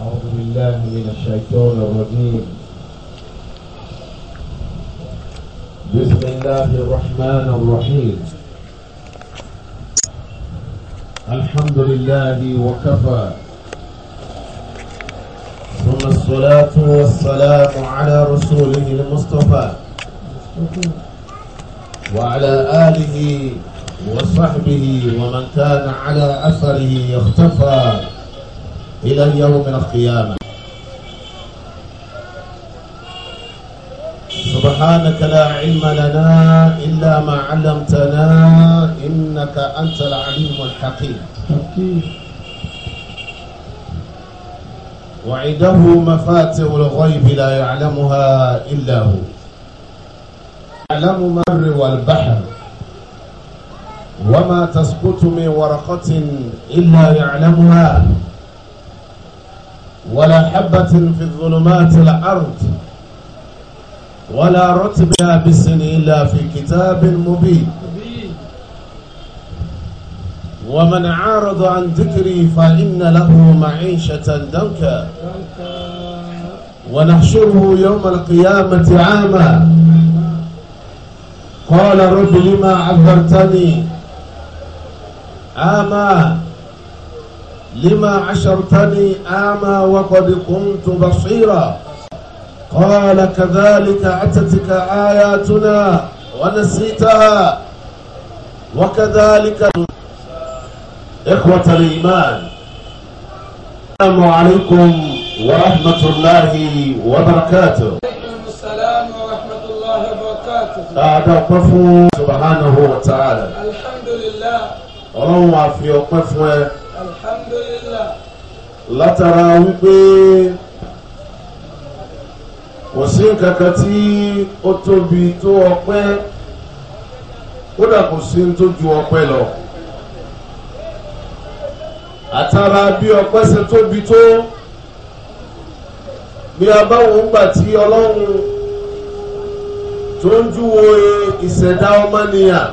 أعوذ بالله من الشيطان الرجيم بسم الله الرحمن الرحيم الحمد لله وكفى ثم الصلاة والسلام على رسوله المصطفى وعلى آله وصحبه ومن كان على أثره يختفى إلى يوم القيامة سبحانك لا علم لنا إلا ما علمتنا إنك أنت العليم الحكيم وعنده مفاتح الغيب لا يعلمها إلا هو يعلم مر والبحر وما تسقط من ورقة إلا يعلمها ولا حبة في الظلمات الأرض ولا رتب يابس إلا في كتاب مبين ومن عارض عن ذكري فإن له معيشة دنكا ونحشره يوم القيامة عاما قال رب لما عذرتني عاما لما عشرتني أعمى وقد كنت بصيرا قال كذلك أتتك آياتنا ونسيتها وكذلك إخوة الإيمان السلام عليكم ورحمة الله وبركاته السلام ورحمة الله وبركاته أعدى سبحانه وتعالى الحمد لله ọlọ́run في ọpẹ́ látara wípé kò sí kankan tí ó tóbi tó ọpẹ́ kódà kò sí tó ju ọpẹ́ lọ àtara bí ọpẹ́ ṣe tóbi tó bí a bá wò ó gbà tí ọlọ́run tó ń júwe ìṣẹ̀dá ọmọnìyàn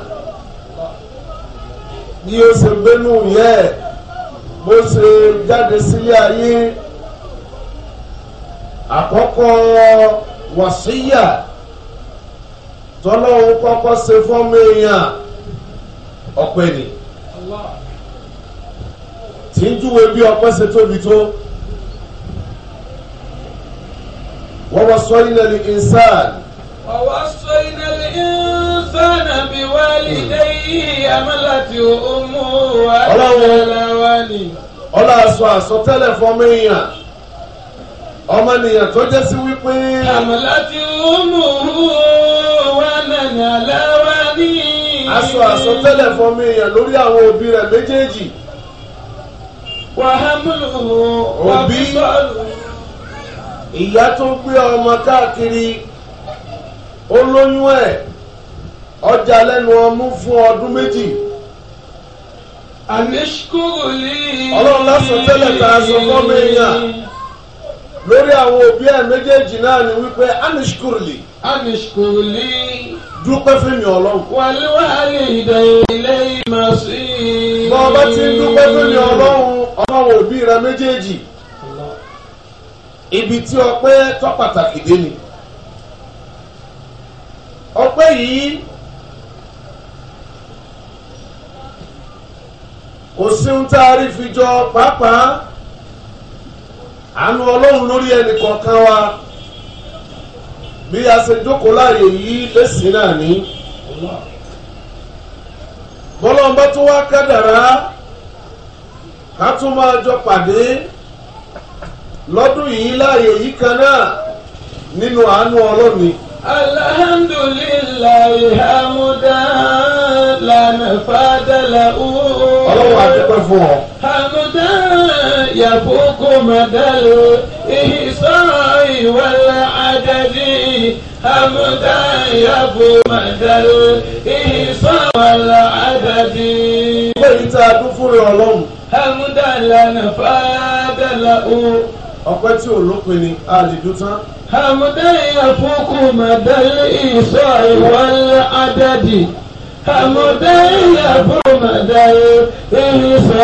ni ó ṣe gbénú yẹ́ ẹ̀ bó ṣe jáde sí ayé àkọ́kọ́ wàsíyà tọ́lọ́hún kọ́kọ́ ṣe fọ́mọ èèyàn ọ̀pẹ ni tí ń júwe bí ọ̀pẹ ṣe tóbi tó wọ́n wọ́n sọ ilẹ̀ ní ìsáàlì. ووصينا الإنسان بوالديه حملته أمه وجعل ولي ọlọ́ aṣọ àsọtẹ́lẹ̀ fọmọ èèyàn ọmọnìyàn tó jẹ́ sí wípé. àmàlàtí ọmọ wà nàná láwa ní. aṣọ àsọtẹ́lẹ̀ fọmọ èèyàn lórí àwọn òbí rẹ̀ méjèèjì. wàhámùlù òbí ìyá tó gbé ọmọ káàkiri. ó lóyún ẹ̀ ọjà lẹ́nu ọmú fún ọdún méjì. àníṣkúrò ọlọ́run lásán tẹ́lẹ̀ tá a sọ èèyàn lórí àwọn òbí ẹ̀ méjèèjì náà ni wípé àníṣkúrò lè. àníṣkúrò lè. dúpẹ́ fún mi ọlọ́run. wàlúwà lè ilé ìmọ̀ sí i. ti ń dúpẹ́ fún méjèèjì ibi tí pàtàkì dé ọpẹ́ yìí kò síhun tá a rí fi jọ pàápàá àánú ọlọ́run lórí ẹnì kọ̀ọ̀kan wa bí a ṣe jókòó láàyè yìí lẹ́sìn náà ní bọ́lọ́mbà tó wá kádàrá ká tún máa jọ pàdé lọ́dún yìí láàyè yìí kan náà nínú àánú ọlọ́run ni alhamdulillahi hamdan lana fadala o. ọlọ́wọ́ àdúpẹ́ fún ọ. hamdan yafuku madalu ihsan wala adadi hamdan yafuku madalu ihsan wala adadi. ọgbẹ́ yìí tá a dún fún rẹ̀ ọlọ́run. hamdan lana fadala o ọpẹ́ tí ò lópin ni a lè dún tán. hàmúdẹ́yìn àfọkù màdẹ́yìn ìsọ ìwà ńlá àdàdì hàmúdẹ́yìn àfọkù màdẹ́yìn ìsọ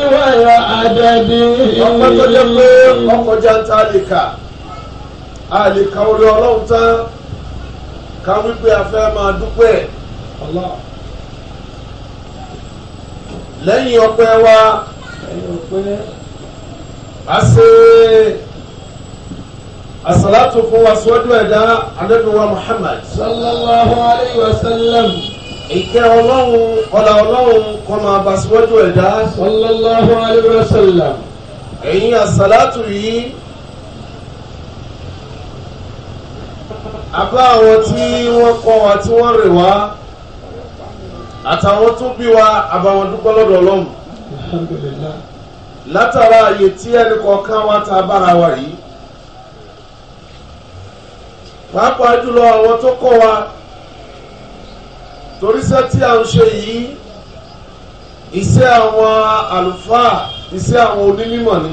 ìwà ńlá àdàdì. ọpẹ́ tó jẹ́ pé ọkọjá ń ta lè kà a lè ka orí ọlọ́run tán ká wípé a fẹ́ máa dúpẹ́ Allah lẹ́yìn ọpẹ́ wa. lẹ́yìn ọpẹ́ wa a ṣe asalatu fún aṣọ́jú ẹ̀dá anábìwá muhammad sallallahu alayhi wa sallam ìkẹ́ ọlọ́run ọ̀là ọlọ́run kó máa bá aṣọ́jú ẹ̀dá sallallahu alayhi wa sallam ẹ̀yin asalatu yìí abá àwọn tí wọ́n kọ́ wa tí wọ́n rè wá àtàwọn tó bí wa àbàwọn dúpẹ́ lọ́dọ̀ ọlọ́run alhamdulillah látara àyè tí ẹnì kọ̀ọ̀kan wa ta bára wa yìí pàápàá jùlọ àwọn tó kọ́ wa toríṣẹ́ tí a ń ṣe yìí iṣẹ́ àwọn àlùfáà iṣẹ́ àwọn onímọ̀ ni.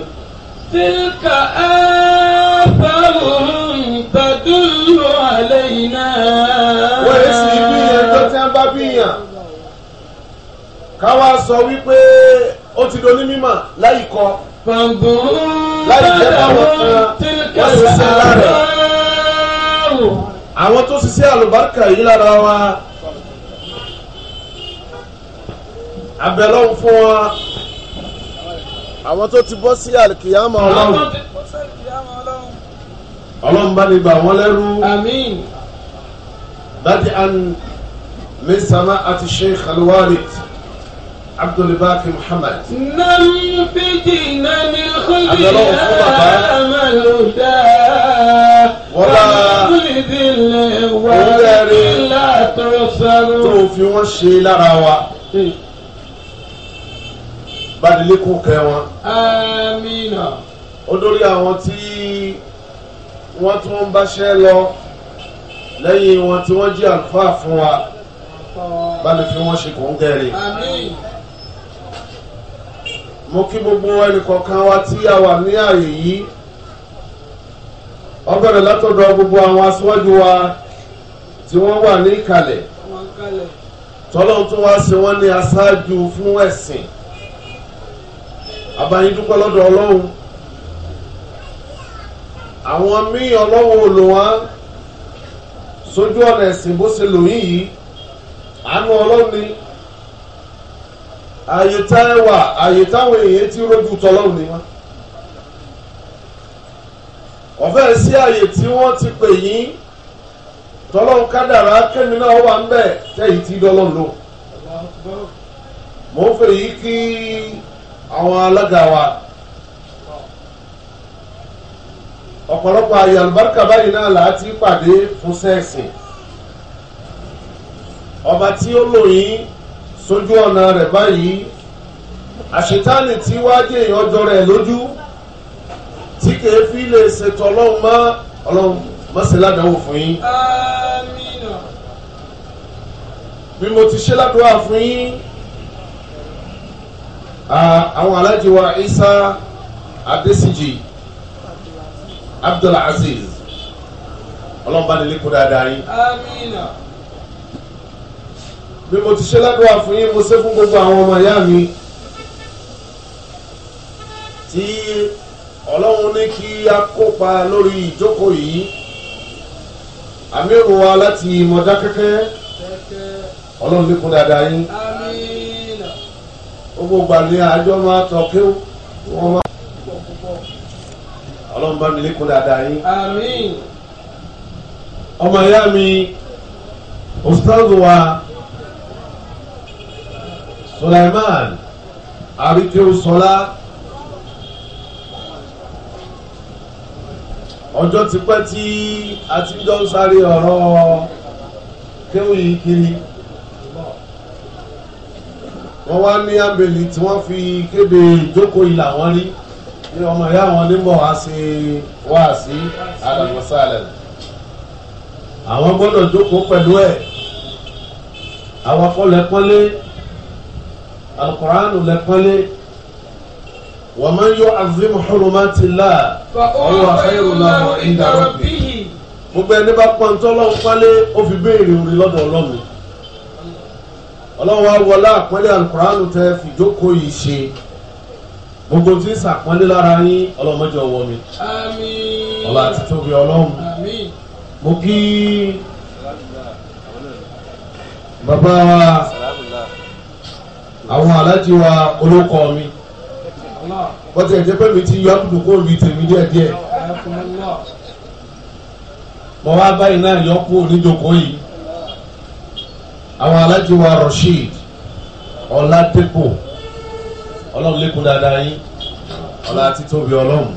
tilka afarun tadullu alayna. wọ́n yẹ sí ibi yẹn tó tẹ́ ń bá bíyàn káwa sọ wípé ó ti do ní mímọ̀ láì kọ. láì jẹ́ káwọn kan wọ́n ṣiṣẹ́ lára àwọn tó ṣiṣẹ́ àlùbáríkà yìí lára wa abẹ́lọ́hùn fún wa àwọn tó ti bọ́ sí àlùkìyàmọ̀ ọlọ́run ọlọ́run bá ní gbà wọ́n lẹ́rú àmín bàdí àn àti sheikh alwarit. عبد الباقي محمد نم فتنة الخلق أمل ولا ذل ولا لا تصر توفي وشي لروا bàdìlíkù kẹ wọn. amina. ó dórí àwọn tí wọ́n tún ń báṣẹ́ lọ lẹ́yìn wọn tí wọ́n jí àlùfáà fún wa bá lè fi wọ́n ṣe kò ń gẹ̀rẹ́. àmín mo kí gbogbo ẹnìkọ̀ọ̀kan wa tí a wà ní ààyè yìí ó bẹ̀rẹ̀ látọ̀dọ̀ gbogbo àwọn aṣáájú wa tí wọ́n wà ní ìkàlẹ̀ tọ́lọ́n tó wá sí wọ́n ní aṣáájú fún ẹ̀sìn abayín dúpẹ́ lọ́dọ̀ ọlọ́run àwọn míì ọlọ́run ò sójú ọ̀nà ẹ̀sìn bó ṣe lò yìí àánú ọlọ́run ni àyè tá ẹ wà àyè táwọn èèyàn ti rójú tọlọ́run ni wọ́n. ọ̀fẹ́ sí àyè tí wọ́n ti pè yín tọlọ́run kádàrá kẹ́mi náà wà ń bẹ̀ tẹ̀yìn tí dọ́lọ́run lò. mo ń fẹ́ yí kí àwọn alága wa ọ̀pọ̀lọpọ̀ àyè àlùbáríkà báyìí náà là á ti pàdé fún sẹ́ẹ̀sì ọba tí ó lò yín sójú ọ̀nà rẹ̀ báyìí àṣetánì tí wá jẹ́ èèyàn ọjọ́ rẹ̀ lójú tí kìí fi lè ṣètò ọlọ́run mọ́ ọlọ́run mọ́sẹ̀ ládàáwò fún yín. bí mo ti ṣe ládùúrà fún yín àwọn alájí wa Isa Adesiji Abdulaziz ọlọ́run bá nílé kó dáadáa yín. Àmín bí mo ti ṣe ládùúrà fún yín mo ṣe fún gbogbo àwọn ọmọ ìyá mi tí ọlọ́run ní kí a kópa lórí ìjókòó yìí àmì èrò wa láti Mọdákẹ́kẹ́ ọlọ́run ní kún dáadáa yín gbogbo ìgbà ní àjọ máa tọ̀ kí wọ́n máa ọlọ́run bá mi lékún dáadáa yín. àmín. ọmọ ìyá mi ustaz wa. Sulaiman àbí tí ó sọlá ọjọ́ ti pẹ́ tí a ti jọ ń sáré ọ̀rọ̀ kéwìn yìí kiri wọ́n wá ní abẹ́lì tí wọ́n fi kéde ìjókòó ìlà wọn rí ní ọmọ ìyá wọn níbọ̀ wá sí wá sí alàmọ́sálẹ̀ àwọn gbọ́dọ̀ jókòó pẹ̀lú ẹ̀ àwọn kọ́lẹ̀ القرآن لفلي ومن يعظم حرمات الله azimu hurumátìlá ọwọ́ àfẹ́rù làwọn ìdá rọ̀bì gbogbo ẹni bá pọ́ńtọ́ lọ́wọ́ pálẹ́ ó fi béèrè orí lọ́dọ̀ ọlọ́run ọlọ́wọ́ wọlé àpọ́nlé alukóránù tẹ́ fìjókòó yìí ṣe gbogbo tí ń sàpọ́nlé lára yín ọlọ́mọdé ọwọ́ mi ọlọ́ àti tóbi ọlọ́run mo kí bàbá wa àwọn aláàjì wa olóko mi wọ́n ti ẹ̀ jẹ́ pé mi ti yọ àkùkù kó mi tèmi díẹ̀ díẹ̀ mo wá báyìí náà yọ kó oníjókòó yìí àwọn aláàjì wa Rasheed Ọládépò ọlọ́run lékun dáadáa yín ọlá títóbi ọlọ́run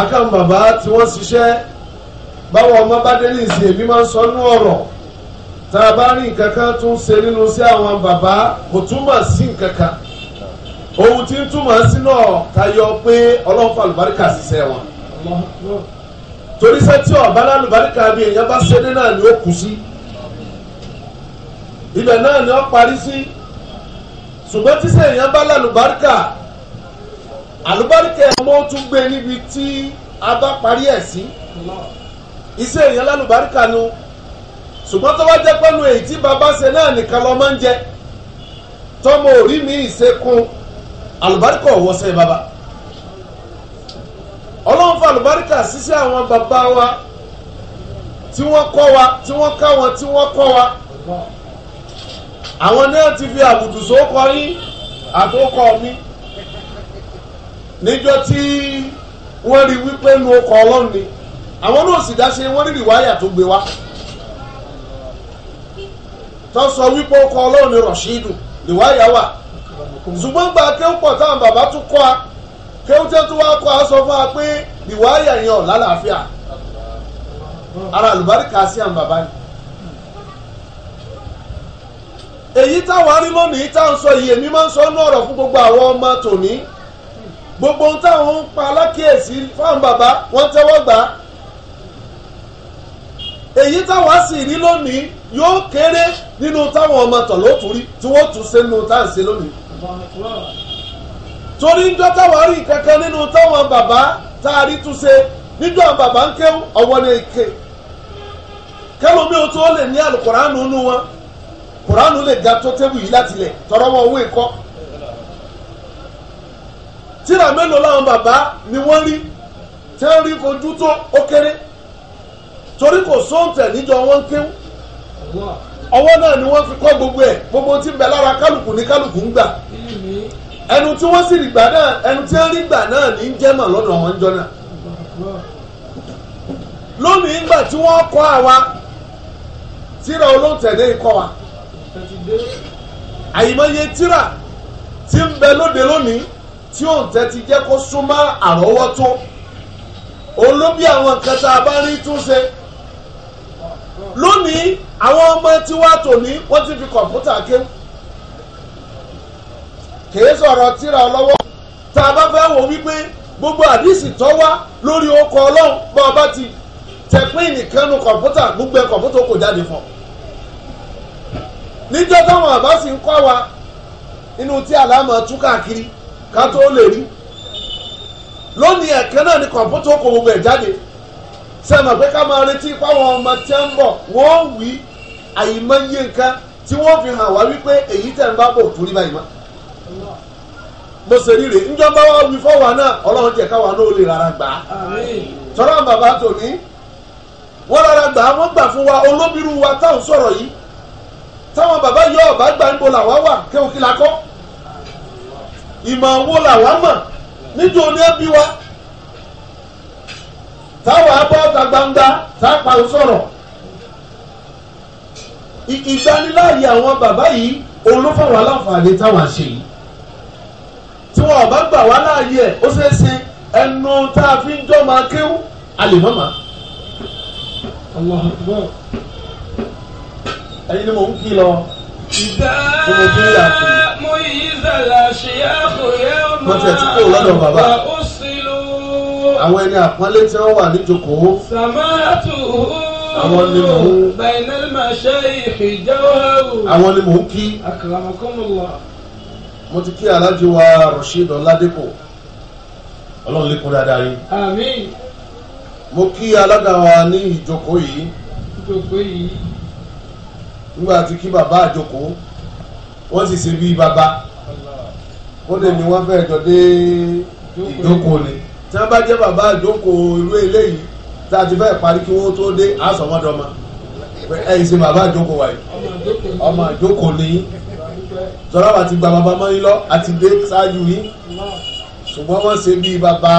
akán bàbá tí wọ́n ṣiṣẹ́ báwọn ọmọ bá dé ìsìn èmi máa ń sọ nú ọ̀rọ̀ tá a bá rí nǹkan kan tó ń ṣe nínú sí àwọn bàbá kò túmọ̀ sí nǹkan kan ohun tí ń túmọ̀ sí náà tayọ pé ọlọ́run fún àlùbáríkà ṣiṣẹ́ wọn torí sẹ́ tí ọ̀bá lálùbáríkà bí èèyàn bá ṣẹ́dé náà ni ó kù sí ibẹ̀ náà ni ó parí sí ṣùgbọ́n tí sẹ́ èèyàn bá lálùbáríkà àlùbáríkà ẹ̀ mọ́ tún gbé níbi a bá parí ẹ̀ sí iṣẹ́ èèyàn lálùbáríkà nu. No ṣùgbọ́n tó bá jẹ́ pẹ́nu èyí tí bàbá ṣe náà nìkan lọ máa ń jẹ tọmọ orí mi ìṣekun àlùbáríkà ọ̀wọ́sẹ̀ bàbá ọlọ́run fa àlùbáríkà ṣiṣẹ́ àwọn bàbá wa tí wọ́n kọ́ wa tí wọ́n ká wọn tí wọ́n kọ́ wa àwọn náà ti fi àbùtù sókọ yín àtòkọ mi níjọ tí wọ́n rí wípé nu ọkọ̀ ọlọ́run ni àwọn náà sì dá ṣe wọ́n rí rìwáyà tó gbé wa tó sọ wípé ó kọ ọlọ́run ní rọ̀ṣídù ìwáyà wà ṣùgbọ́n gba kéwù pọ̀ táwọn bàbá tún kọ́ a kéwù tẹ́ tún wá kọ́ a sọ fún wa pé ìwáyà yẹn ọ̀ lálàáfíà ara àlùbáríkà sí àwọn bàbá yìí. èyí táwọn arímọ́nì táwọn sọ yìí èmi máa ń sọ ọ́nú ọ̀rọ̀ fún gbogbo àwọn ọmọ tòní gbogbo ohun táwọn ń pa alákìyèsí fáwọn bàbá wọ́n tẹ́wọ́ gbà èyí táwọn á sì rí lónìí yóò kéré nínú táwọn ọmọ tọ̀lọ́tù rí tí wọ́n tún ṣe nínú tá ṣe lónìí. torí ń jọ́ táwọn rí kankan nínú táwọn bàbá tá a rí tún ṣe bàbá ń ọwọ́ o tó lè ní alukóránù nínú wọn kóránù lè ga tó tébù yìí láti tọrọ wọn owó tíra mélòó làwọn bàbá ni rí rí fojú tó ó kéré. torí kò sóńtẹ̀ níjọ wọn kéwú ọwọ́ náà ni wọ́n fi kọ́ gbogbo ẹ̀ gbogbo tí ń bẹ lára kálukú ní kálukú ń gbà ẹnu tí wọ́n sì rí gbà náà ẹnu tí wọ́n rí gbà náà ní jẹ́mọ̀ lọ́dọ̀ wọn jọ náà lónìí ńgbà tí wọ́n kọ́ àwa tíra olóńtẹ̀dé ikọ̀ wa àyìnbáyé tíra tí ń bẹ lóde lónìí tí òǹtẹ̀ ti jẹ́ kó súnmọ́ àrọ́wọ́tó olóbi àwọn nǹkan tá a bá rí túnṣe lónìí àwọn ọmọ tiwa tòní wọ́n ti fi kọ̀ǹpútà kéwù kìí sọ̀rọ̀ tíra lọ́wọ́ tá a bá fẹ́ wò wípé gbogbo àdìsí tó wá lórí okọ̀ ọlọ́run bá a bá ti tẹ̀pín nìkan nu kọ̀ǹpútà gbogbo ẹ̀ kọ̀ǹpútà kò jáde fún ọ. níjọ́ táwọn àbá sì ń kọ́ wa inú tí àlámọ̀ tú káàkiri ká tó lè rí lónìí ẹ̀kan náà ni kọ̀ǹpútà kò gbogbo ẹ̀ jáde. sẹ́mi pé ká máa retí fáwọn ọmọ tí ń bọ̀ wọ́n wí tí wọ́n fi hàn wá wípé èyí tẹ̀ bá bò torí báyìí mo ṣe rè njọba wa wí fọwọ́ náà ọlọ́run wọ́n gbà wọ́n gbà fún wa sọ̀rọ̀ yìí táwọn baba yọ gbà ń bo wà la ìmọ̀ wo mọ̀ táwọn abọ́ ọ̀tà gbangba tápá sọ̀rọ̀ ìgbaniláàyè àwọn bàbá yìí òun aláǹfààní táwọn àṣẹ yìí tí wọn bá gbà wá láàyè ó ṣeé ṣe ẹnu tá a fi ń jọ́ máa kéwú àlèmọ́mà ẹyin ni mò ń kí lọ. ìdá mo yí zàlà ṣìyá kò yẹ ọmọ àwọn ọmọ àwọn ẹni àpọ́nlé tí wọ́n wà níjókòó. sàmáàtù àwọn ni mò ń. bainal mashayikh jawaru. àwọn ni mò ń kí. akramakumullah. mo ti kí aláàjì wa Rasheed Ọládépò ọlọ́run lè kún dáadáa yín. àmín. mo kí alága wa ní ìjókòó yìí. ìjókòó yìí. nígbà tí kí bàbá àjókòó wọ́n sì ṣe bí bàbá. wọ́n ni wọ́n fẹ́ jọ dé ìjókòó ni tí wọ́n bá jẹ́ bàbá àjókòó irú eléyìí tá a ti fẹ́ parí kí wọ́n tó dé àsọmọdọ́mọ ẹ̀yìn sí bàbá àjókòó wáyé ọmọ àjókòó ní sọlá wa ti gba bàbá mọ́yìn lọ àti dé ṣáájú yìí ṣùgbọ́n wọ́n ṣe bí bàbá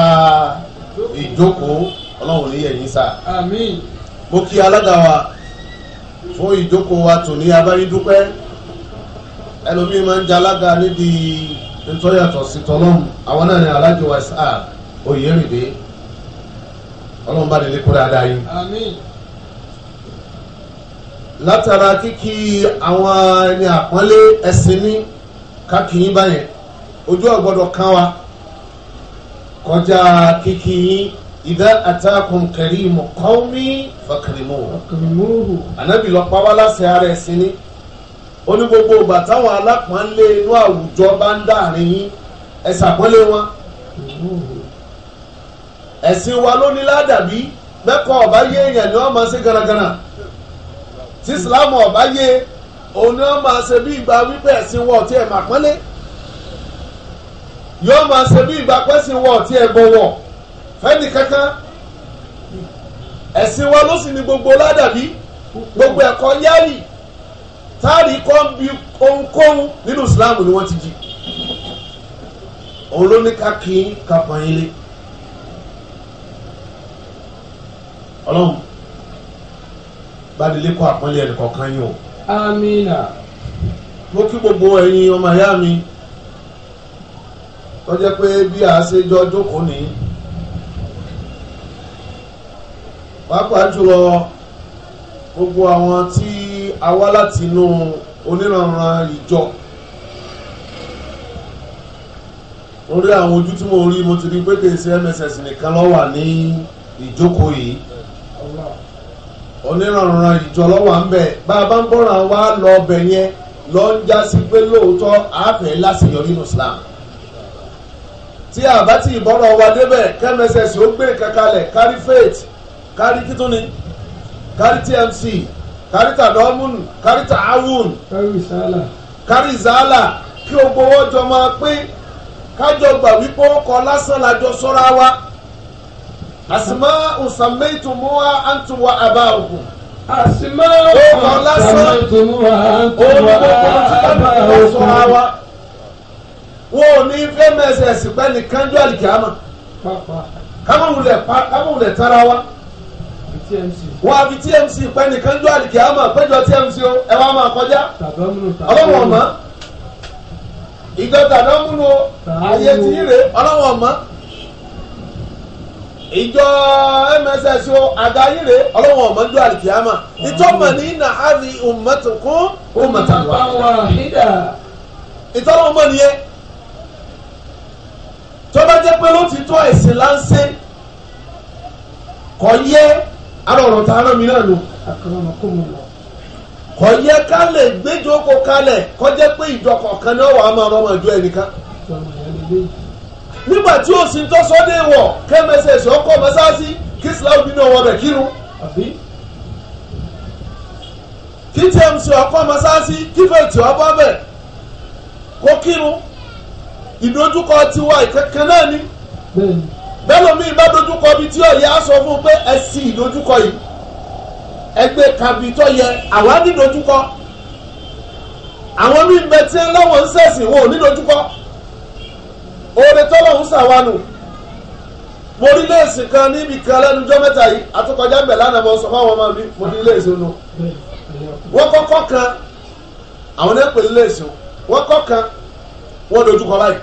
ìjókòó ọlọ́run ní ẹ̀yìn sáà mo kí alága wa fún ìjókòó wa tò ní abárídúpẹ́ ẹlòmíín máa ń jẹ alága nídìí nítorí àtọ̀sí tọ́lọ́mù àwọn náà ní alájọ wa sáà oyèrèdè ọlọ́run bá nílé kó dáadáa yìí. àmín. látara kíkí àwọn ẹni àpọ́nlé ẹ̀sìn ní kákìyín báyẹn ojú ọ̀gbọ́dọ̀ kan wa kọjá kíkìyín ìdá àtàkùn kẹrìmù kọ́mí fàkìrìmù. ànábì lọ pa wá láṣẹ ara ẹ̀sìn ní ó ní gbogbo ìgbà táwọn alápọ̀nlé inú àwùjọ bá ń dáàrin yín ẹ ṣàpọ́nlé wọn ẹ̀sìn wa ló ní ládàbí bẹ́kọ̀ ọ̀bá yé èèyàn ni wọ́n máa ṣe garagara tí ìsìlámù ọ̀bá yé òun ni wọ́n máa ṣe bí ìgbà wípé ẹ̀sìn wọ̀ tí ẹ̀ máa pọ́nlé yóò máa ṣe bí ìgbà pẹ́sìn wọ̀ tí ẹ̀ bọ̀wọ̀ fẹ́ni kankan ẹ̀sìn wa ló sì ní gbogbo ládàbí gbogbo ẹ̀kọ́ yálì táàrí kọ́ ń bi ohunkóhun nínú ìsìlámù ni wọ́n ti jí òun ló ní ká kí ká pọ́n yín ọlọ́run bádìlẹ́ kọ́ àpọ́nlé ẹnì kọ̀ọ̀kan yín o. amina. mo kí gbogbo ẹ̀yin ọmọ ìyá mi tó jẹ́ pé bí a ṣe jọ jókòó ní pàápàá jùlọ gbogbo àwọn tí a wá láti inú oníranran ìjọ. orí àwọn ojú tí mo rí mo ti rí pé kèsì mss nìkan ló wà ní ìjókòó yìí onírànran ìjọ lọ́wọ́ à ń bẹ̀ bá a bá ń bọ̀ràn wá lọ ọbẹ̀ yẹn lọ ń já sí pé lóòótọ́ àáfẹ́ láṣeyọrí nínú Islam tí a bá ti ìbọ̀rọ̀ wa débẹ̀ kmss ó gbé kankanlẹ̀ kárí faith kárí kítúni kárí tmc kárí tàdọ́mùn kárí tàáwùn kárí ìzàlà kí o gbowó jọ máa pín kájọ gbà wípé ó kọ lásán lájọ sọ́ra wa asma'u sammaytumuha antum wa aba'ukum. asma'u sammaytumuha antum wa aba'ukum. wo ní fẹ́ mẹ́sẹ̀ sípẹ́ alikama. kánjú àlìkàmà kámọ̀wulẹ̀ tara wa wọ́n a fi tmc pẹ́ ní kánjú àlìkàmà péjọ tmc o ẹ wá máa kọjá ọlọ́wọ̀n ọ̀ma ìjọ tàdámúnú ayé tí ń rè ìjọ mss o àdáyére ọlọ́wọ́n ọmọ ndú àlìkìyàmà ìtọ́mọ̀ ní na áfi ummatukum ummatan ìtọ́mọ̀ ọmọ nìyẹn tó pé ló ti tó ẹ̀sìn láńsẹ́ yẹ tá a rán mi náà lò yẹ ká lè gbẹ́jọ́ kó kalẹ̀ pé ìjọ nígbà tí o sì ń tọ́sọ́ dé wọ̀ kẹ́mẹsẹ̀ ṣọ́kọ́ mọ́sáàsì kí islam bí náà wọ́n bẹ̀ kírun kí tmc ọkọ́ mọ́sáàsì kí fẹ̀tì ọba bẹ̀ kó kírun ìdojúkọ tiwa ìkankan náà ni bẹ́ẹ̀ mi bá dojúkọ bíi tí ọ̀yẹ́ á sọ fún un pé ẹ sì ìdojúkọ yìí ẹgbẹ́ kàbí tó yẹ àwa ní dojúkọ àwọn míì bẹ tí ẹ lọ́wọ́ ń ṣẹ̀sìn wọn ò ní dojúkọ oore tọ́lọ́hún sàwánù mo rí léèsì kan níbi kan lẹ́nu mẹ́ta yìí àtúkọjá gbẹ̀ lánàá mo sọ fáwọn ọmọ mi mo ní léèsì nu wọ́n kọ́kọ́ kan àwọn náà pè léèsì wọ́n kọ́ kan wọ́n dojúkọ báyìí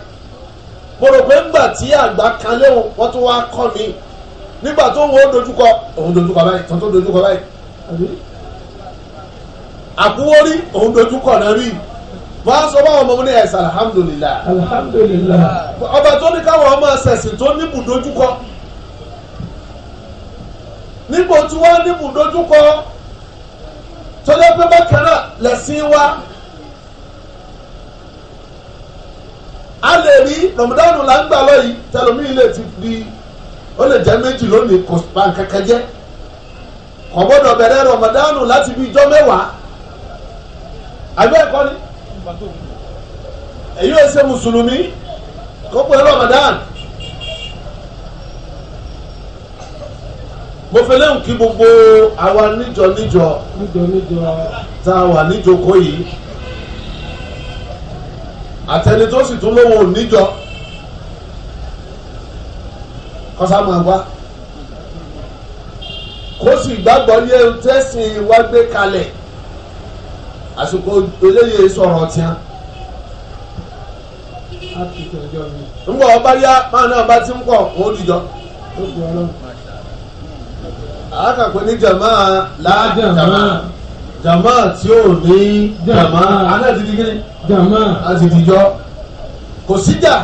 mo rò pé ńgbà tí àgbà kan léwọn wọ́n tún wá kọ́ mi nígbà tó ń wo dojúkọ òun dojúkọ báyìí tó tó dojúkọ báyìí àkúwórí òun dojúkọ náà rí i wọ́n sọ báwọn ọmọ mi ní ẹ̀sẹ̀ alhamdulilah. alhamdulilah. ọba tó ní káwọn ọmọ ẹ̀sẹ̀sìn tó ní ibùdójúkọ níbo tí wọ́n ní ibùdójúkọ tó lé pé bákan náà lẹ́sìn wa a lè rí rọmọdánù là ń gbà lọ́yìí tẹlomi lè ti di ó lè jẹ́ méjì lónìí kò bá nkankan jẹ́ kò gbọ́dọ̀ bẹ̀rẹ̀ rọmọdánù láti bí ijọ́ mẹ́wàá àbẹ́ ni èyí ò ṣe mùsùlùmí kó pé Ramadan mo fẹ́ lẹ́hùn kí gbogbo àwa níjọ níjọ tá a wà níjókòó yìí àtẹni tó sì tún lówó níjọ kọsá máa wá kó sì gbàgbọ́ yẹ tẹ́sìn wá gbé kalẹ̀ àsìkò olóyè sọ̀rọ̀ tiẹ̀. ńgbọ̀ ọba yá máa náà bá ti ń pọ̀ wọ́n dìjọ́. àákàpẹ́ ní jàmá láàjàmá jàmá tí ò ní jàmá aná ti di kíni jàmá a ti dìjọ́ kò síjà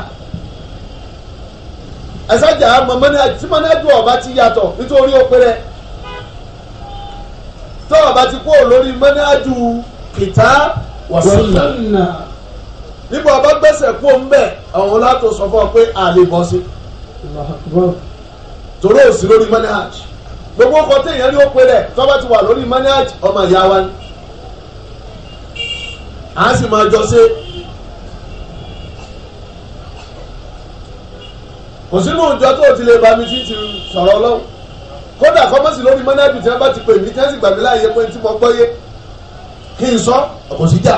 ẹ̀sájà mọ̀mọ́ni tí mọ̀nẹ́dù ọba ti yàtọ̀ nítorí ó péré tọ́ ọba ti kó lórí mọ́nájú kìtá wàsánà nígbà ọba gbese kwuo mbe bẹ́ẹ̀ àwọn látò sọ fún ọ pé àlè bọ́ gbogbo ọkọ téèyàn ní ó rẹ ti wà lórí manhaj ọmọ ìyá wa ni a sì máa jọ ṣe kò sínú ìjọ tó ti lè bá mi ti sọ̀rọ̀ kódà lórí manhaj tí wọ́n bá ti pè kí n sọ kò sí jà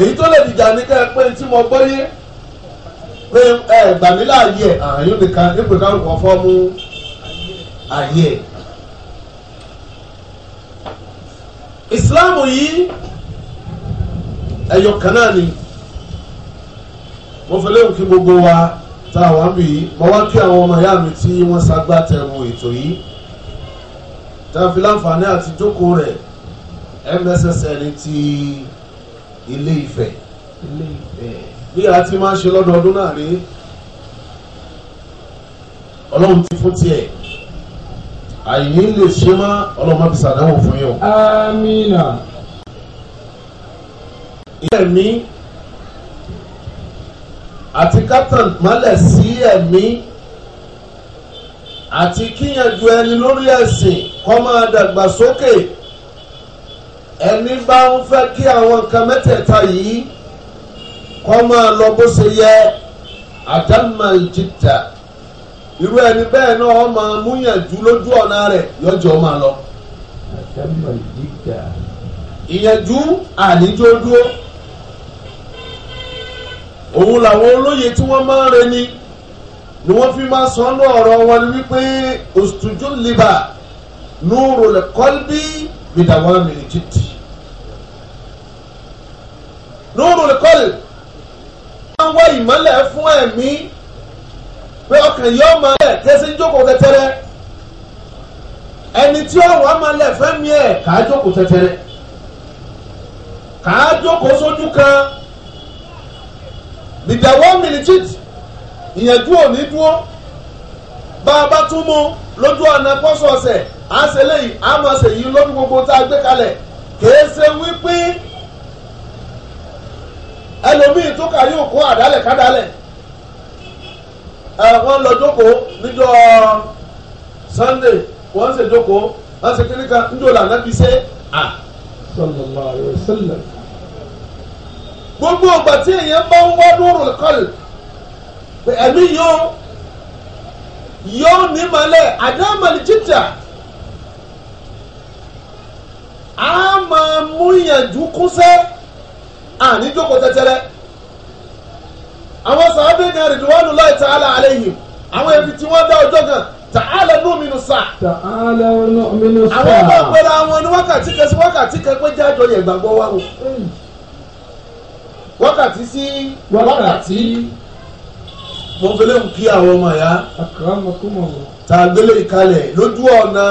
èyí tó lè dìjà ní kẹ́ ẹ pé tí mo gbọ́ yé pé ẹ gbà mí láàyè ẹ àyè nìkan nípò kárùkọ fọ́ọ̀mù àyè ẹ. ìsìláàmù yìí ẹyọ kan ni mo fẹ́ léwu gbogbo wa tá a wà ń bì yìí mo wá kí àwọn ọmọ ìyá mi tí wọ́n ṣagbátẹrù ètò yìí tá a fi láǹfààní àti jókòó rẹ̀ mss ní ti ilé Ifẹ̀ ilé Ifẹ̀ bí a ti máa ń ṣe lọ́dọọdún náà rí ọlọ́run ti fún tiẹ̀ àìní lè ṣe má ọlọ́run má fi ṣàdánwò fún yín o. amina. ilé ẹ̀mí àti captain mọ́lẹ̀ sí ẹ̀mí àti kíyànjú ẹni lórí ẹ̀sìn kó máa dàgbàsókè ẹni bá ń fẹ́ kí àwọn nǹkan mẹ́tẹ̀ẹ̀ta yìí kọ́ máa lọ bó ṣe yẹ àdámàl jìtà irú ẹni bẹ́ẹ̀ náà wọ́n máa múyànjú lójú ọ̀nà rẹ̀ yọjọ́ máa lọ. àdámàl jìtà. ìyànjú àníjó dúró òun làwọn olóye tí wọ́n máa ń reni ni wọ́n fi máa sọ ọ́nà ọ̀rọ̀ wọn wípé òṣùtújú liba nuru lẹ́kọ́lbí bìdàwọ́ mi jìtì Nurul Qalb máa ń wá ìmọ́lẹ̀ fún ẹ̀mí pé ọkàn yóò máa lẹ̀ tẹ́sí ń jókòó tẹ́tẹ́rẹ́ ẹni tí ọ̀rọ̀ á máa lẹ̀ fẹ́mi ẹ̀ kàá jókòó tẹ́tẹ́rẹ́ kàá jókòó sójú kan nìdàwọ́ mìlítìt ìyẹ̀dú òní dúró bá a bá tún mú lójú ọ̀nà pọ́sọ̀ọ̀sẹ̀ à ń ṣe léyìí à máa ṣèyí lórí gbogbo tá a gbé kalẹ̀ kèé ṣe wípé ẹlòmíì tó kà yóò kó àdálẹ̀ kádálẹ̀ ẹ eh, wọ́n lọ jókòó níjọ́ um, Sunday wọ́n ṣe jókòó wọ́n ṣe kíní kan níjọ́ làná fi ṣe à sallallahu alaihi wasallam. gbogbo ìgbà tí èèyàn bá ń wá lóòrùn kọ́lù ẹ̀mí yóò yóò ní malẹ̀ àdámàlì jíjà á máa mú ìyànjú kúnṣẹ́ àní jókòó tẹ́tẹ́rẹ́ àwọn sàábé ní àrídìwọ́nù láì ta àlà àlẹ́yìn àwọn ẹbí tí wọ́n dá ọjọ́ kan tààlà nùmínú sáà tààlà nùmínú sáà àwọn ọmọ ìpẹ́lẹ̀ àwọn ní wákàtí kan sí wákàtí kan pé jájọ yẹn wa wò hmm. wákàtí sí wákàtí mo kí àwọn ọmọ ya tàgbélé ìkalẹ̀ lójú ọ̀nà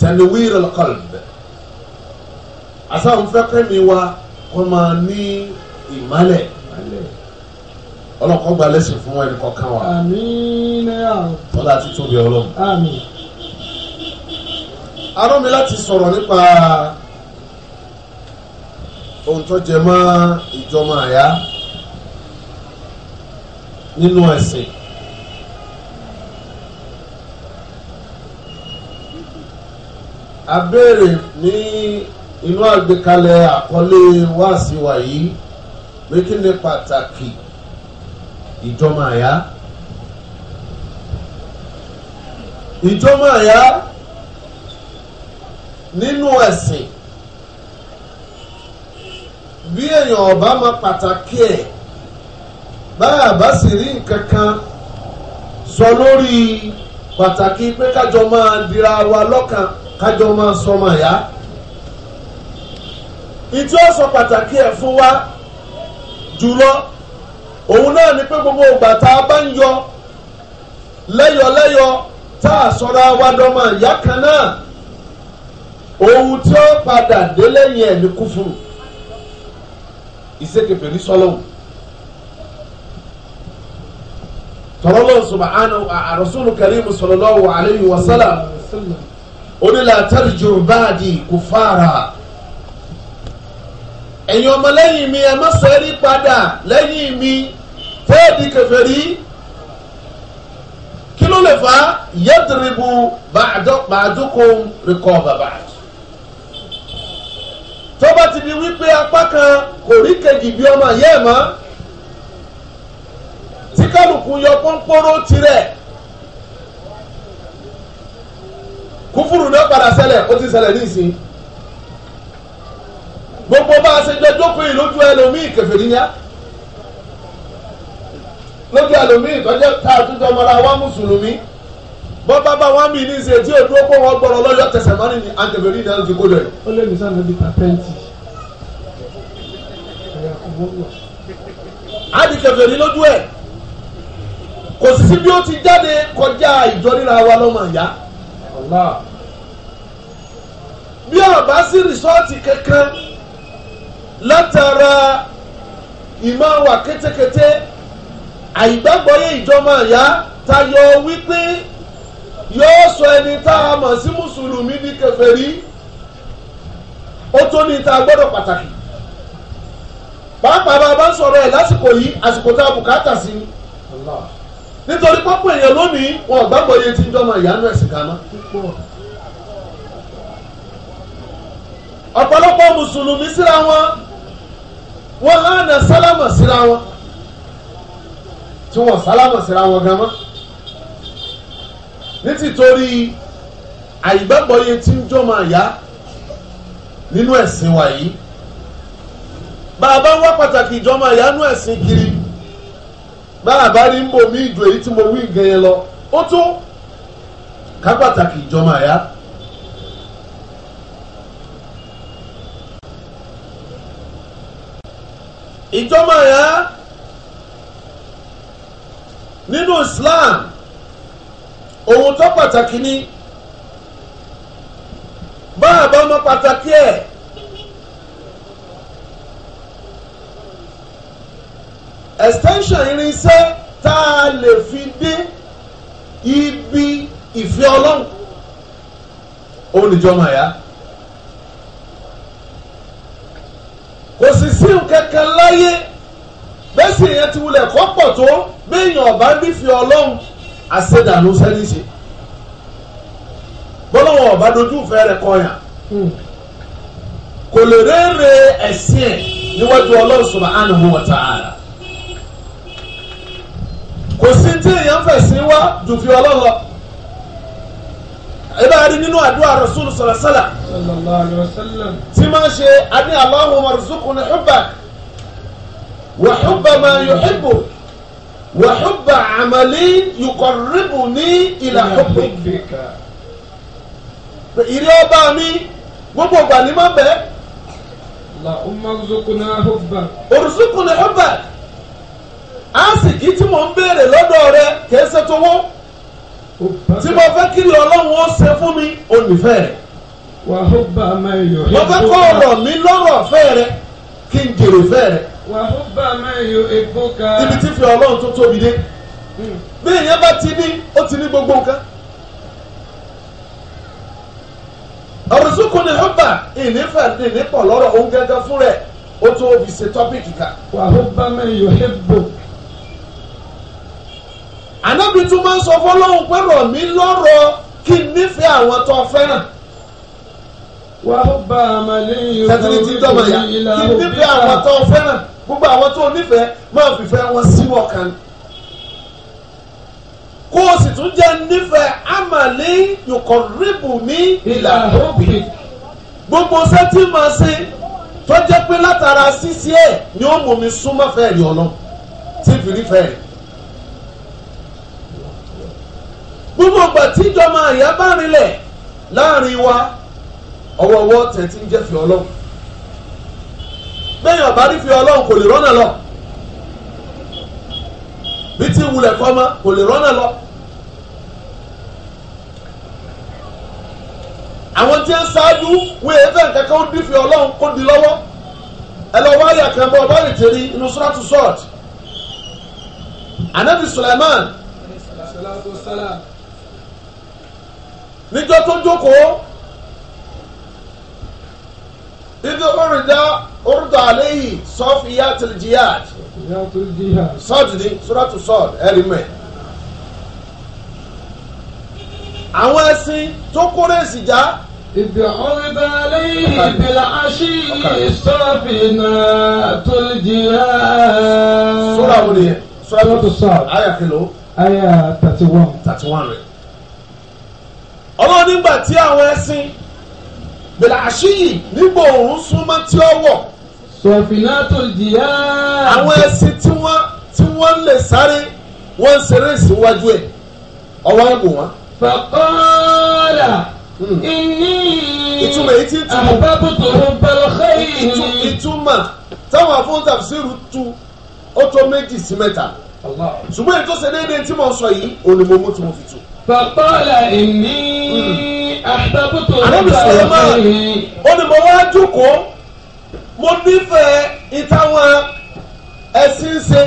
tẹ̀lé wíìrì kọ̀lùbẹ̀ asáwọn fẹ́kẹ́mi wa kọ́ máa ní ìmálẹ̀ ọlọ́kọ́ gba lẹ́sìn fún ẹnì kọ̀ọ̀kan wa. àmín ọlá ti tóbi ọlọ́run. àmín. arọ́ mi láti sọ̀rọ̀ nípa ohun tó jẹ mọ́ ìjọmọ àyá nínú ẹ̀sìn. a ní. Ni inú àgbékalẹ̀ àkọlé wáàsí wa yìí pé kí ni pàtàkì ìjọmọ àyá ìjọmọ àyá nínú ẹ̀sìn bí èèyàn ọba máa pàtàkì ẹ̀ báyà bá sì rí nǹkan kan sọ lórí pàtàkì pé kájọ máa dira wa lọ́kàn kájọ máa sọmọ So ìtí ó sọ pàtàkì ẹ̀ fún wa jùlọ òun náà ni pé gbogbo ìgbà tá a bá ń yọ lẹ́yọlẹ́yọ tá a sọra wa dọ́mọ ìyá kan náà ohun tí ó padà dé lẹ́yìn ẹ̀ ní kúfùrù ìsèkèfèrè sọlọ́wọ́ tọ́lọ́lọ́ subhanahu àròsùnù karimu sallallahu alayhi wa sallam onílà tẹ́lẹ̀ jù báàdì kùfàrà ẹ̀yin ọmọlẹ́yìn mi ẹ má ṣẹ́rí padà lẹ́yìn mi fẹ́ẹ̀dì kèfèrí kí ló lè fa yẹ́dìrìbù bàdúkù rìkọ̀ bàbà tó bá ti di wípé apá kan kò rí kejì bí ọmọ yẹ́ ẹ̀ mọ́ tí kálukú yọ pọ́npọ́rọ́ tirẹ̀ kúfùrù náà padà ṣẹlẹ̀ ó ti ṣẹlẹ̀ nísìnyí gbogbo bá a ṣe jọ jókòó yìí lójú ẹlòmíì kèfèrí ni á lójú ẹlòmíì tọ́jú tá a tún jọ mọ́ra wá mùsùlùmí bọ́ bá bá wá mi ní ṣe tí òdúró kó wọn gbọ́rọ̀ lọ́yọ̀ tẹsẹ̀ mọ́ni ni àǹkẹ̀fẹ̀rí ìdáná ti gbọ́dọ̀ yìí. ó lé mi sáà níbi pàpẹ́ǹtì. a di kèfèrí lójú ẹ̀ kò sí bí ó ti jáde kọjá ìjọríra wa lọ́mọ ìyá. bí ọ̀bá sí rìsọ́ọ̀tì kankan látara ìmọ̀ wa kétékété àìgbàgbọ́yé ìjọba àyá tayọ wípé yóò sọ ẹni tá a mọ̀ sí mùsùlùmí ní kèfèrí ó tó ní ta gbọ́dọ̀ pàtàkì pàápàá bá a bá ń sọ̀rọ̀ ẹ̀ lásìkò yìí àsìkò tá a bùkátà sí ni nítorí pọ́pọ̀ èèyàn lónìí wọn ò gbàgbọ́ iye tí ń jọmọ ìyanu ẹ̀sìn kaná. ọ̀pọ̀lọpọ̀ mùsùlùmí síra wọn wọ́n na sálámà síra wọn tí wọ́n sálámà síra wọn gan mọ́ ní títorí àìgbàgbọ́ yẹn tí ń jọ́ máa yá nínú ẹ̀sìn wa yìí bàbá wá pàtàkì yá ìyanu ẹ̀sìn kiri bàbá rí ń bò mí ìjò èyí tí mo wí gẹ̀yẹ lọ ó tún ká pàtàkì ìjọba yá. ìjọmọ yẹn nínú Islam ohun tó pàtàkì ni báà bá ọmọ pàtàkì ẹ̀ extension irinṣẹ́ tá a lè fi dé ibi ìfẹ́ ọlọ́run òun nìjọmọ yẹn. kò sì sí nǹkan kan láyé bẹ́ẹ̀ sì yẹn ti wulẹ̀ kọ́ pọ̀ tó béèyàn ọ̀bá nífẹ̀ẹ́ ọlọ́run àṣedànù sẹ́ni ṣe bọ́lọ́wọ́n ọ̀bá dojú ìfẹ́ rẹ̀ kọyàn kò lè rere ẹ̀sìn ẹ̀ níwájú ọlọ́run subhanahu wa ta'ala kò sí tí èèyàn fẹ̀sìn wá jù fi ọlọ́run lọ ẹbá rí nínú àdúrà rasul sọlọsọlá tí máa ṣe adé aláhùn marzukun hubba wà hubba ma yuhibbu wà hubba amali yukọrìbù ní ìlà hubbu. ìrẹ́ ọba mi gbogbo ọgbà ni máa bẹ̀. orzukun hubba a sì kí tí mò ń béèrè lọ́dọ̀ rẹ kẹ́sẹ̀ tí mo fẹ́ kí lọ lọ́wọ́ ó ṣe fún mi onífẹ́ rẹ̀ mo fẹ́ kọ́ ọ̀rọ̀ mi lọ́rọ̀ fẹ́ rẹ̀ kí n jèrè fẹ́ rẹ̀ ibi tí fi ọlọ́run tó tóbi dé hmm. bí èèyàn bá ti ní ó ti ní gbogbo nǹkan. àrùsùkù ni hùbà ìnífẹ̀ ìnípọ̀ lọ́rọ̀ òun gẹ́gẹ́ fún rẹ̀ ó tó fi ṣe tọ́pìkì kan. wàhùbà mẹ́yọ̀ ànábì tún máa ń sọ fọlọ́hún pé rọ̀ mí lọ́rọ̀ kí n nífẹ̀ẹ́ àwọn tó fẹ́ràn. wà á bá a máa lé yìí lọ sí ìlà òbí rà kí n nífẹ̀ẹ́ àwọn tó fẹ́ràn gbogbo àwọn tó nífẹ̀ẹ́ máa fìfẹ́ wọn sí wọ̀kan. kó o sì tún jẹ́ nífẹ̀ẹ́ àmàlẹ́ yòkọ̀rìbù ní ìlà òbí. gbogbo sẹ́tì máa ṣe tó jẹ́ pé látara ṣíṣe ẹ̀ ni ó mú mi súnmọ́ fẹ́ẹ̀ rí ọ̀nà tí fìrí gbogbo ọgbà tí ìjọba àyà bá rinlẹ̀ láàrin wa ọwọ́wọ́ tẹ̀tí ń jẹ́ fi ọlọ́run bẹ́ẹ̀ ọ̀bá rí fi ọlọ́run kò lè rọ́nà lọ bí tí wulẹ̀ fọ́mọ kò lè rọ́nà lọ. àwọn tí ń ṣáájú wọ́n èyí fẹ́ kankan ó dí fi ọlọ́run kó di lọ́wọ́ ẹ lọ wá yà kan bọ́ ọba lè tẹ̀lé inú sọ́ọ́tù sọ́ọ̀tù anabi Sulaiman níjọ́ tó jókòó ibi orida orida aleyhi sọfiya tiljihad sọọdi ni suratu sọọdi ẹrí mẹ àwọn ẹṣin tó kórè sí já. ibi orida aleyhi bìlà aṣí sọfiya tiljihad. sura wo ni yẹ suratu sọọdi aya kìlọ. aya thirty one. thirty one rẹ ọlọ́run nígbà tí àwọn ẹṣin bẹ̀rẹ̀ àṣìyì nígbà òórùn súnmọ́ tí ó wọ̀. sọ̀fìnà tó jìyà. àwọn ẹṣin tí wọ́n tí wọ́n lè sáré wọ́n ń ṣeré síwájú ẹ̀ ọwọ́ ń wò wọ́n. fàkọ́ọ̀dà ìní hmm. ìtumọ̀ èyí tí ń túmọ̀ àbábùtò bẹ̀rẹ̀ ìtumọ̀ táwọn afọ́ńtàfsírù tu ó tó méjì sí mẹ́ta ṣùgbọ́n ètò ṣe déédéé tí mo sọ yìí òní mo mú tí mo fi tu fàkọ́lá ìní àtàkùtù ọ̀sán yìí. ó ní mo wá jókòó mo nífẹ̀ẹ́ ìtàwọn ẹ̀sìn ṣe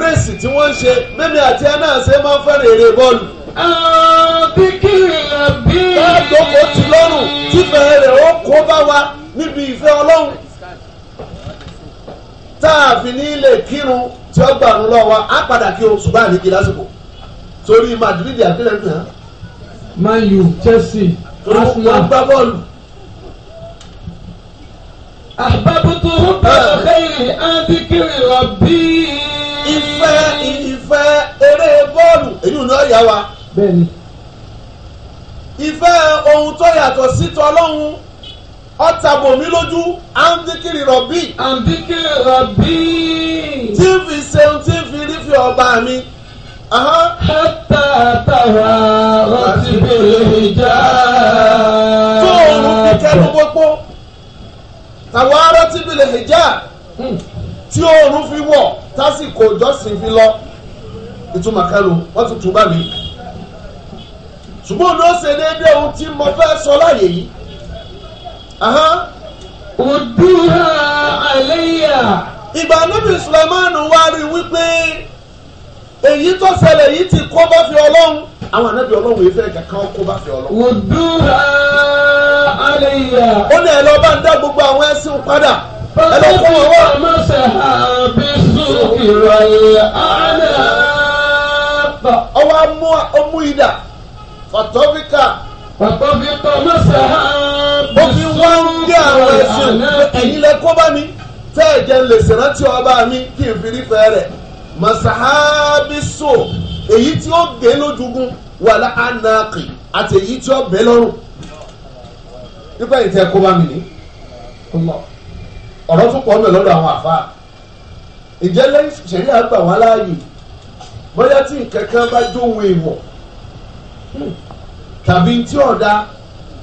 rẹ́sì tí wọ́n ń ṣe mímí àti ẹ̀nà ṣe máa ń fẹ́ràn èrè bọ́ọ̀lù. àbíkìrì àbí. bá jókòó ti lọ́rùn tífẹ̀ẹ́ rẹ̀ ó kó bá wa níbi ìfẹ́ ọlọ́run tá a fi ní ilé kírun tí ó gbà ń lọ wa á padà kí oṣù báyìí kí lásìkò torí Madrid àbílẹ̀ náà. Man U Chelsea Arsenal. wọ́n gbá bọ́ọ̀lù. àbábútú bẹ́ẹ̀ lẹ́yìn andikiri rọ̀bì. ìfẹ́ ìfẹ́ eré bọ́ọ̀lù èyí ni ó yà wá. bẹ́ẹ̀ni. ìfẹ́ ohun tó yàtọ̀ sí tọ́lọ́hún ọ̀tàbò mi lójú andikiri rọ̀bì. andikiri rọ̀bì. tí n fi ṣeun tí n fi rí fi ọba mi hátà tàwa rántí bèrè ìjà. tó oòrùn fi kẹnu gbogbo tàwa rántí bèrè hija. tí oòrùn fi wọ̀ tásìkò ìjọsìn fi lọ ìtumọ̀ kẹlu wọ́n ti tún bá mi. ṣùgbọ́n ló ṣe déédéé ohun tí mo fẹ́ sọ láàyè yìí. òdúrà àlẹ́yà. ìgbà níbi Sùlẹ́mánù wá rí wípé èyí tó ṣẹlẹ̀ yìí ti kó bá fi ọlọ́run àwọn ànábì ọlọ́run yìí fẹ́ kankan kó bá fi ọlọ́run. wùdú ha àlẹyà. ó ní ẹ lọ bá ń dá gbogbo àwọn ẹṣin padà ẹ lọ kó wọn wá. bàbá mi ṣe àbí sùn ìrọ̀lẹ́ àná. ọwọ́ amú ọmú ìdà fọtọ́fíkà. fọtọ́fíkà mọ́sà á. ó fi wá ń gbé àwọn ẹṣin ẹ̀yìn lẹ bá mi tẹ́ ẹ̀jẹ̀ ń lè ṣèrántí ọba mi kí n fi nífẹ̀ẹ́ rẹ̀ masahabiso èyí tí ó gé lójúgun wàlá anaki àti èyí tí ó bẹ́ lọ́rùn nígbà yìí tẹ́ kó bá mi ní ọ̀rọ̀ tún pọ̀ mẹ́ lọ́dọ̀ àwọn àfáà ìjẹ́ lẹ́yìn ṣẹ̀rí àgbà wọn láàyè bóyá tí nǹkankan bá jóhun èèwọ̀ hmm. tàbí tí ọ̀dà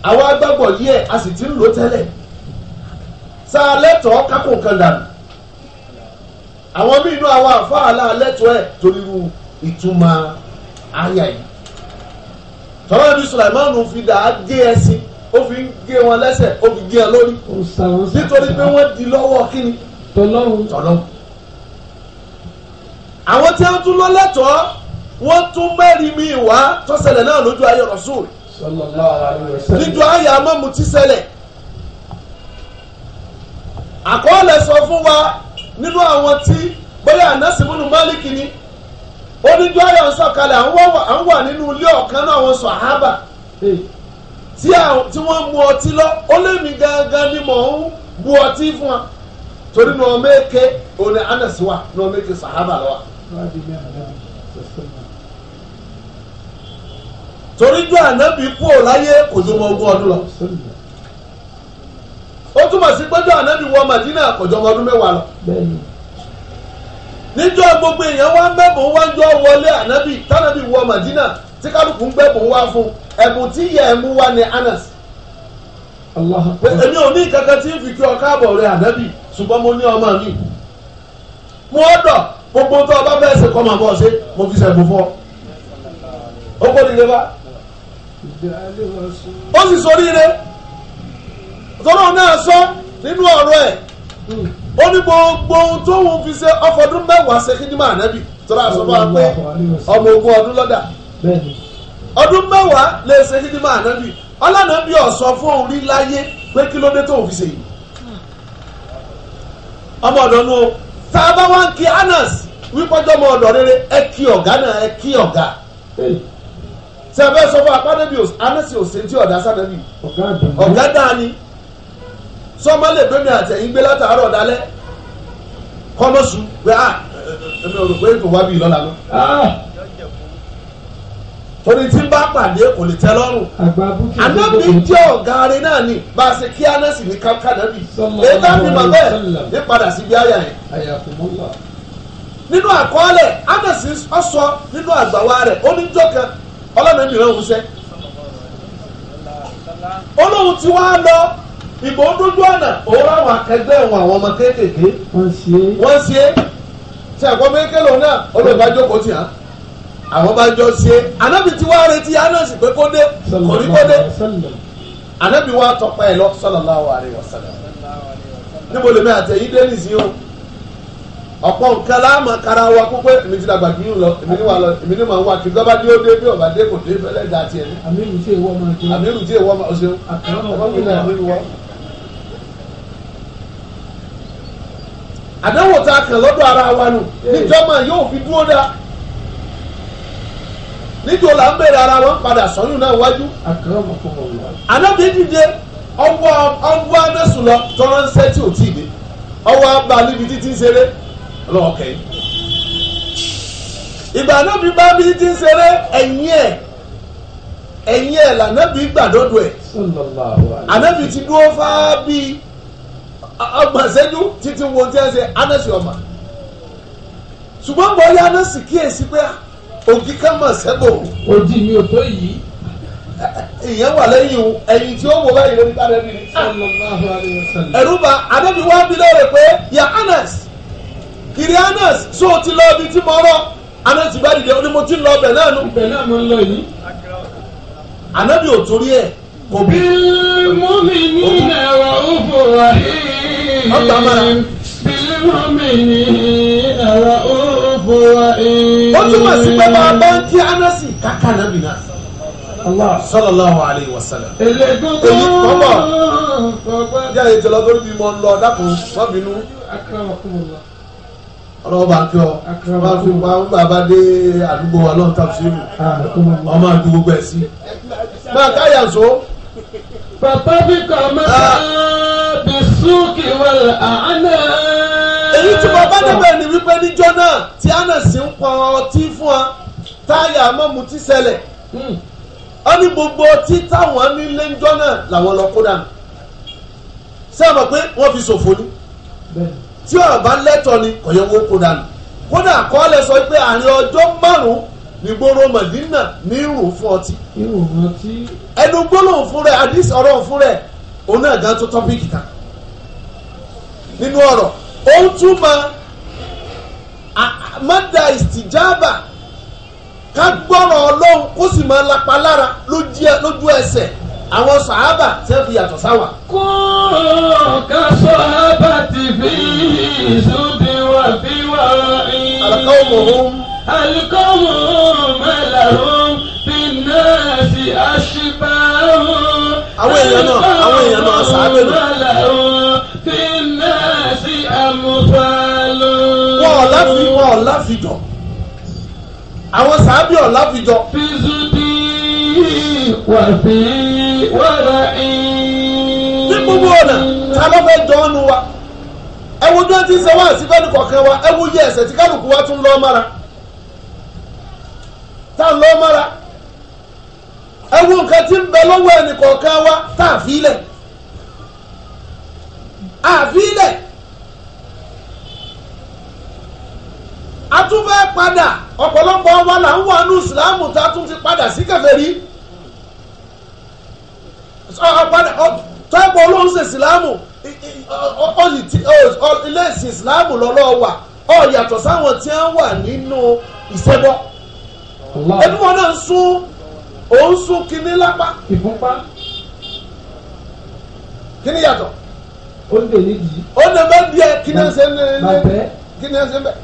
àwọn agbábọ̀ yí a sì ti ń lò tẹ́lẹ̀ sáà lẹ́tọ̀ọ́ kákò kan dànù àwọn míì inú àwọn àfáà aláàlẹ́tọ̀ ẹ̀ torírú ìtumọ̀ àyà yìí tọ́lá ní Sulaimanu fi dà á gé ẹṣin ó fi ń gé wọn lẹ́sẹ̀ ó fi gé ẹ lórí nítorí pé wọ́n di lọ́wọ́ kíni tọ́lọ́hún tọ́lọ́hún àwọn tí wọ́n tún lọ́lẹ́tọ̀ọ́ wọ́n tún mẹ́rin mi wá tọ́sẹ̀lẹ̀ náà lójú ayé Rasul níjú ayé amọ́mutí ṣẹlẹ̀ àkọọ́lẹ̀ sọ fún wa nínú àwọn tí bóyá ànásì múnú málìkì ni oníjọ́ ayọ̀ ń sọ̀kalẹ̀ à ń wà nínú ilé ọ̀kan náà wọn sàhábà tí wọ́n mu ọtí lọ ó lé mi gangan ni mò ń bu ọtí fún wa torí ní ọmọ èké òní ànásì wa ní ọmọ èké sàhábà lọ wa torí ju ànábì kú ò láyé kò ju ọmọ ogún ọdún lọ. ó túmọ̀ sí pẹ́jọ́ ànábì wọ Madina kọjọ́ ọdún mẹ́wàá lọ. níjọ́ gbogbo èèyàn wá ń bẹ̀bùn wá ń jọ wọlé ànábì tànábì wọ Madina tí kálukú ń bẹ̀bùn wá fún ẹ̀bùn tí yẹ wá ní Anas. èmi ò ní kankan tí ń fi kí ọ káàbọ̀ rẹ ànábì ṣùgbọ́n mo ní ọmọ mi. mo gbogbo tó o bá ṣe ṣe mo fi ṣẹ̀bùn fọ́ ó tọ́lọ́ náà sọ nínú ọ̀rọ̀ ẹ̀ ó ní gbogbo ohun tóun fi ṣe ọfọdún mẹ́wàá ṣe kí ní máa nẹ́bì tọ́lá sọ fún wa pé ọmọ ogun ọdún lọ́dà ọdún mẹ́wàá lè ṣe kí ní máa nẹ́bì ọlọ́nà bí ọ̀sán fún òun rí láyé pé kí ló dé tóun fi ṣe yìí ọmọ ọ̀dọ́ nu o tá a bá wá ń kí Anas wípọ́jọ́ ọmọ ọ̀dọ́ rere ẹ kí ọ̀gá náà ẹ kí ọ̀gá ṣe abẹ́ sọ fún apá nẹ́bí Anas ò ṣe tí ọ̀dá sá nẹ́bí ọ̀gá dáa sọmọ lè bẹ́mi àtẹ̀yìn gbé látàárọ̀ dalẹ́ kọ́lọ́sù pé à ah, èmi ò rò pé ètò wábì lọ́la lọ. Ah. torí tí bá pàdé kò lè tẹ lọ́rùn. ànábì jẹ́ ọ̀gá rẹ náà ni bá a ṣe kí anásì ní kánábì. èyí tá a fi bẹ́ẹ̀ ní padà sí àyà yẹn. nínú àkọọ́lẹ̀ nínú àgbàwá rẹ̀ ìbò dójú ọ̀nà òun àwọn akẹgbẹ́ wọn àwọn ọmọ kéékèèké wọ́n ṣe é tí àgbọ̀ méjèèké lòun náà olóògbé ajókòó tì á àwọn bá jọ ṣe é anábì tí wàá retí anọ́ọ̀sì pé kó dé kò ní kó dé anábì wàá tọpa ẹ̀ lọ sallallahu alaihi wasallam níbo lèmi àtẹ̀yí dé nìsí o ọ̀pọ̀ nǹkan láàmú kara wa kó pé èmi ti dàgbà jù ú lọ èmi ni wà lọ èmi ni mà ń wà kí gbọ́dọ̀ dé ó dé bí ọ̀bà dé kò dé fẹ́lẹ́ dà tiẹ̀ ní. àmì ìrù tí máa jẹun àmì ìrù tí máa jẹun àkàrà ọ̀bá mi náà àmì ìrù àdánwò tá a kàn lọ́dọ̀ ara wa nù níjọ́mọ̀ yóò fi dúró dá níjọ́ là ń bèrè ara wọn padà sọ́yún náà wájú. ànábì dìde ọwọ́ ọwọ́ anásù lọ tọ́rọ́nsẹ́ tí ò tí ì dé ọwọ́ abá níbi títí ń ṣeré lọ́ọ̀kẹ́. ìgbà ànábì bá bí títí ń ṣeré ẹ̀yìn ẹ̀ ẹ̀yìn ẹ̀ gbàdọ́dọ̀ ẹ̀ ti dúró ọgbọ̀n ṣẹ́jú títí wo tí ẹ ṣe anẹ́sì ọmọ ṣùgbọ́n bọ́ yá anẹ́sì kíyèsí pé òkì o mọ̀ sẹ́gbò. ojì mi ò tó yìí. ìyẹn wà lẹ́yìn o ẹ̀yìn tí ó wọ báyìí lórí tá lẹ́bi ni. ẹ̀rú ba adébí wá bí lóore pé yà anẹ́sì kiri anẹ́sì sọ ti lọ ibi tí mo rọ anẹ́sì bá dìde ó ní mo ti lọ ọbẹ̀ náà nù. ibẹ̀ náà mo lọ yìí. anẹ́bí ò torí ẹ̀ kò bí. bílmùmí ní ẹ̀rọ òfò wáyé. ọ̀tá mara. bílmùmí ní ẹ̀rọ òfò wáyé. ó túmọ̀ sí pé máa bá ń kí anásì káká nàbì náà. Allah sallallahu alayhi wa sallam. Èlégún tó ń bọ̀. Bí àyè jọlọ tó bí mo ń lọ dákun wọ́n bínú. Ọlọ́wọ́ bá ń kí ọ. Bá fi pa ń bàbá dé àdúgbò wa lọ́n tàbí sí ìlú. Ọmọ àdúgbò gbẹ̀ sí. Máa káyà sọ. Fàtàbíkọ̀ máa ah. bí súnkì wọlé àánà. Èyí tí mo bá débẹ̀ ni wípé níjọ́ náà tí Anna sì ń pọn ọtí fún wa táyà amọ́mu ti ṣẹlẹ̀. Hmm. Ó ní gbogbo ọtí táwọn nílé ńjọ́ náà làwọn lọ kó dànù. Ṣé àmọ̀ pé wọ́n fi ṣòfò ni? Tí ọ̀rọ̀ bá lẹ́tọ̀ ni kò yẹ kó dànù. Kódà kọ́ lẹ sọ pé àárín ọjọ́ márùn-ún nígboro Madina ní ìrùn fún ọtí. ìrùn fún ọtí. ẹnu gbólóhùn fún rẹ àdìs ọ̀rọ̀ fún rẹ òun náà gan tó tọ́pìkì kan nínú ọ̀rọ̀ ó túmọ̀ mọ́dà ìsìjáàbà ká gbọ́rọ̀ ọlọ́run kó sì máa lapa lára lójú ẹsẹ̀ àwọn sàábà tẹ́ fi yàtọ̀ sáwà. kó ká sọ́ábà ti fi ìṣúdìwà bí wà á rí. àlàkà òmùhún alukọ́hún mẹ́lẹ̀hún bí nọ́ọ̀sì àṣìbáhún. àwọn èèyàn náà àwọn èèyàn náà sábẹ́ nù. mẹ́lẹ̀hún bí nọ́ọ̀sì àmúfàlù. wọ́n ọ̀la fi wọ́n ọ̀la fi jọ àwọn sábẹ́ ọ̀la fi jọ. fizudi wàbí wàrà ìyìn. ní gbogbo ọ̀nà tá a bá fẹ́ jọ ọ́ nu wa ẹ wo bí wọ́n ti ń sẹ́wọ́n àti fẹ́ẹ́ nìkọ̀ọ̀kan wa ẹ wo yẹ ẹsẹ̀ tí kálukú wa tún lọ́ọ́ mára. ta à mara lọ́ nǹkan tí ń bẹ lọ́wọ́ wa tá fi lẹ̀ àfilẹ̀ a tún padà ọ̀pọ̀lọpọ̀ wa là ń wà ní ìsìláàmù tá a tún ti padà sí kèfèrí tọ́pọ̀ olóhùn sí ìsìláàmù ilé ìsìn lọ́lọ́ wà yàtọ̀ sáwọn tí wọ́n wà ẹbí wọn náà sún òun sún kinní lápá ìfúnpá kinní yàtọ̀ ó ń dèlè yìí ó ń dèlè díẹ̀ kinní ẹsẹ̀ ń lé kinní ẹsẹ̀ ń bẹ̀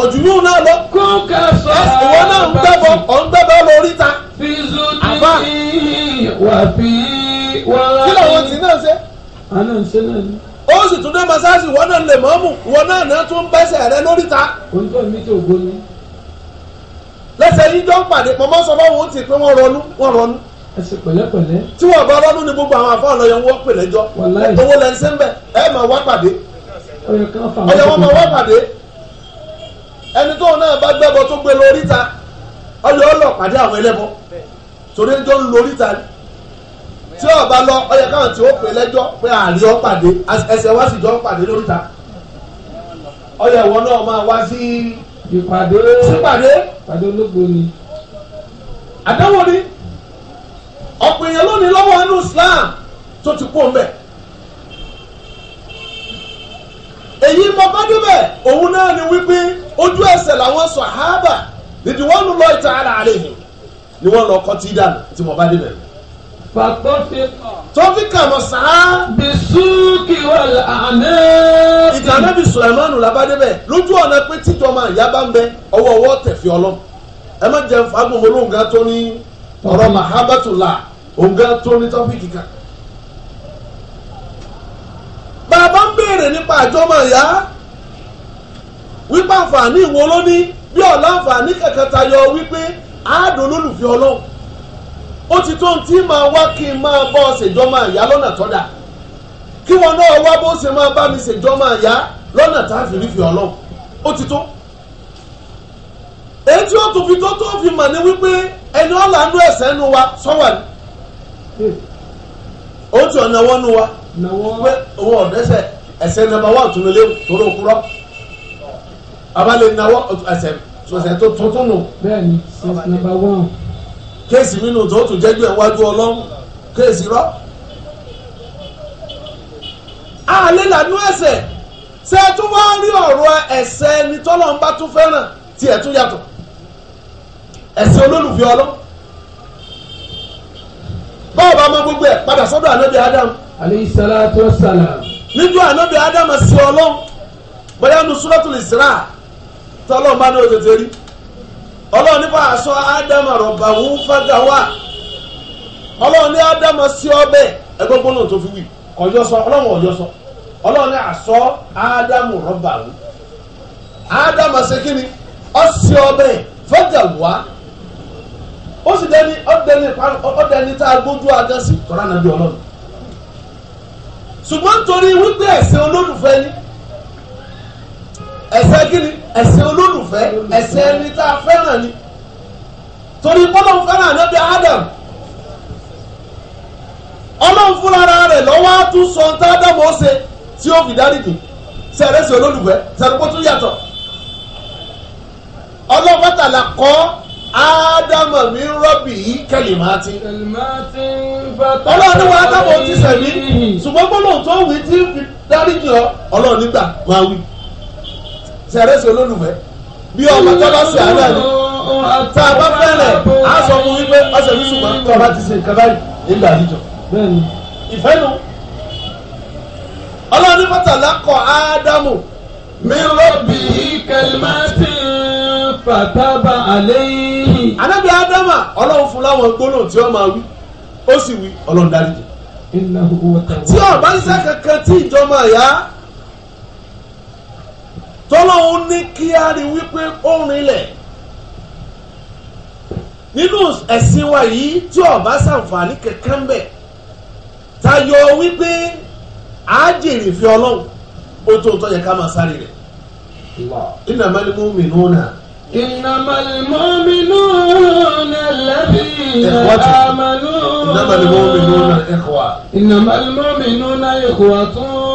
òjúlù náà lọ kó ká sọ ìwọ náà ń gbẹbọ ọ̀ ń gbẹbọ lórí ta àbá wà bí wàrà kí làwọn ti náà ṣe. àná ṣe náà ni ó sì tún dé masáàsì ìwọ náà lè mọ́mù ìwọ náà náà tún bẹ́sẹ̀ rẹ lóríta. oúnjẹ mi tó gbóni lẹ́sẹ̀ yíjọ́ ń pàdé mọ̀mọ́ sọ fún wọn ti pé wọ́n ronú wọ́n ronú. ẹsẹ̀ pẹ̀lẹ́pẹ̀lẹ́. tí wọ́n bá ronú ni gbogbo àwọn afọ́ ọ̀nà yẹn wọ́n pè lẹ́jọ́ owó lẹ́nu sí bẹ́ẹ̀ ẹ máa wá pàdé ọ̀yọ̀ wọn máa wá pàdé ẹni tóun náà bá gbẹ́bọ tó gbé lórí ta ọ̀yọ̀ ọlọ́ pàdé àwọn ẹlẹ́bọ torí jọ ń lórí ta tí wọ́n bá lọ ọ̀yọ̀ káwọn tí ó pè lẹ́jọ́ pé àrí ọ́ pàdé ẹsẹ̀ wá sì jọ ń pàdé lórí ta ọ̀yọ̀ ìwọ náà máa wá sí ìpàdé ìpàdé ìpàdé ológo ni àdánwò ni ọ̀pọ̀ èèyàn lónìí lọ́wọ́ inú Islam tó ti kú ọ̀mẹ́ èyí mọ bá débẹ̀ òun náà ni wípé ojú ẹsẹ̀ làwọn sàhábà nídìí wọ́n lù lọ ìta ara rẹ̀ ni wọ́n lọ kọ́ tí dànù tí mo bá débẹ̀. tọ́fíkà mọ̀ sáá. bisuki wàlẹ̀ àná. ìtàn Ànábì Sùlẹ̀mánù làbádébẹ̀ lójú ọ̀nà pé títọ́ máa yá bá ń bẹ ọwọ́ ọwọ́ tẹ̀fí ọlọ́m ẹ má jẹun fagbọ̀n olóńgá tó ní la, mahabatula òǹgá tó ní tọ́fíkì kan. bàbá ń béèrè nípa àjọ máa yá wípé àǹfààní ìwo ló ní bí ọ̀la àǹfààní kẹ̀kẹ́ tayọ wípé àádọ́ lólùfẹ́ ó ti tó tí máa wá kí n máa bọ́ ṣèjọ́mọ àyá lọ́nà tọ́da kí wọn náà wá bó ṣe máa bá mi ṣèjọ́mọ àyá lọ́nà tá a fi rí fi ọlọ́run ó ti tó èyí tí ó tún fi tó tó fi mà ní wípé ẹni ọ̀là ń lo ẹ̀sẹ̀ nu wa sọ́wà ni ó ti ọ̀nà wọn nu wa pé òun ọ̀dẹ́sẹ̀ ẹ̀sẹ̀ nàbà wà tún lé torí òkúrọ́ abalẹ̀ nàwọ̀ ẹ̀sẹ̀ tó tún nù. bẹ́ẹ̀ni ẹ̀sẹ̀ nàbà wọn kéèsì nínú tó tún jẹ́jú ẹ̀ wájú ọlọ́run kéèsì rọ́ àlẹ́ lànú ẹ̀sẹ̀ ṣé ẹ tún wá rí ọ̀rọ̀ ẹ̀sẹ̀ ẹni tọ́lọ́run bá tún fẹ́ràn tí ẹ̀ tún yàtọ̀ ẹ̀sẹ̀ olólùfẹ́ ọlọ́ báwo bá mọ gbogbo ẹ̀ padà sọ́dọ̀ ànábì ádámù. alayhi salatu wassalam. níjọ́ ànábì ádámù sí ọlọ́run bóyá nusratul Isra tọ́lọ́run bá ní òtètè rí. ọlọ́run nípa àṣọ ádámà rọ̀bàwù ọlọ́run ní ádámà sí ọbẹ̀ ẹgbẹ́ gbọ́dọ̀ tó fi sọ ọlọ́run ọjọ́ sọ ọlọ́run ní àṣọ ádámù rọ̀bàwù ádámà ṣe kí ni ọ̀sẹ̀ ọbẹ̀ ó sì dẹni tá a gbójú ṣùgbọ́n torí wípé ẹ̀sìn ẹ̀ṣẹ̀ kíni ẹ̀ṣẹ̀ olólùfẹ́ ẹ̀ṣẹ̀ ẹni tá a fẹ́ràn ni torí bọ́lọ́n fẹ́ràn ànábì Adam ọlọ́run fúnra rẹ̀ lọ́wọ́ á tún sọ ní tádàmú ó ṣe tí ó fi dáríjì sẹ̀rẹ̀sẹ̀ olólùfẹ́ sẹ̀rẹ̀kọ́ tún yàtọ̀ ọlọ́run mẹ́tàlá kọ́ ádámà mi rọ́bì yìí kẹlìmáàtì. ọlọ́run ní wàá dábọ̀ ó ti sẹ̀mí ṣùgbọ́n gbọ́dọ̀ tó wí tí ń fi dáríjì ọ ọlọ́run nígbà máa wí sẹ̀rẹ́sì olólùfẹ́ bí ọmọ tọ́lá sí àárẹ̀ ni tá a bá fẹ́rẹ̀ á sọ fún wípé ọ̀sẹ̀ ní ṣùgbọ́n tó ọba ti ṣe nǹkan báyìí nígbà àdìjọ. ìfẹ́ nu ọlọ́run mọ́tàlá kọ ádámù. mi rọ́bì kẹlímátì fàtàbà àléyìn. anábì ádámà ọlọ́run fún láwọn gbólóhùn tí ó máa wí ó sì wí ọlọ́run dáríjì. tí ọba ń sẹ́ kankan tí ìjọba yá tọ́lọ́hún ní kí á rí wípé ó rinlẹ̀ nínú ẹ̀sìn wa yìí tí ọba ṣàǹfààní kankan bẹ̀ tayọ wípé á jèrè fi ọlọ́run ó tó tọ́ yẹ ká máa sáré rẹ̀ innamal mu'minuna. innamal mu'minuna alladhina amanu. innamal mu'minuna ikhwa. innamal mu'minuna ikhwatun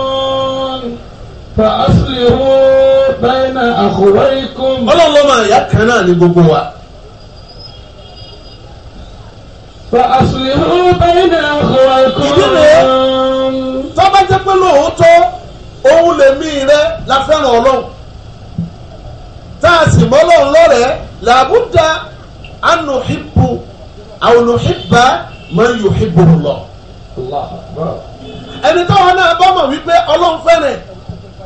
fa aslihu bayna akhawaykum. ọlọ́run máa yá kan náà ní gbogbo wa. fa aslihu bayna akhawaykum. ìdílé tọ́ba jẹ́ pé lóòótọ́ òun lèmi rẹ la fẹ́ràn ọlọ́run tá a sì mọ́ ọlọ́run lọ́rẹ̀ẹ́ làbúdà anuhibbu awunuhibba man yuhibbu Allah. ẹni táwọn náà bá mọ̀ wípé ọlọ́run fẹ́ràn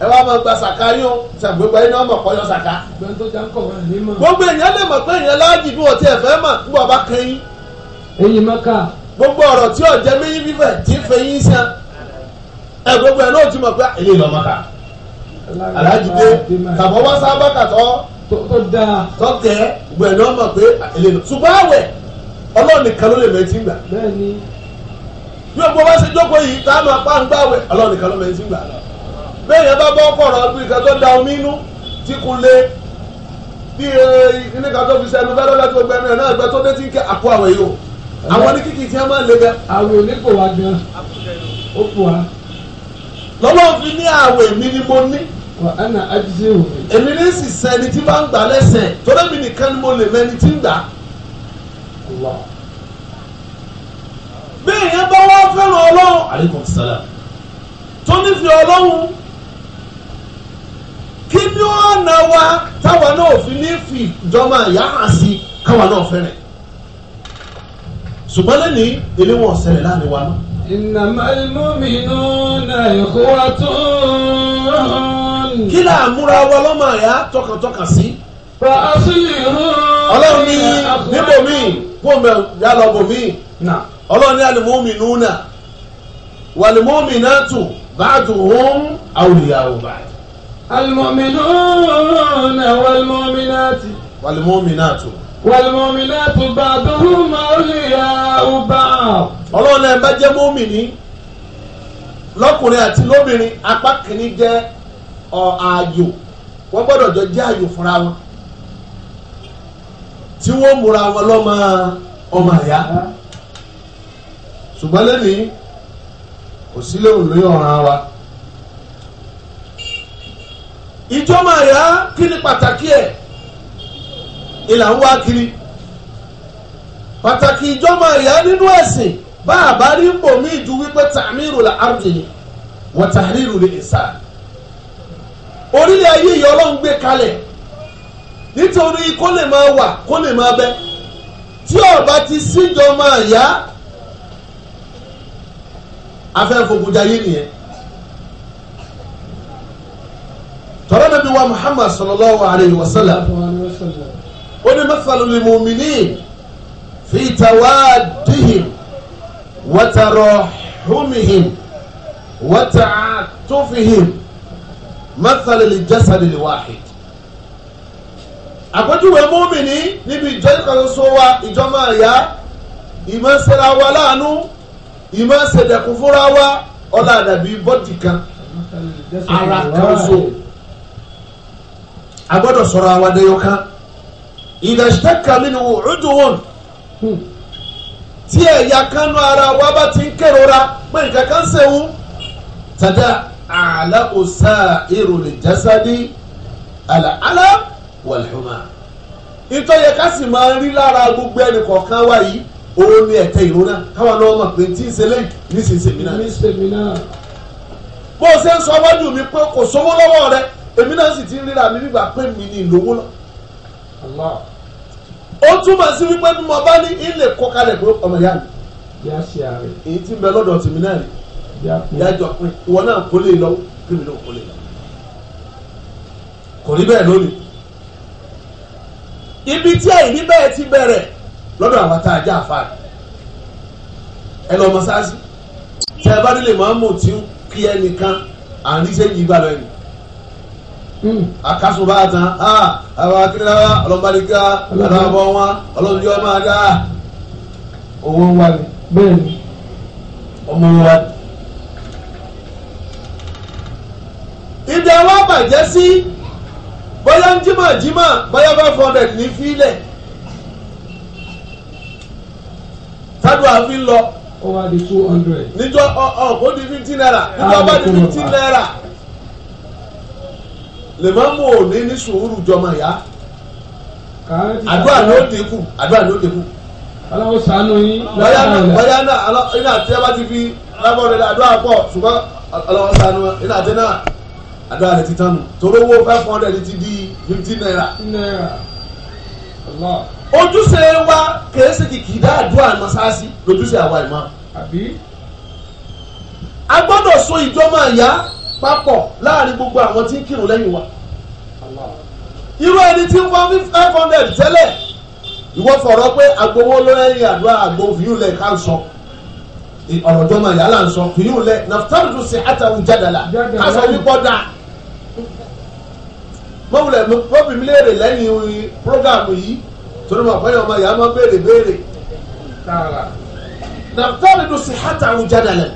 ẹ wá máa gba sàká yín o ṣàgbégbá yín ni wọ́n mọ̀ kọ́ yọ sàká. gbogbo èèyàn lè mọ̀ pé èèyàn láàjì bí wọ́n ti ẹ̀fẹ́ mọ̀ nígbà bá kẹ́yìn. eyín mẹ́ka. gbogbo ọ̀rọ̀ tí ọ̀jẹ̀ méjì fífẹ̀ tí ń fẹ̀yìn sàn. ẹ gbogbo ẹ̀ náà ti mọ̀ pé èlé ah, lọ mọ̀ká. aláàjì dé tàbọ̀ wá sábà kàtọ́. tó dáa. tọ́kẹ́ gbẹ̀ náà mọ̀ pé èlé ah, lọ. ṣùgbọ́n àwẹ̀ ọlọ́run nìkan ló lè mẹ́tí gbà. bẹ́ẹ̀ ni. bí bẹ́ẹ̀ bá bọ́ kọ̀rọ̀ bí nǹkan tó da omi inú tí kò le bí eh, ilé kan tó fi sẹ́nu fẹ́ lọ́dọ̀ tó gbẹnu ẹ̀ náà gbẹ tó dé tí ń kẹ́ àpò àwẹ̀ yìí o àwọn ní kíkì tí wọ́n máa ń le gan. àwẹ̀ ò ní kò wá gan ó kò wá. lọ́wọ́ fi ní àwẹ̀ mi ni mo ní. wà á nà ájíṣe òwe. èmi ní sísẹ ni tí bá ń gbà lẹ́sẹ̀ torí mi nìkan ni mo lè mẹ́ni tí ń gbà. bí ìyẹn bá wá fẹ́ràn ọlọ́run. aleykum salaam. tó ọlọ́run kí ni ọ̀nà wa táwa náà fi ní fi ìjọba ìyá hàn sí káwa náà fẹ́rẹ̀ ṣùgbọ́n lẹ́ni ilé wọn ṣẹlẹ̀ láàrin wa. innamal mu'minuna ikhwatun. kí là á múra wa lọ́mọ àyà tọkàntọkàn sí. fa aslihu. ọlọ́run ní níbo mi kó mẹ yálọ bò mí. ọlọ́run ní al-mu'minuna wal-mu'minatu ba'duhum awliya'u ba'd. المؤمنون والمؤمنات والمؤمنات والمؤمنات بعضهم أولياء بعض ọlọ́run ẹ̀ bá jẹ́ mọ́mìnì lọ́kùnrin àti lóbìnrin apá kìíní jẹ́ ààyò wọ́n gbọ́dọ̀ jọ jẹ́ ààyò fúnra wọn tí wọ́n múra wọn lọ́mọ ọmọ àyá ṣùgbọ́n lẹ́nìí kò sílẹ̀ òun lóyún ọ̀ràn wa ìjọba rẹ̀ á kí ni pàtàkì ẹ̀ ìlà ń wá kiri pàtàkì ìjọba rẹ̀ á nínú ẹ̀sìn bá a bá rí mbò mí ju wípé tàmírù la ardi ni wọ́n tàmírù lè sá orílẹ̀ ayé ìyá ọlọ́run gbé kalẹ̀ nítorí kó lè máa wà kó lè máa bẹ tí ọba ti síjọ máa yá afẹ́fọ̀gùjà yé nìyẹn. tọ́lá nàbí wa muhammad sallallahu alayhi wa sallam ó ní masalul mu'minin fi tawaddihim wa tarahumihim wa ta'atufihim masalul jasadil wahid àpèjúwe mọ́mìnì níbi ìjọ́sọ wa ìjọba àyà ìmọ̀sẹ̀ra wa láàánú ìmọ̀sẹ̀dẹ̀kùn fúnra wa ọ̀là àdàbí bọ́dì kan ara kan so agbọ́dọ̀ sọ̀rọ̀ àwọn adéyọká ìdàṣítẹ́kà nínú ọdún hmm. tí ẹ̀yà kanú ara wa bá ti ń kérora pé nǹkan kan ṣeun tàdá àlà òsà èrò lè jásá ní àlàálà wàlúùmá ìtọ́yẹ ká sì máa ń rí lára gbogbo ẹnì kọ̀ọ̀kan wa yìí òun ni ẹ̀tẹ́ ìrora káwọn lọ́wọ́ mọ̀ pé tí ń ṣe lẹ́yìn nísinsìnyí náà bó o ṣe ń sọ wájú mi pé kò sówó lọ́wọ́ rẹ èmi náà sì ti ń ríra mi nígbà pé mi ní ìlówó lọ. ó túmọ̀ sí wípé bí mo bá ní ilé kọ́ kalẹ̀ pé ọmọ ìyá mi. èyí tí ń bẹ lọ́dọ̀ tèmi náà rèé yájọ pé ìwọ náà kó lè e lọ kí mi náà kó lè e lọ. kò rí bẹ́ẹ̀ lónìí. ibi tí àìrí bẹ́ẹ̀ ti bẹ̀rẹ̀ lọ́dọ̀ àwọn tá a já àfa rẹ̀ ẹ lọ mọ́sáàsì tẹ́ ẹ bá nílé màá mọ̀ tí ń kí ẹnìkan à ń ríṣẹ́ Hmm. akasunba tán àwọn akínlára ọlọ́mọbalíkà alábọ̀ wọn ọlọ́mọdé máa dá owó wa ni bẹ́ẹ̀ ni ọmọ wa ni. ìdá wa bàjẹ́ sí bóyá ń jímọ̀ jímọ̀ bóyá five hundred ní fílẹ̀ tádùn àfi lọ. ó wá di two hundred. níjọ́ ọ̀ọ́ kó di fifteen naira níjọ́ bá di fifteen naira lèmọ́mù ò ní ní sùúrù jọmọ ìyá àdúrà ló dínkù àdúrà ló dínkù. aláwọ̀ sànú yín. bọ́yá náà bọ́yá náà iná àti ẹ bá ti fi lábọ̀ rẹ̀ àdúrà pọ̀ ṣùgbọ́n aláwọ̀ sànú iná àti náà àdúrà rẹ̀ ti tán nù torí owó five hundred ti di fifty naira. ojúṣe wa kèé ṣe kìkìdá àdúrà mọ́sáàsì lójúṣe àwa ìmọ̀. a gbọ́dọ̀ so ìjọ́mọ̀ ìyá papọ̀ láàrin gbogbo àwọn tí ń kírun lẹ́yìn wa irú ẹni tí ń wá five hundred tẹ́lẹ̀ ìwọ fọ̀rọ̀ pé agbowó lórí àdúrà àgbo fìyúlẹ̀ ká sọ ọ̀rọ̀ jọ máa yàrá sọ fìyúlẹ̀ nàfitàlùtù sí àtàwọn jàdàlà ká sọ wípọ́ dà mọ̀wulẹ̀ mọ̀bìmí léèrè lẹ́yìn prógámù yìí torí ma fọyín ọmọ yàrá máa béèrè béèrè nàfitàlùtù sí àtàwọn jàdàlà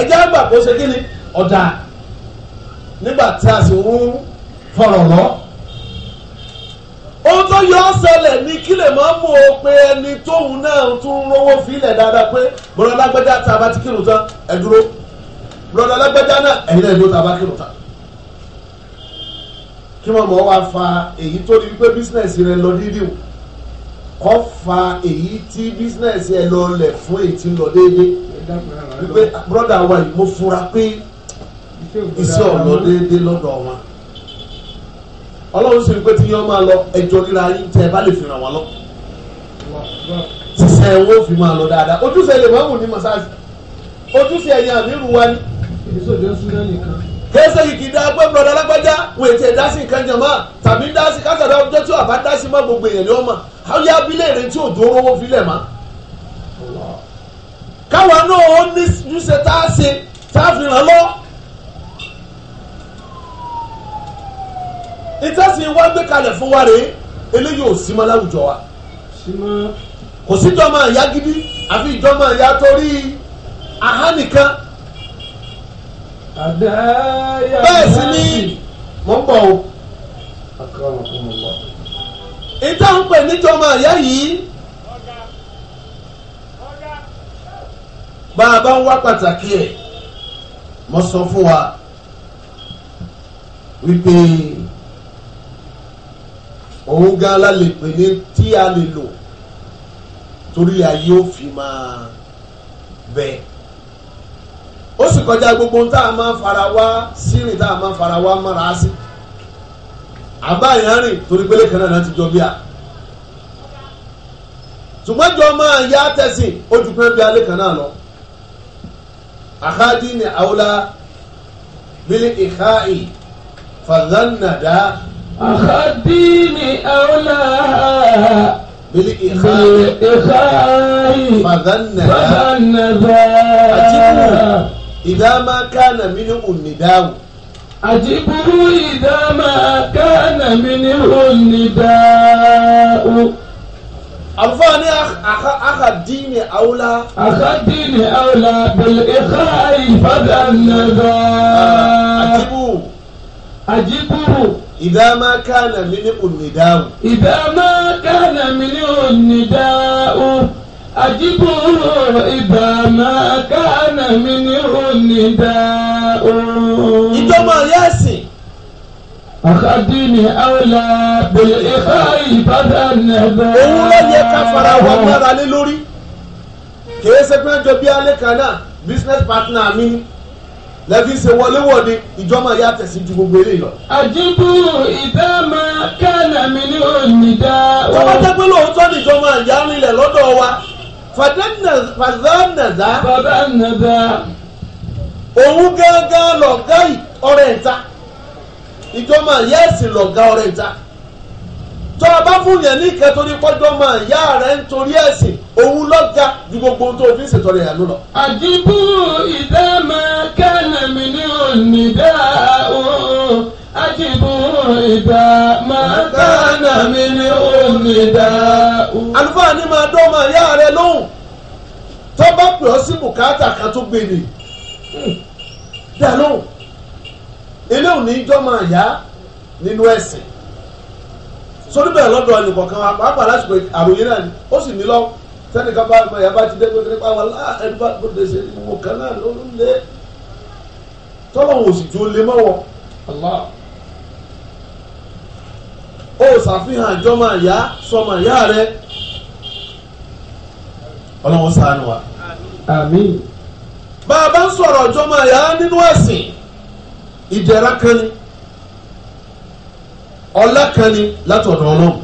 ẹ̀jẹ̀ àgbà kò ṣe kí ni ọ̀dà nígbà tí a sì ń fọ̀rọ̀ lọ. ohun tó yọ ọ́ ṣẹlẹ̀ ní kí lè máa mú o pé ẹni tóun náà tún rówó filẹ̀ dáadáa pé bọ́lá lágbájá tá a bá ti kírun tán ẹ dúró bọ́lá lágbájá náà ẹ̀yin náà ló tá a bá kírun tán. kí wọ́n mọ̀ wá fa èyí tó di wípé bísínẹ̀sì rẹ lọ dídìí kọ́ fa èyí tí bísínẹ̀sì ẹ lọ lẹ̀ fún èyí tí ń lọ déédéé wípé bọ́dà wa yìí mo fura pé iṣẹ́ ọ̀nà déédéé lọ́dọ̀ wọn ọlọ́run sì ń pé tí yọ́n máa lọ ẹjọ́ ríra yín tẹ́ ẹ bá lè fi ràn wọ́n lọ sísẹ owó fi máa lọ dáadáa ojúṣe lè máa wù ní masáàsì ojúṣe ẹ̀yìn àmírù wa ni. kẹsẹ̀ yìí kì í dá pé bùrọ̀dá alágbájá wọ́n ètò ẹ̀dá sí nǹkan jàmá tàbí dá sí kásàdá ọjọ́ tí àbá dá sí má gbogbo èèyàn ní ọmọ àwọn yá abílẹ̀ rẹ̀ tí òjò owó filẹ̀ má. káwa náà ó ní ojúṣe tá a ṣe tá a fi ràn lọ́wọ́. ìtẹ́sìn wá gbé kalẹ̀ fún wa rèé eléyìí ò sí mọ́ láwùjọ wa kò sí ìjọba ya gidi àfi ìjọba àyà torí ahánìkan bẹ́ẹ̀ sì ni mọ̀ ń bọ̀ o ìta ń pè níjọba àyà yìí bá a bá ń wá pàtàkì ẹ̀ mo sọ fún wa wípé òun gan la lè pè ní tí a lè lò torí ayé ó fi máa bẹ ó sì kọjá gbogbo tá a máa fara wá sírìn tá a máa fara wá mọ́ra sí àbá ìyárìn torí pélé kan náà ti jọ bíà ṣùgbọ́n jọ máa yá tẹ̀sìn ó pé bí alẹ́ kan náà lọ àkádìí ni àwòlá bílí ìkáì fàdánàdá. أخديني أولاها بالإخاء فذنبا إذا ما كان منه النداء أجبه إذا ما كان منه النداء àlùfáà ní ديني أولى، akadini ديني أولى بالإخاء، fadan ذا. أجبو، ajibu. ajibu ìdá máa kánà mí ní onídàáwò. ìdá máa kánà mí ní onídàáwò àjíbòrò ìbá máa kánà mí ní onídàáwò. ìjọba yẹn sìn. أخذني أولى بالإخاء فذنبا òun ló yẹ ká fara wà mára lé lórí kì í ṣe business partner mi lẹ́bí ṣe wọléwọ̀ ni ìjọba yà tẹ̀sí ju gbogbo eléyìí lọ. àjíbù ìdámà kánà mi ní òǹdídá. tọ́wọ́ jẹ́ pé lóòótọ́ ni ìjọba ìyá nílẹ̀ lọ́dọ̀ wa fàdánàdá. fàdánàdá. òun gángan lọ̀gá ọ̀rẹ́ ìta ìjọba ìyá ẹ̀sìn lọ̀gá ọ̀rẹ́ ìta tó o bá fún yẹn ní ìkẹ́ torí pọ́jọ́ mọ ìyá rẹ̀ nítorí ẹ̀sìn òun lọ́jà ju gbogbo ohun tó o fi ń ṣètọ́rẹ́ yẹn lọ. àdìbò ìdámà kánà mi ní ònídà òun àdìbò ìdámà kánà mi ní ònídà òun. àlùfáà ni màá dọ́ ọmọ ìyá rẹ lóhùn tó bá pè ọ́ sí bùkátà kan tó gbèrè dà lóhùn ilé òní jọ́ máa yá nínú ẹ̀sìn sórí bẹ́ẹ̀ lọ́dọ̀ ẹnìkọ̀ọ̀kan wa pàápàá lásìkò àròyé náà ni ó sì ní lọ sẹ́nìkan bá ẹ̀yà bá ti dé pé nípa wà láàrin ah, bá gbọdọ̀ ṣe gbogbo kan náà ló ń lé tọ́lọ̀ wò sì tún lé mọ́wọ́ Allah ó ṣàfihàn àjọmọ̀ àyá sọmọ àyá rẹ ọlọ́run ṣàánú wa. àmín. bá a bá ń nínú ẹ̀sìn ìdẹ̀ra kan ni ọlá kan ni látọ̀dọ̀ ọlọ́run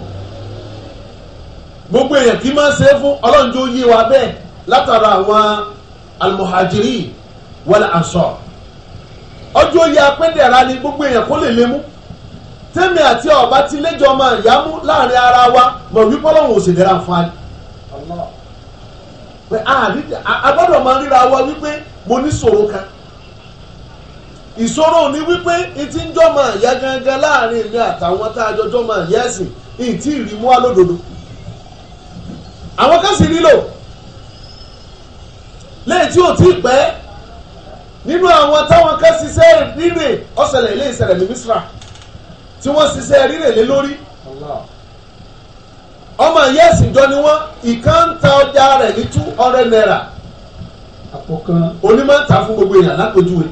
gbogbo èèyàn tí máa ń ṣe é fún ọlọ́run tó yé wa bẹ́ẹ̀ látara àwọn almuhajiri wal ansar ọjọ́ yẹ apẹ́dẹ̀ra ni gbogbo èèyàn kó lè lè mú tẹ́mi àti ọba tí lẹ́jọ́ máa yá mú láàrin ara wa mọ̀ wípé ọlọ́run ò sì dẹ́ra fún wa ni a gbọ́dọ̀ máa ríra wa wípé mo ní ṣòro kan ìṣòro ni wípé etí ń jọmọ ìyá gangan láàrin èmi àtàwọn tá a jọ jọmọ ìyá ẹ̀sìn ìtì ìrìmú alódodo àwọn kan sì nílò lẹ́yìn tí ò tí ì pẹ́ nínú àwọn táwọn kan ṣiṣẹ́ rírè ọ̀sẹ̀lẹ̀ ilé ìṣẹ̀lẹ̀ ní Misra tí wọ́n ṣiṣẹ́ rírè lé lórí ọmọ ìyá ẹ̀sìn jọ ni wọ́n ìkan ń ta ọjà rẹ̀ ní two hundred naira onímọ̀ ń ta fún gbogbo èèyàn lápèjúwe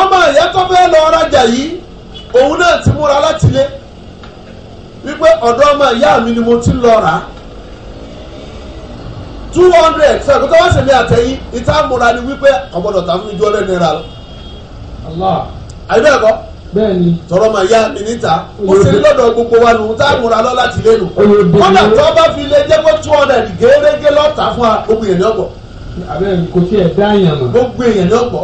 ọmọ ìyá tó fẹ́ lọ rajà yìí òun náà ti múra láti lé wípé ọ̀dọ́ ọmọ ìyá mi ni mo ti lọ rà á two hundred fẹ́ wá sèmi àtẹ̀yìn ìta múra ni wípé ọ̀gbọ́dọ̀ tà fún ijó ọlẹ́ lọ. àyẹ̀bẹ̀ ẹ̀kọ́ tọrọ ma ya mi níta mo ṣe gbogbo wa nù tá a lọ láti lé nu kọ́nà tó bá fi lé jẹ́ kó two hundred gẹ́gẹ́ lọ́ta fún wa gbogbo èèyàn ní ọ̀gbọ̀. àbẹ́ kò tí dá èèyàn mọ̀. gbogbo èèyàn ní ọ̀gbọ̀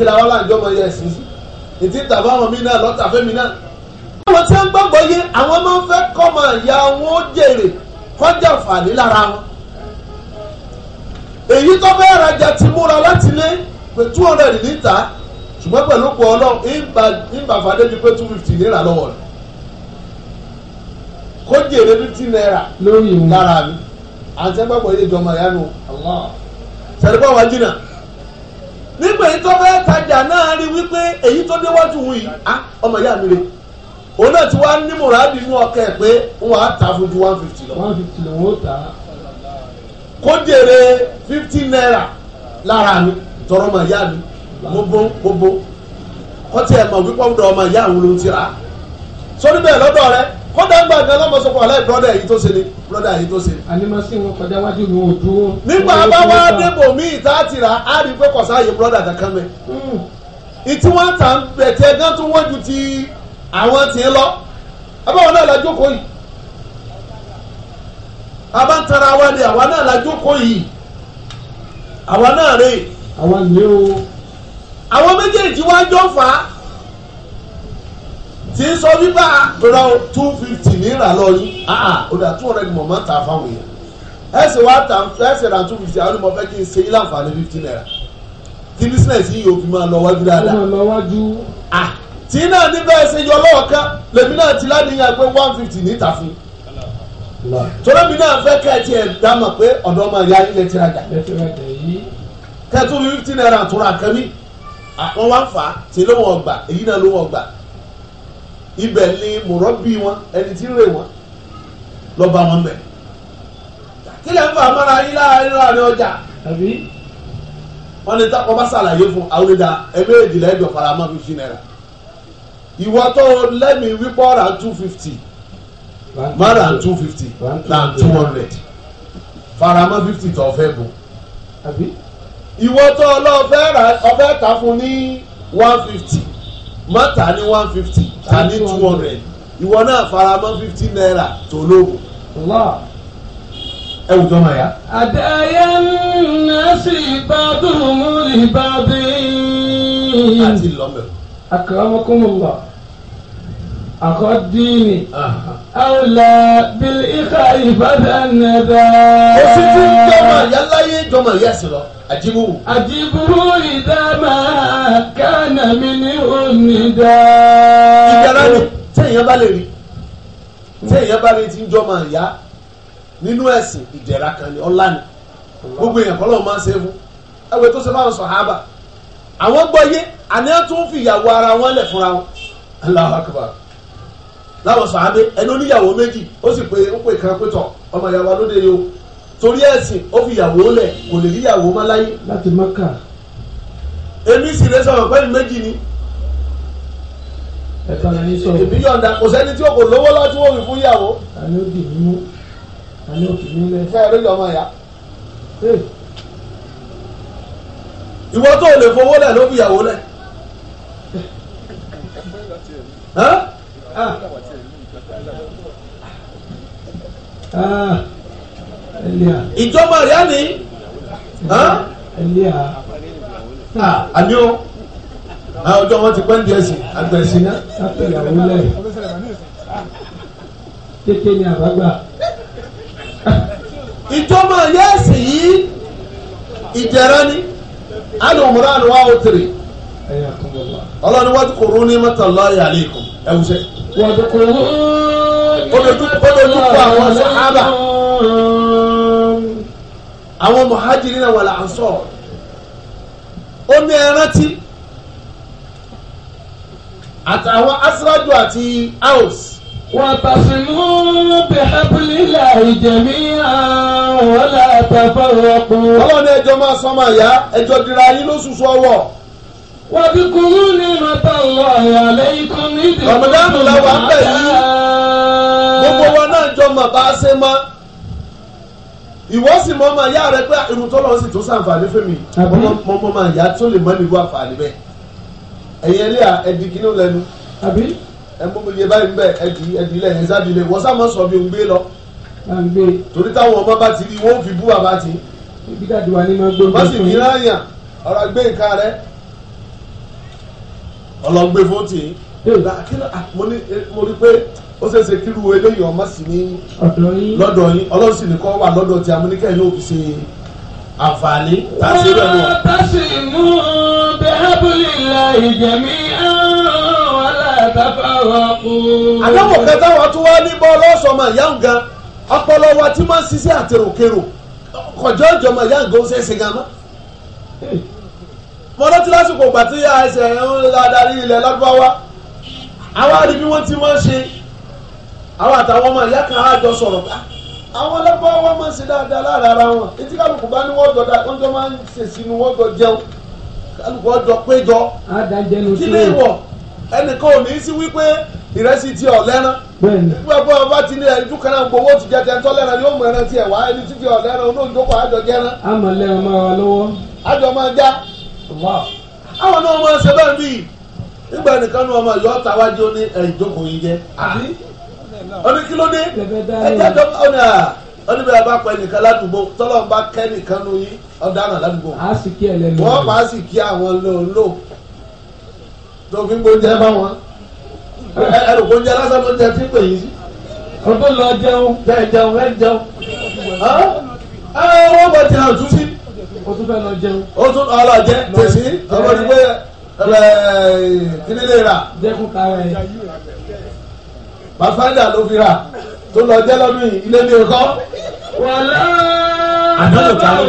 kí làwọn aláǹjọ́ máa yẹ ẹ̀sìn sí ètí tàbá àwọn mi náà lọ́tà fẹ́mi náà. àwọn tí wọ́n gbàgbọ́ yé àwọn máa ń fẹ́ kọ́ máa ya wọn ó jèrè kọjá fàní lára wọn. èyí tó fẹ́ rajà ti múra láti lé pé two hundred níta ṣùgbọ́n pẹ̀lú pọ̀ ọlọ́run ìgbà fàdé bíi pé two fifty náírà lọ́wọ́ rẹ̀ kó jèrè fifty náírà lórí ìmúlára mi àti ẹgbẹ́ pọ̀ ilé ìjọba ìyá nu sẹ́ni bá wà jìnnà. nígbà èyí tó fẹ́ tajà náà rí wípé èyí tó déwájú wù yìí á ah, ọmọ ìyá mi rè òun náà ti wá ní mùràdì inú ọkẹ pé wọn á ta fún ju one fifty one fifty lọ wọn ó fifty naira lára mi tọrọ ọmọ ìyá mi gbogbo gbogbo kọ́tí ẹ̀ mọ̀ wípé ọmọ ìyá òun ló ń tira sórí bẹ́ẹ̀ lọ́dọ̀ kódà ń gbà gan lọ́mọ sọ fún aláì brọ́dà yìí tó ṣe ni brọ́dà yìí tó ṣe. ànímọ́ sí wọn kọjá wájú mi ò dúró. nígbà bá wá débò mí ìta ti rà á rí i pé kọ̀sá yìí brọ́dà kankan mẹ́. Hmm. ìtí wọ́n tà ń bẹ̀tẹ̀ gan tó wọ́n ju ti àwọn tì í lọ. abáwọn náà la jókòó yìí. abá ń tara wa ni àwa náà la jókòó yìí. àwa náà rè. àwa lè o. àwọn méjèèjì wá jọ fà á kì í sọ wípé àtúrà ah, two fifty naira lọ yín ó ah, ah, dà two hundred mọ̀ máa ta fáwọn yẹn ẹsẹ̀ wa ta ẹsẹ̀ ra two fifty àwọn ọmọ fẹ́ kí n ṣe yín láǹfààní fifty náírà kí business yìí yóò fi máa lọ wájú dáadáa. ó máa lọ wájú. tí náà níbẹ̀ ṣe yọ lọ́ọ̀kan lèmi náà ti ládìyàn pé one fifty níta fún tọ́lá mi náà fẹ́ ká ẹ tiẹ̀ dá mọ̀ pé ọ̀dọ́ ọmọ ìyá yín lè ti rajà kẹ́tù fifty náírà tó ra kẹ́mi àwọn wá ń fà á tí ló wọ̀ gbà èyí náà ló wọ̀ gbà ibẹ̀ ni mùrọ́bí wọn ẹni tí ń rè wọn lọ bá wọn bẹ̀ kí lè ń fa amára yín láàrin láàrin ọjà àbí wọn ní táwọn bá ṣàlàyé fún àwọn ìdá ẹgbẹ́ èjìlá ẹ̀jọ̀ faramọ́ fifty naira ìwọ tó lẹ́mìí wípọ́ ra two fifty má ra two fifty na two hundred faramọ́ fifty tó fẹ́ bù ìwọ tó lọ fẹ́ ta fún ní one fifty má tà ní one fifty tà ní two hundred ìwọ náà fara mọ́ fifty naira tó lóògùn. ẹ wùjọ máa yá. àdáyé ńlá sí ìbádùn mú ìbádé. àti lọ́mọ. akramakumullah àkọ́dínì àwòlà bíi ìka ìbádàn nàdà. oṣù tí ń jọmọ yálà yé jọmọ àjíbù. àjíbù ìdámà kánà mi ní onídà. ìgbàlá ni téèyàn bá lè rí téèyàn bá lè ti ń jọmọ ìyá nínú ẹ̀sìn ìdẹ̀ra kan ni ọlá ni gbogbo èèyàn kọ́ lọ́wọ́ máa ń ṣe é fún ẹwẹ́ tó ṣe máa ń sọ ààbà àwọn gbọ́ yé àní tó ń fi ìyàwó ara wọn lẹ̀ fúnra wọn Allahu Akbar láwọn sọ àbẹ ẹni oníyàwó méjì ó sì pé ó pè kan pé tọ ọmọ ìyàwó alóde yìí o torí ẹ̀sìn ó fi ìyàwó lẹ̀ kò lè rí ìyàwó má láyé. láti maka. èmi sì lè sọ̀rọ̀ pẹ́ẹ́lú méjì ni. ẹ̀ka la ní sọ̀rọ̀. èmi yọ̀ǹda kò sẹ́ni tí o kò lówó lọ́tí wọ́n fi fún ìyàwó. àní ó dì mímú àní ó dì mímú lẹ. fẹ́ẹ́ lóye ọmọ ìyá. ìwọ tó o lè fowó lẹ̀ ló fi ìyàwó lẹ̀. Ah. ah ìjọba rẹ̀ á ní àní o àwọn ọjọ́ wọn ti pẹ́ díẹ̀ sí àgbẹ̀sí náà. sápẹ́ ìyàwó lẹ̀ kékeré ni àbágbà. ìjọba yẹ́sì yìí ìjẹ̀rọ ni alùmùrà ni wàá òtìrì ọlọ́ni wọ́n ti kò rún ní mọ́tàlá yàrá ikùn ẹ̀wùsẹ̀. wọ́n ti kò rún. ó lè dúpọ̀ àwọn sàhábà àwọn muhajirin náà wà là ń sọ ó ní ẹrántí àtàwọn aus. àti house. wàtàsímú bihablillahi jami'an wala tafarraqu. ọlọ́run ẹjọ́ máa sọ máa yá ẹjọ́ dira yín lóṣooṣù ọwọ́. wàbíkúrú ní matallahi alaykum nídìí. ọ̀mọ̀dánù làwọn bẹ̀ yìí gbogbo wa náà jọ mọ̀ bá a ṣe máa ìwọ sì mọ ọmọ ìyá rẹ pé irun tó lọ sí tó sàǹfààní fèmí ọmọ ọmọ ìyá tó lè mọ nígbà àǹfààní bẹ́ẹ̀ ẹ̀yin ẹlẹ́yà ẹ̀dì kí ló lẹnu ẹ̀mọ́mọlẹ́ báyìí bẹ́ẹ̀ ẹ̀dì ẹ̀dì lẹ̀ ẹ̀ sádìlẹ̀ wọ́n sá mọ́ sọ bí òun gbé lọ torí táwọn ọmọ bá ti rí wọ́n fi bú bàbá ti wọ́n sì ní ráyà ọ̀rọ̀ gbé nǹkan rẹ ọlọ́gbé fún tì í mo rí pé ó ṣe é ṣe kírú eléyìí ọmọ sí ní lọ́dọ̀ yín ọlọ́run sì ní kọ́ wà lọ́dọ̀ tí amúnikẹ́ ní òbí ṣe àǹfààní tàṣí rẹ̀ mọ́. tàṣí mú bẹ́ẹ̀bùlìlà ìjẹ̀mí àdáwọ̀ kẹta wa tún wá ní bọ́ọ̀lù ọ̀sọ̀mọ̀ yáǹgá ọpọlọ wa tí máa ń ṣiṣẹ́ àtẹrùkẹrù kọjọ́ ìjọba yáǹgá ó ṣe ṣe gan mo rántí lásìkò ìgbà àìsàn ń la ilẹ̀ lọ́dún wa wá àwa ti máa ń ṣe àwọn àtàwọn ọmọ ìyá kan àjọ sọ̀rọ̀ ká àwọn ọlọ́pàá wọn máa ń ṣe dáadáa lára ara wọn etí kálukú bá ní da máa ń ṣèṣì ní wọ́n jẹun kálukú ọjọ́ péjọ kí ni ìwọ̀ ẹnìkan ò ní í sí wípé ìrẹsì ti ní ẹjú kan náà gbowó ti jẹjẹ tó lẹ́ran yóò mú ẹran tiẹ̀ wá ẹni títí ọ lẹ́ran olóńdókò àjọ ọdún kí ló dé ẹjẹ dọ́kítà ọ̀nà ọdún ah, bí a bá pẹ nìkan ládùúgbò tọ́lọ̀ bá kẹ́ nìkan nu yín ọ̀daràn ládùúgbò wọ́n bá sì kí àwọn lòlò tó fi gbóúnjẹ bá wọn ẹrù gbóúnjẹ lásán tó jẹ tí pè yín sí. ọdún lọ jẹun bẹ́ẹ̀ jẹun bẹ́ẹ̀ jẹun ẹ wọ́n bọ̀ tí a tún sí. o tún fẹ́ lọ jẹun. o tún ọlọ jẹ tèsí ọmọdé pé ẹ kínílé rà. jẹ́kun kára ẹ pàṣẹ́ńdà ló fi rà tó lọ jẹ́ lọ́dún yìí ilé ní ẹ̀kọ́. wàlá àdánù kárí.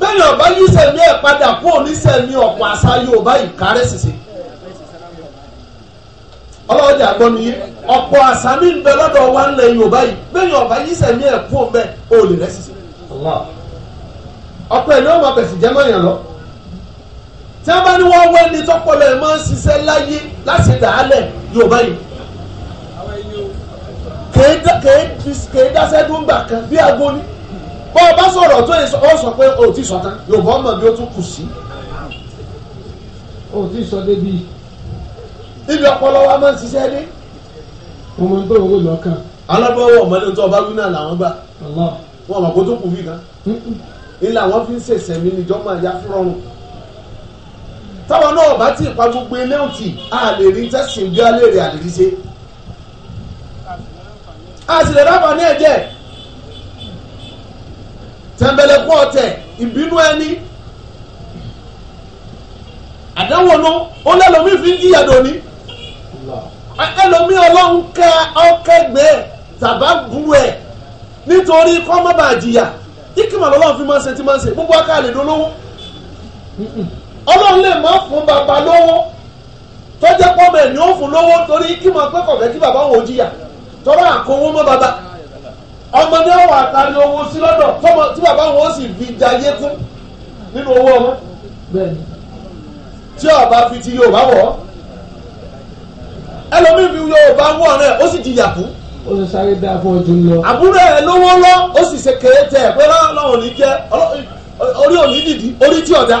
bẹ́ẹ̀ni ọba yìí sẹ̀mí ẹ̀ padà kó onísẹ̀mí ọ̀pọ̀ àṣà Yorùbá yìí kárẹ́ sìsì. ọlọ́jà gbọ́ mi yé ọ̀pọ̀ àṣà mi ń bẹ lọ́dọ̀ wa ńlẹ̀ Yorùbá yìí bẹ́ẹ̀ni ọba yìí sẹ̀mí ẹ̀ kó bẹ́ẹ̀ ó lè rẹ́ ọ̀pọ̀ ẹ̀ ní ọmọ bẹ̀sì jẹ́ mọ́yàn lọ tí wọ́n bá ní wọ́n wẹ́ ní tọ́pọ̀lọ́ ẹ̀ máa ń ṣiṣẹ́ láyé láti dàálẹ̀ yorùbá yìí kèé dáṣẹ́ tó ń gbà kan bí aago ní ọ bá sọ̀rọ̀ tó yẹ ọ sọ pé o ti sọ̀tàn yorùbá ọmọ bí ó tún kù sí o ti sọ débi ibi ọpọlọ wa máa ń ṣiṣẹ́ dé. ọmọ tó owó lọ́kàn. alábọ̀wọ̀ ọmọdé tó ọba wí làwọn gbà wọn àmọ̀ kó tó kù bí kan ilé àwọn fi ń ṣèṣẹ́ mi níjọ́ máa yá fúnrọ́rùn táwọn náà bá ti pa gbogbo ilé òtì a lè rí tẹ́sí bí alẹ́ rẹ̀ àdìrí ṣe a sì lè rábà ní ẹ̀jẹ̀ tẹ̀m̀bẹ̀lẹ̀kún ọ̀tẹ̀ ìbínú ẹni àdánwò nu ó lẹ́lọ́mí fi ń jìyà dòní ẹlòmí ọlọ́run kẹ́ ọkẹ́gbẹ́ tàbá burú ẹ̀ nítorí kọ́ mọ́bà jìyà ikimọ̀ lọ́lọ́run fi máa ń ṣe tí máa ń ṣe gbogbo aká lè dolówó. ọlọ́run lè má fún bàbá lówó tọ́jẹ́ pọ́mẹ̀ ni ó fún lówó torí kí mo pẹ́ kọ̀fẹ́ kí bàbá òun ò jìyà tọ́rọ àkówó mọ́ bàbá ọmọ ní ọwọ́ àtàrí owó sí lọ́dọ̀ tí bàbá òun ó sì fi jayé kún nínú owó ọmọ tí ọba fi ti Yorùbá wọ̀ ọ́ ẹlòmíì fi Yorùbá wọ̀ ọ̀rẹ́ ó sì jìyà ó sáré dá fún lọ. àbúrò ẹ lówó lọ ó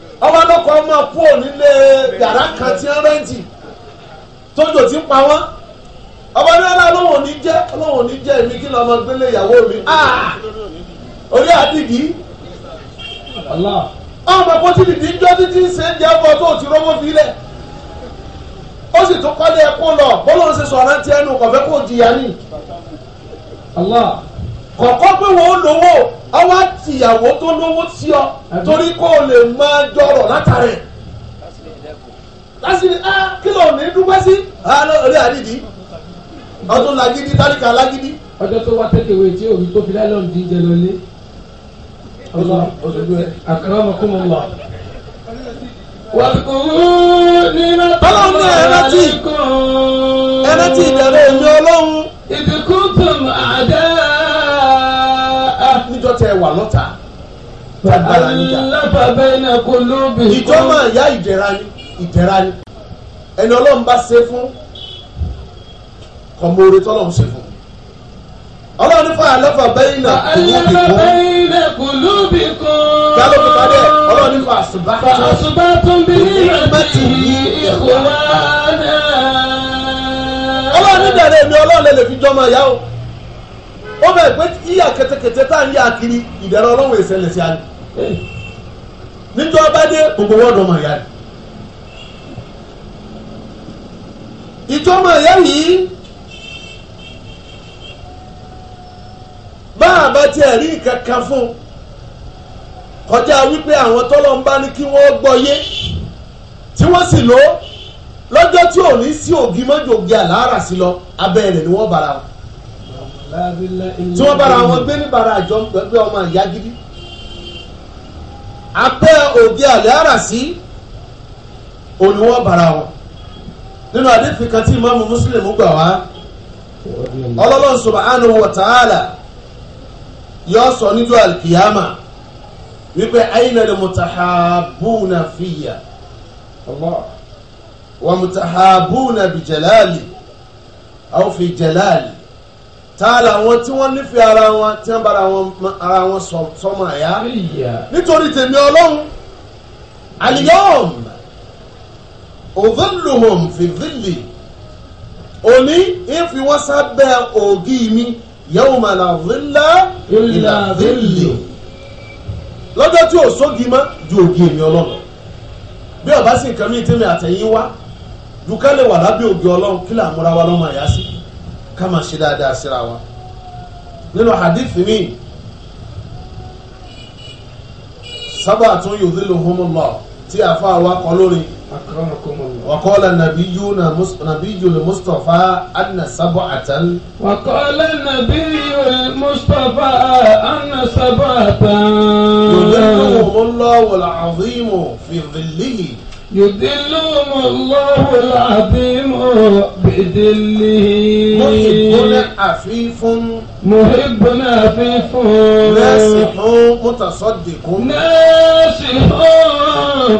ọba lọkọ ọmọ kúrò nílé yàrá kan tí ń rẹ́ǹtì tójò ti ń pa wọ́n ọba ní ọlá ọlọ́wọ̀n ò ní jẹ́ ọlọ́wọ̀n ò ní jẹ́ èmi kí lọ́mọ gbélé ìyàwó mi ah! orí àdìgí ọmọ kó tí dìdí ń jọ títí ń ṣe ń jẹ́ ọgbọ́n tó ti rówó filẹ̀ ó sì tún kọ́lé ẹkún lọ bọ́lá ń ṣe sọ̀rọ̀ ti ẹnu kọ̀fẹ́ kò jìyà ni. Allah kọ̀kọ́ pé wọ́n ó lówó ọwọ́ àtìyàwó tó lówó sí ọ torí kó o lè máa jọrọ̀ látàrí lásìkò ẹ ah, kí ló ní dúpẹ́ sí. Ah, orí àdìdí ọdún lagidi tálíkà lagidi. ọjọ́ tó wá tẹ́kẹ̀wé tí òbí tó fi láìlọ́ọ̀nù díjẹ lọlé. àkàrà ọmọ kó mọ wà. wàkùnrin nínú tọ́lọ́mù ẹ̀rẹ́tì ẹ̀rẹ́tì ìdàrẹ́ èmi ọlọ́run. ìdìkú tó mọ̀ àdá lọ́ta tagbara níjà. alábàbẹ́ náà kò lóbi. ìjọba ìyá ìdẹ̀ra ni ìdẹ̀ra ni ẹni ọlọ́run bá ṣe fún kọ̀mọ́re tọ́lọ́run ṣe fún ọlọ́run nípa àlọ́fà bẹ́yìnà kùlùbì kún. kálọ̀ tó parí ẹ̀ ọlọ́run nípa àṣùbá. àṣùbá tó ń bí ìrẹ̀lẹ̀ ìhùwà náà. ọlọ́run nígbà mi ọlọ́run lè fi jọmọ ìyá o ó bẹ̀rẹ̀ pé yíyà kẹtẹkẹtẹ tá à ń yà kiri ìdẹ̀rọ ọlọ́run ìṣẹ̀lẹ̀ sí àná níjọ́ bá dé gbogbo wọ́ọ̀dù ọmọ ìyá rẹ̀ ìjọ ọmọ ìyá yìí bá àbá tiẹ̀ rí kankan fún kọjá wípé àwọn tọ́lọ́ ń bá ní kí wọ́n gbọ́ yé tí wọ́n sì lò lọ́jọ́ tí ò ní sí ògì mọ́jọ́gì àlàárà sí lọ abẹ́ rẹ̀ ni wọ́n bára wọn tí wọ́n bára wọn gbé níbàrà àjọ pẹ̀lú ọmọ ìyá gidi apẹ́ òde àlẹ́ ara sí olùwọ́ bára wọn nínú àdéfì kan tí ìmáàmù Muslim gbà wá Ọlọ́hun subhanahu wa ta'ala yọ sọ níjọ́ alkiyama wípé ayna lè mutahabuna fìyà wà mutahabuna bi jalali aw fi tá làwọn tí wọ́n nífẹ̀ẹ́ ara wọn tí wọ́n bá ara wọn sọmọ àyà nítorí tèmi ọlọ́run aliyom òvèlùhùn fìvìlì òní ìfi wọn sábẹ́ ògì mi yawma la dhilla illa dhilli lọ́jọ́ tí ò sógi mọ́ ju ògì èmi ọlọ́run bí ọba sì nǹkan mi àtẹ̀yìn wá dùkálẹ̀ wà lábẹ́ ògì ọlọ́run kí làmúra wa lọ́mọ àyà sí i ká máa ṣe dáadáa síra wa nínú hadith mi sábà tún yudhilluhumullah tí àfa wa kọ lórí وقال نبينا نبي المصطفى أن سبعة وقال النبي المصطفى أن سبعة يظلهم الله العظيم في ظله يذلهم الله العظيم بذله محبنا عفيف محبنا عفيف ناسح متصدق ناسح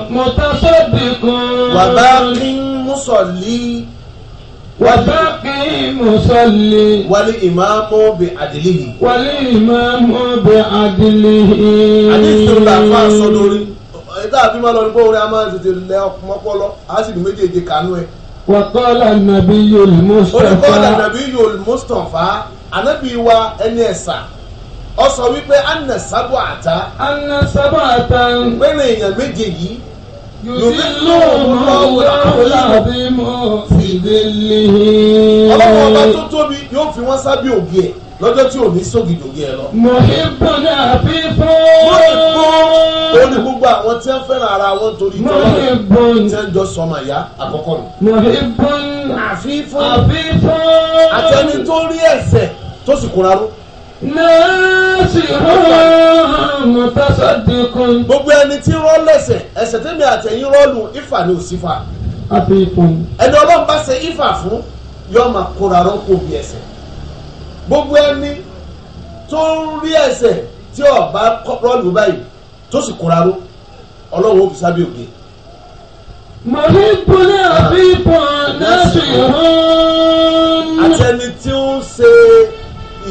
متصدق وباقي مصلي وباقي مصلي والإمام بعدله والإمام بعدله حديث الله فاصل ètò àfihàn lọ ní bóore a máa tètè lẹ ọpọlọ a sì ní méjèèjì kanú ẹ. wàkọ́lá nàbí yòl mustapha. olùkọ́lá nàbí yòl mustapha ànábì wa ẹni ẹ̀sà ọ sọ wípé anna sábọ àtà. anna sábọ àtà. pẹ̀lú èèyàn méje yìí. yòtí lóòmù ọ̀la bí mo sì délé. ọlọ́wọ́ ọba tó tóbi yóò fi wọ́n sábẹ́ òbí ẹ̀ lọ́jọ́ tí ò ní sógidògì ẹ lọ. mo ní bọ́dà fífọ́. mo ní bọ́ ó ní gbogbo àwọn tí wọ́n fẹ́ràn ara wọn torí tọ́lọ́ rẹ̀ tí wọ́n jọ sọmọ ìyá àkọ́kọ́ nù. mo ní bọ́ àfífọ́. àfífọ́. àtẹni tó rí ẹsẹ̀ tó sì kóra ró. nọ́ọ̀sì rán mọ̀tàṣàdínkùn. gbogbo ẹni tí rán lẹ́sẹ̀ ẹsẹ̀ tẹ́mi àtẹ̀yìn rọ́ọ̀lù ìfà ni ò sí fà. àfífọ́. ẹni ọlọ́run bá ṣe ìfà fún yọ gbogbo ẹni tó ń rí ẹsẹ̀ tí ọba rọ́ọ̀lù báyìí tó sì kóra ró ọlọ́run ó fi sábẹ́ òkè. mọ̀lẹ́ ìpínlẹ̀ àbíbọ̀ náà hàn. àtẹni tí ó ń ṣe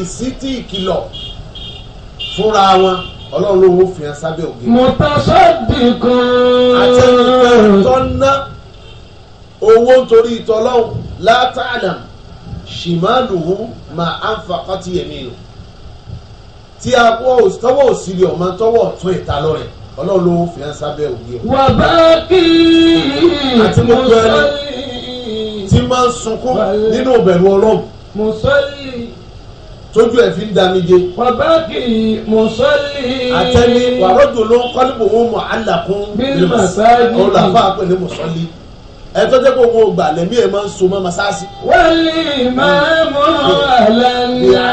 ìsítí ìkìlọ̀ fúnra wọn ọlọ́run ló fi hàn sábẹ́ òkè. mọ̀tàṣọ́dìkan. àtẹni tó ń tọ́ná owó nítorí ìtọ́lọ́hùn látàdàn ṣìmáàlùhún máa àǹfààkọ́ ti yẹ̀mí nù tí a tọwọ́ òsìlè ọ̀mọ tọwọ́ ọ̀tún ìta lọ́rẹ̀ ọlọ́run ló fi hàn sábẹ́ òye. wà bá kí àti mo gbẹ ẹni tí máa ń sunkún nínú ìbẹ̀rù ọlọ́run. mùsọ́lì. tójú ẹ̀ fi ń damije. wà bá kí mùsọ́lì. àtẹni wàrọ́jò ló ń kọ́lé bòun mọ̀ alákún. bí màsáàjì. ọ̀làfà pẹ̀lú mùsọ́lì ẹ tó jẹ́ pé òun ò gbà lẹ́mí ẹ̀ máa ń so mọ́ masáàsì. wálé máa mọ àlàyé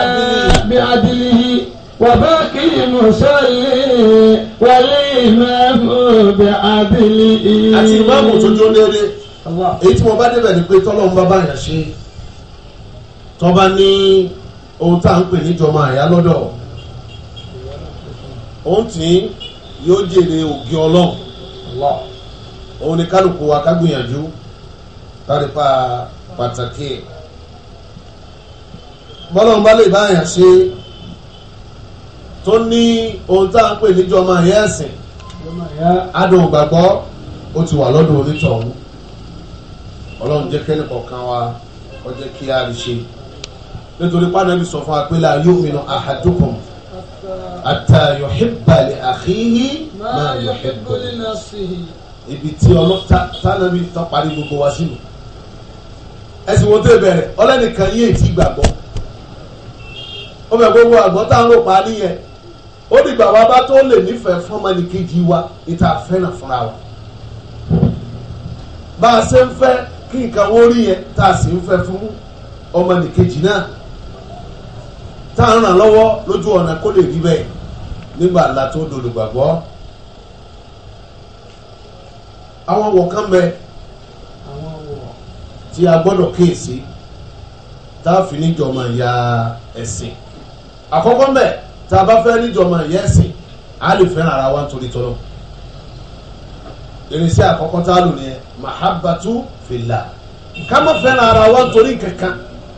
bí adìyí wàbá kì í mú sọ́ọ̀lì wálé máa mọ bí adìyí. àti ìmáàmù tó jó léde èyí tí mo bá débẹ̀ ni pé tọ́lọ́mù bá bá yàn ṣe tọ́ba ní ohun tá à ń pè níjọba àyà lọ́dọ̀ òun tì yóò jèrè ògì ọlọ́run òun ni kálukú wa ká gbìyànjú pàtàkì ẹ̀ bọ́lọ́run bá lè báyà ṣe tó ní ohun tá à ń pè níjọ́ ọmọ ẹ̀yà ẹ̀sìn adùn ìgbàgbọ́ ó ti wà lọ́dún onítọ̀hún ọlọ́run jẹ́ kẹ́lẹ́ kọ̀ọ̀kan wa ó jẹ́ kí a rí ṣe nítorí pàdánù sọ fún wa pé la yu'minu ahadukum hatta yuhibba li akhihi ma ibi tí ọlọ́tànàbí tán parí gbogbo wa sínú ẹ̀sìn wo tó bẹ̀rẹ̀ ọlẹ́nìkan yé ètí gbàgbọ́ ó bẹ̀ gbogbo àgbọ̀ tá à ń lò pa nìyẹn ó dìgbà wa bá tó lè nífẹ̀ẹ́ fún ọmọnìkejì wa ìta fẹ́ràn fúnra wa bá a ṣe ń fẹ́ kí nǹkan wó rí yẹn tá a sì ń fẹ́ fún ọmọnìkejì náà tá à ń ràn lọ́wọ́ lójú ọ̀nà kó lè rí bẹ́ẹ̀ nígbà la tó dolùgbàgbọ́ àwọn wọ̀ kán bẹ tí a gbọ́dọ̀ kíyèsí tá a fi níjọmọ ya ẹ̀sìn àkọ́kọ́ mbẹ tá a bá fẹ́ níjọmọ ya ẹ̀sìn a lè fẹ́ràn ara wa nítorí tọ́lọ́ irinṣẹ́ àkọ́kọ́ tá a lò nìyẹn mahabbatu fillah ká má fẹ́ràn ara wa nítorí kankan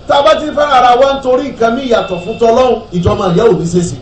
tá a bá ti fẹ́ràn ara wa nítorí nǹkan mi yàtọ̀ fún tọ́lọ́hún ìjọmọ ìyá òní ṣèṣin.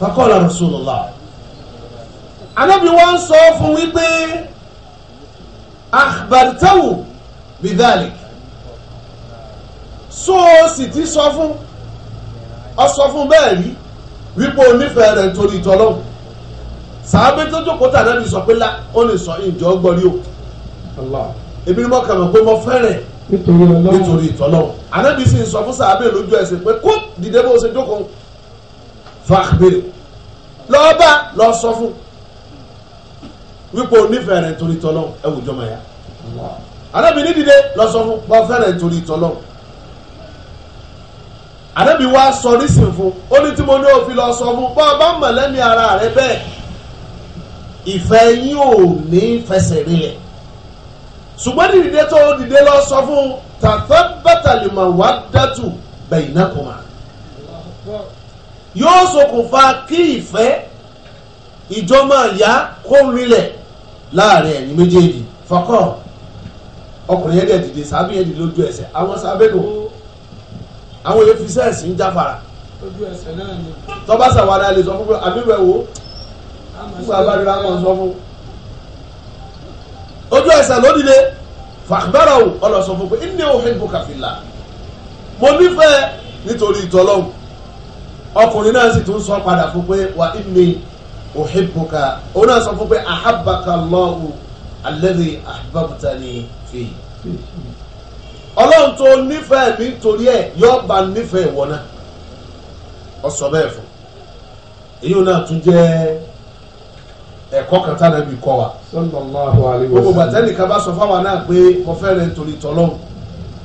fakọ́lá rasulullah anábì wọn sọ fún wípé akhbartahu bidhalik so sì ti sọ fún ọ sọ fún bẹ́ẹ̀ rí wípé onífẹ̀ẹ́ rẹ̀ torí ìtọ́lọ́hùn sàábé tó jókòó tà náà ni sọ pé lá ó lè sọ ìjọ gbọ́rí o èmi ni mo kà mọ̀ pé mo fẹ́rẹ̀ nítorí ìtọ́lọ́hùn anábì sì sọ fún sàábé lójú ẹsẹ̀ pé kó dìde bó ṣe jókòó fàkbèrè lọ́ọ́bà lọ́ọ́ sọ fún wípé onífẹ̀ẹ́ rẹ̀ torí tọ́lọ́ ẹ wùjọ́ mọ̀ ya anábì nídìde lọ́ọ́ sọ fún wọ́n fẹ́rẹ̀ torí tọ́lọ́ anábì wá sọ nísìn fún ó ní tí mo ní òfin lọ́ọ́ sọ fún bá a bá mọ̀ lẹ́mí ara rẹ bẹ́ẹ̀ ìfẹ́ yín ò ní fẹsẹ̀ rinlẹ̀ ṣùgbọ́n dídìde tó dìde lọ́ọ́ sọ fún tàfẹ́ bàtàlì mà wá dátù bẹ̀yìn náà kò máa yóò ṣokùnfà kí ìfẹ́ ìjọmọ ìyá kó rinlẹ̀ láàrin ẹ̀yin méjèèjì fọkọ ọkùnrin yẹn dẹ̀ dìde sábẹ́ yẹn dìde lójú ẹsẹ̀ àwọn sábẹ́ nù àwọn yẹn fi sẹ́ẹ̀sì ń jáfara lójú ẹsẹ̀ náà ni tọ́ba sàwádà lè sọ fún pé àbíwẹ̀ wo fún abájúra kan sọ fún ojú ẹsẹ̀ ló dìde fàgbára o ọlọ́sọ fún pé inú ẹ̀ òfin bùkà mo nífẹ̀ẹ́ nítorí ìtọ́lọ́hùn ọkùnrin náà sì tún sọ padà fún pé wà náà sọ fún pé fi ọlọ́run tó nífẹ̀ẹ́ mi torí ẹ̀ yọ bá nífẹ̀ẹ́ náà ọsọ bẹ́ẹ̀ fún èyí náà tún jẹ́ ẹ̀kọ́ bí kọ́ wa gbogbo àtẹnìkan bá sọ fáwọn náà pé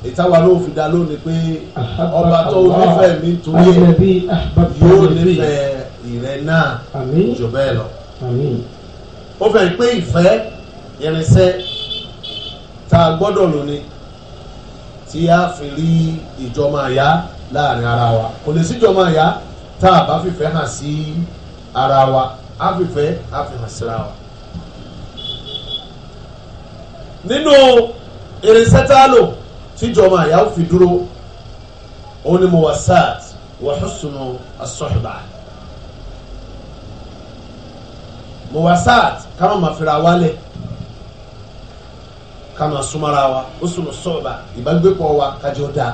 ìtawà ló fi dá lónìí pé ọba tó nífẹ̀ẹ́ mi torí yóò nífẹ̀ẹ́ ìrẹ náà jù bẹ́ẹ̀ lọ. ó fẹ́ pé ìfẹ́ irinṣẹ́ tá a gbọ́dọ̀ lò ní tí a fi rí ìjọmọ àyá láàrin ara wa kò lè sí ìjọmọ àyá tá a bá fìfẹ́ hàn sí ara wa á fìfẹ́ á fi hàn síra wa. nínú irinṣẹ́ tá a lò. No, tíjọba àyà ó fi dúró òun ni mo wà sáàt wà hùsùnù asọ́hìbà mo wà sáàt káwọn máa fira wálẹ̀ ká máa súnmọ́ra wa ó sùn sọ́ọ̀bà ìbágbépọ̀ wa kájọ dáa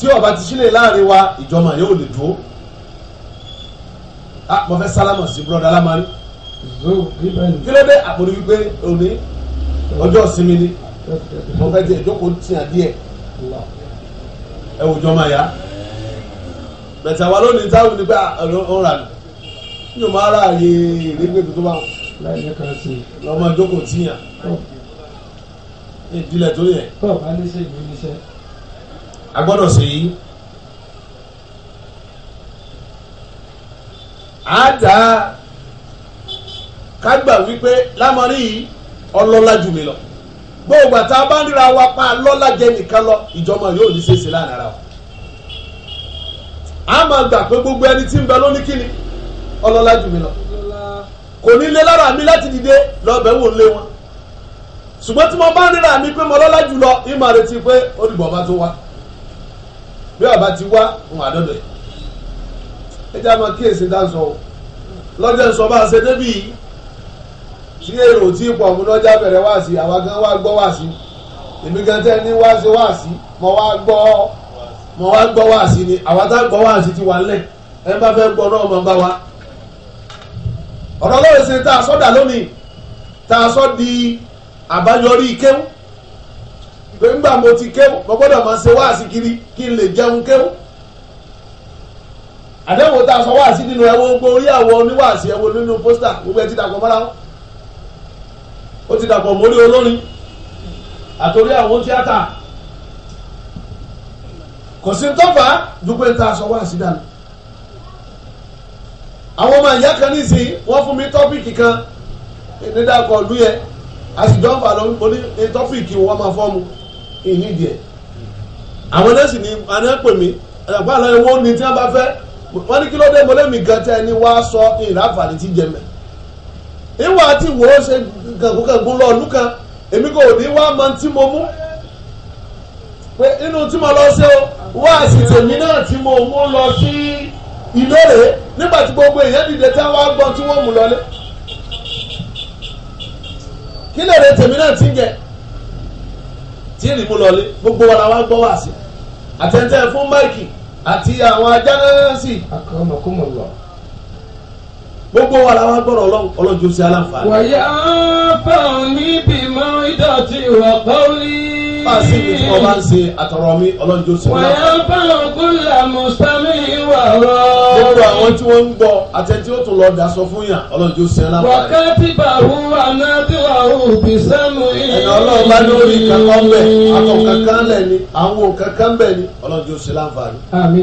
tí ọba ti sílẹ̀ láàrin wa ìjọba yóò lè dúró ah, mo fẹ́ sálámà sí búrọ́dá lámàrí kí ló dé àpòrí wípé òní ọjọ́ ìsinmi ni wọ́n fẹ́ tiẹ̀ jókòó tiẹ̀ díẹ̀ ẹ wò jọ ah, máa yá bẹ̀tẹ̀ àwa lónìí táwọn nígbà ọ̀rà ni yóò máa ráàyè ìrégbè tó bá wọn láìní kan sí i. lọ́mọ jókòó tíyàn ìdílé tó yẹ. o bá ní sè ní iṣẹ́. a gbọ́dọ̀ sè yí. a dá ká gbà wípé lámọ́rí yìí ọlọ́lá jù mí lọ gbogbo àti abánira wa pa lọ́lá nìkan lọ ìjọba yóò ní ṣèṣe láàrin ara a máa gbà pé gbogbo ẹni tí ń bẹ lóní kíni ọlọ́lá lọ kò ní lé lára mi láti dìde lọ́bẹ̀ wò lé wọn ṣùgbọ́n tí mo bá ríra mi pé mo lọ́lá jù lọ ìmọ̀ pé tó wá bí ọba ti wá ẹ jẹ́ àwọn kíyèsí lọ́jọ́ ṣe tí èrò tí pọ̀ mú lọ́jà bẹ̀rẹ̀ wá sí àwa gan wá gbọ́ wá sí èmi gan tẹ́ ní wá sí wá sí mo wá gbọ́ mo wá gbọ́ wá sí ni àwa tá gbọ́ wá sí ti wà lẹ̀ ẹ bá fẹ́ gbọ́ náà mọ̀ bá wa. ọ̀rọ̀ lóye ṣe tá a sọ́dà lónìí tá a sọ di àbáyọrí kéwù pé ńgbà mo ti kéwù mo gbọ́dọ̀ máa ṣe wá sí kiri kí n lè jẹun kéwù àdéhùn tá a sọ wá sí nínú ẹwọ gbogbo oníwàásí ẹwọ nínú pósítà gbogbo ẹ ti dàgbọ́ mọ́ra wọn ó ti dàpọ̀ mórí olórin àtòrí àwọn tíátà kò sí tọ́fà dúpẹ́ ta sọ wá sí dànù àwọn ọmọ ìyá kan nísìnyí wọ́n fún mi tọ́pìkì kan nídàkọ̀ ọdún yẹn a sì jọ ń fa lọ mo ní tọ́pìkì wọn máa fọ́ mu ìní díẹ̀ àwọn nọ́ọ̀sì ni àná pè mí àgbà àlọ́ ni tí wọ́n bá fẹ́ wọ́n ní kí ló dé mo lé mi gan tẹ́ ẹni wá sọ ìlà àǹfààní tí jẹ mẹ́ ìwà àti ìwò ó ṣe gàngúngàngún lọ ọdún kan èmi kò ní wá máa tí mo mú pé inú tí mo lọ ṣe o wá àsìkò mi náà tí mo mú lọ sí ìlóòrè nígbà tí gbogbo èèyàn dìde tí wọ́n á gbọ́n tí wọ́n mú lọlé kí lè rè tèmi náà ti ń jẹ tí èmi mú lọlé gbogbo wa la wá gbọ́ wá sí àtẹ̀ntẹ̀ fún máìkì àti àwọn ajá náà sí. àkàrà lọ gbogbo wa la wá gbọ́dọ̀ ọlọ́run ọlọ́run jó sí aláǹfààní. wàyà fàmí bímọ ìdọ̀tí wà kọ́lí. fàṣí ni tí wọ́n bá ń ṣe àtọ̀rọ̀ mi ọlọ́run jó sí aláǹfààní. wàyà fàmí kúlà mùsàmì wà rọ. gbogbo àwọn tí wọ́n ń gbọ́ àtẹ̀tí ó tún lọ dà sọ fún yàn ọlọ́run jó sí aláǹfààní. wákàtí bàrú anádìwàrú bìsẹ́mu yìí. ẹ̀nà ọlọ́run bá lórí kankan bẹ́ẹ̀ àtọ̀ kankan lẹ̀ ni àwọn kankan bẹ́ẹ̀ ni ọlọ́run jó sí aláǹfààní.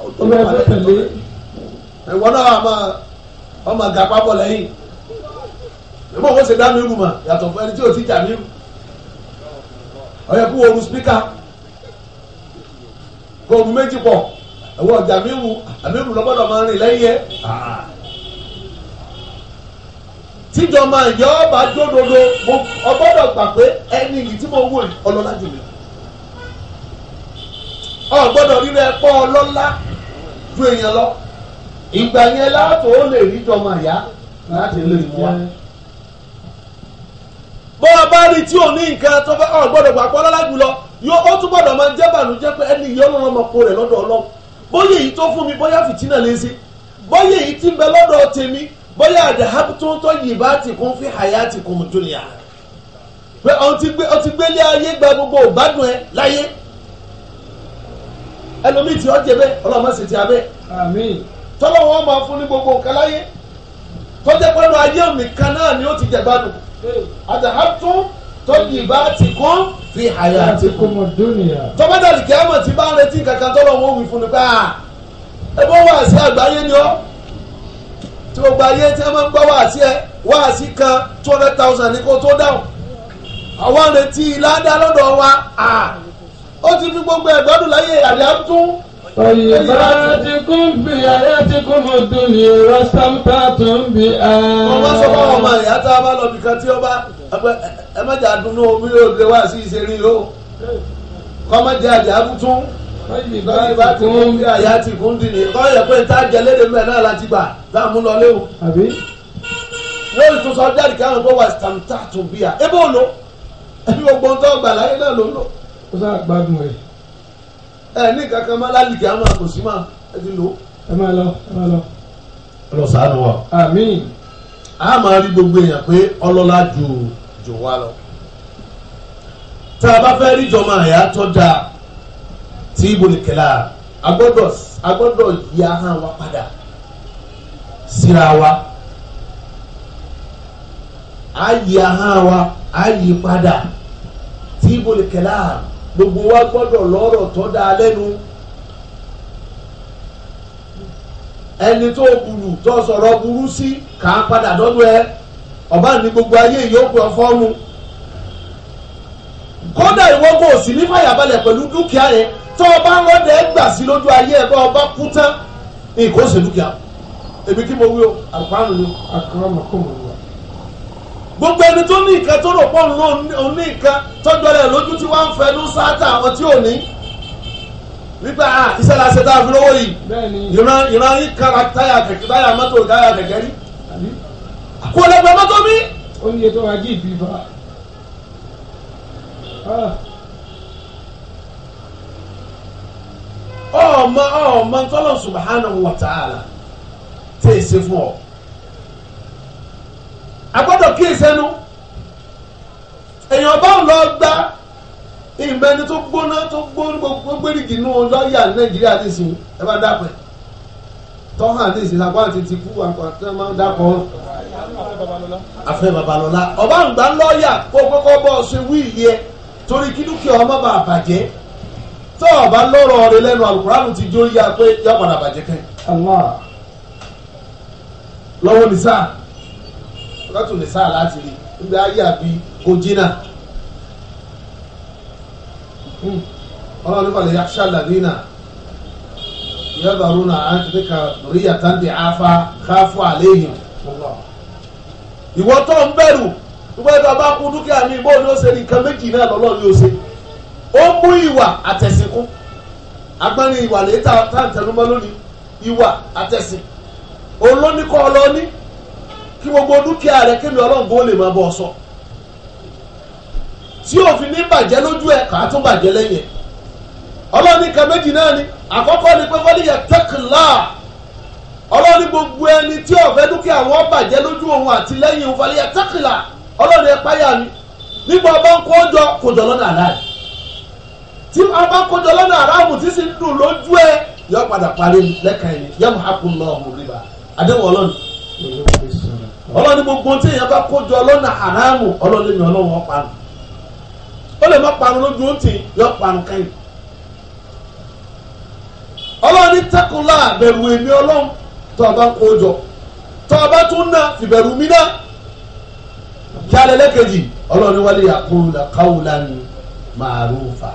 ó fẹ́ fẹ́ tẹ̀lé ìwọ náà máa ọmọ ga pápọ̀ lẹ́yìn ìmọ̀ owó ṣe dáná irú mà yàtọ̀ fún ẹni tí ò ti jà ní irú ọ̀yẹ́ kó ooru spíkà kó ooru méjì pọ̀ ẹ̀wọ̀ ọ̀jà mírù àmírù lọ́gbọ́dọ̀ máa rìn lẹ́yìn ẹ̀ tíjọba ìyá ọba jódodo mo ọgbọ́dọ̀ gbà pé ẹni yìí tí mo wò ọlọ́lá jù mí ọgbọ́dọ̀ rírẹ pọ́ ọlọ́lá. gbogbo èèyàn lọ ìgbà yẹn látò ó lè rí dọmọ ìyá láti lè mú wa. bó o bá rí tí o ní nǹkan tó fẹ́ ọ̀ gbọ́dọ̀ gbà yóò ó tún tèmi bóyá yìí bá ti kún fi ti kún mu gbogbo ògbádùn ẹ láyé ẹlòmíì tí ó jẹ bẹ́ẹ̀ ọlọ́mọ sì ti abẹ́. tọ́lọ́ wọn máa fún ní gbogbo nǹkan láyé tọ́jẹ́ pẹ̀lú ayé nìkan náà ni ó ti jẹ̀gbánu àtàhàtú tọ́jú ìbá ti kún fi àyà àti kún. tọ́mọ́dàlì kẹ́mọ̀ ti bá ń retí kankan tọ́lọ́ wọn wí fún ni pé ah, ẹ bọ́ wá sí àgbáyé ni ọ́ tí gbogbo ayé tí wọ́n máa ń gbọ́ wá sí ẹ wá sí kan two hundred thousand ní kó tó dáhùn àwọn retí ládàá lọ́dọ̀ wa. Ah, ó ti fi gbogbo ẹ̀gbọ́dún láyé àdá tún. Òyìnbá ti kún bí ayé ti kún mo dùn ní rọ́sítàmùtà tó ń bí a. Wọ́n bá sọ fún ọmọ ìyá tá a bá lọ nìkan tí ó bá ẹ má jà dùnú omi yóò gbé wá sí ìṣeré o. Kọ́ má jẹ àjà tuntun. Òyìnbá ti kún bí ayé ti kún dì ní. Kọ́ yẹ pé tá a jẹ léde mẹ́ẹ̀ náà láti gbà láàmú lọ léwu. Lórí tuntun ọjà ìkàwé kó wà sítàmùtà tó ń bí a. Ebó lo ẹbí gbogbo ń tọ́ gbà láyé náà ló ń lò ó sáà gbádùn rẹ̀. ẹ ní kankan máa lálìkì àmọ́ àkòsí máa ẹ ti lò. ẹ máa lọ ẹ máa lọ. ọlọ sàánú wa. àmín. a máa rí gbogbo èèyàn pé ọlọ́lá ju jù wá lọ. tá a bá fẹ́ rí jọmọ àyà tó dáa tí ibo ní kẹlá agbọ́dọ̀ agbọ́dọ̀ yí ahọ́n wa padà síra wa a yí ahọ́n wa a yí padà tí ibo gbogbo wa gbọdọ lọrọ tọ lẹnu ẹni tó burú tó sọrọ burú sí kà padà ẹ ọba ní gbogbo ayé ìyókù ọfọ́nu kódà ìwọ kò sí ní dúkìá tó o bá rọ́dẹ̀ gbà sí lójú ayé ẹ bá o gbogbo ẹni tó ní nǹkan tó rò pọ̀ òun ní nǹkan tọ́jú ọ̀rẹ́ lójú tí wọ́n ń fẹnu sáátà àwọn tí ò ní wípé a ah, iṣẹ́ la ṣe tá a fi lówó yìí ìran ìran yìí kára táyà kẹ̀kẹ́ táyà mọ́tò táyà kẹ̀kẹ́ rí kó lẹ́gbẹ̀ẹ́ mọ́tò mi. ó ní ètò ajé ìbí bá ọmọ ọmọ ntọ́lọ̀ subhanahu wa ta'ala tẹ̀ ẹ́ ṣe fún ọ. agbọ́dọ̀ kíyèsẹ́nu èèyàn bá ń lọ gba ìgbẹ́ni tó gbóná tó gbórígì nù lọ́ọ̀yà nàìjíríà nísìnyí ẹ bá dàpẹ́ tọ́hán nísìnyí làpá àti ti kú àpá tí wọ́n máa ń dàpọ̀ ọ́n. Afẹ́ Babalọ́lá ọba ń gbà lọ́ọ̀yà kó kọ́kọ́ bọ́ ṣe wíìlì ẹ torí kí dúkìá ọmọ bá ọba lọ́rọ̀ ọ̀rẹ́ lẹ́nu ti jó yá pé bàjẹ́ kẹ́. lọ́wọ́ sọ́kàtù ní sáà láti rí nígbà ayé àbí kojínà hmm. ọlọ́run nípa lè yàtúṣà làdínà yẹ́bàrún náà á ti ní ka ríyà táǹdì áfá káfú àléhìn ìwọ tó ń bẹ̀rù nígbà tó bá kú dúkìá mi bó ni ó ṣe nǹkan méjì náà lọ́lọ́run ni ó ṣe ó mú ìwà àtẹ̀sìnkún agbárin ìwà lè ta táǹtẹ̀numọ́ lónìí ìwà àtẹ̀sìn olóníkọ́ ọlọ́ní kí gbogbo dúkìá rẹ kí ni ọlọ́run bó lè máa sọ tí òfin ní bàjẹ́ lójú ẹ̀ kà á tún bàjẹ́ lẹ́yìn ọlọ́run ní méjì náà ni àkọ́kọ́ ni pé wọ́n ní yẹ tẹ́kìlá ọlọ́run gbogbo ẹni tí ọ̀fẹ́ dúkìá bàjẹ́ lójú òun àti lẹ́yìn òun falẹ̀ ọba ń kò jọ lọ́nà ọba ń tí sì ń dùn lójú ẹ yọ padà parí ọlọ́run ní gbogbo tí èèyàn bá kójọ lọ́nà àràmù ọlọ́run ní ọlọ́run ọ̀pá nù ó lè má parun lójú ó tì yọ parun kẹ́yìn ọlọ́run ní tẹ́kùnlá bẹ̀rù èmi ọlọ́run tó a bá kójọ tó a bá tún ná ìbẹ̀rù mi náà kí alẹ́ lẹ́kẹ̀jì ọlọ́run ní wálé àkóńlá káwùlá ni màrúfà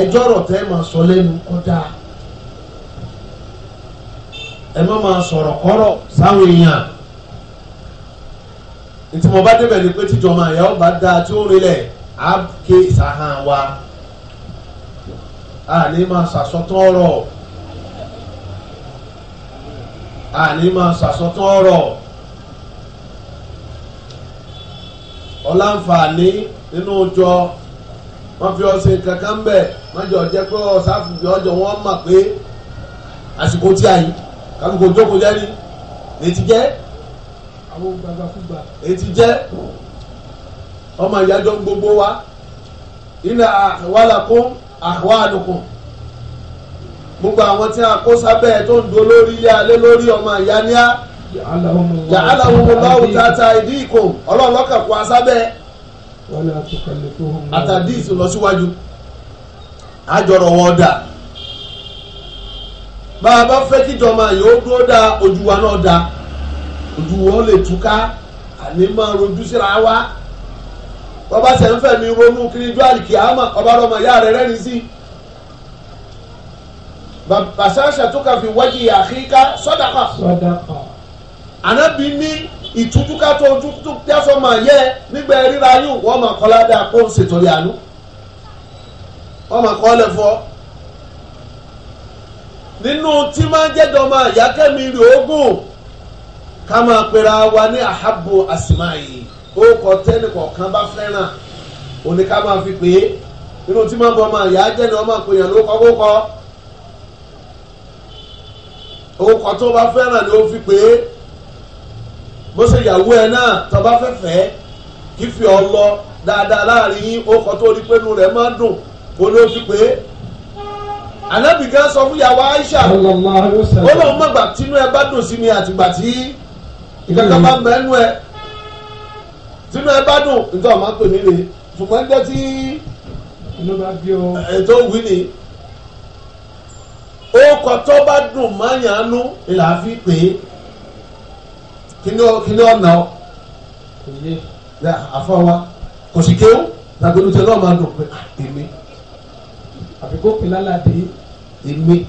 ẹjọ́ rọ̀ tẹ́ máa sọ lẹ́nu kọ́ dáa ẹ má máa sọ̀rọ̀ kọ́rọ̀ sáwọn èèyàn ntí mo bá débẹ̀ ni pé tíjọba àyà ọba dáa tí ó rinlẹ̀ á ké ìsàhàn wa a ní máa sàsọtán ọ̀rọ̀ a ní máa sàsọtán ọ̀rọ̀ ọ̀làǹfààní nínú ọjọ́ wọ́n fi ọ̀sẹ̀ kankan bẹ̀ wọ́n jọ jẹ́ pé ọ̀sáfù ọjọ́ wọn mọ̀ pé àsìkò tí a yìí kálukó jókòó jẹ́rí ètí jẹ́ àwọn gbàgbàkúgbà ètí jẹ́ ọmọ ìyájọ́ gbogbo wa ilẹ̀ àwàlàkùn àwàlùkùn gbogbo àwọn tí a kó sábẹ́ tó ń do lórí ilé alẹ́ lórí ọmọ ìyá ní á yàrá òun lọ́wọ́ tata ìdí ìkò ọlọ́run lọ́kàn kó a sábẹ́ àtàdí ìsìn lọ síwájú àjọrò wọn dáa bá a bá fẹ́ kí ìjọba yìí ó dúró dáa ojú wa náà dáa ojú wọn lè túká àní máa rojú síra wa bọ́bá ṣe ń fẹ̀mí ronú kiri ijó àlìkìyàmà ọba rọmọ ìyá rẹ̀ rẹ́rìn sí i bàṣáṣà tó kà fi wáyé àkíká sọ́dàkà ànábì ní ìtújúká tó ojú tó jásọ máa yẹ nígbà ríra yóò wọ́n máa kọ́ ládàá kó ń ṣètò ìyànú wọ́n máa kọ́ lẹ́fọ́. nínú tí máa ń jẹ́ dọ́mọ àyákẹ́mi rí ogún ká máa pera wa ní ahabu asimayi ó kọ tẹ́nì kọ̀ọ̀kan bá fẹ́ràn òní ká máa fi pé nínú tí máa bọ́ ọmọ àyá ni wọ́n máa pè yàn ló kọ́ kókọ́ tó bá fẹ́ràn ni ó fi pé bó ṣe yàwó ẹ náà tó bá fẹ́ fẹ́ kí fi ọ lọ dáadáa láàrin tó rí pé inú rẹ̀ máa fi ànábì gan sọ fún yàwó Aisha ó lọ mọ̀gbà tínú ẹ bá dùn sí mi àtìgbà tí ìkankan bá mẹ́nu ẹ tínú ẹ bá dùn nítorí ọmọ pè mí rè ṣùgbọ́n ń jẹ́ tí ètò wí ni ó kọ tó bá dùn mọ́yàánú ìlà fi pè é kí ọ̀nà ọ àfọwọ́ kò tàbí olùtẹ̀lẹ́ ọ̀ dùn pé èmi àfi kó pin lálàdé èmi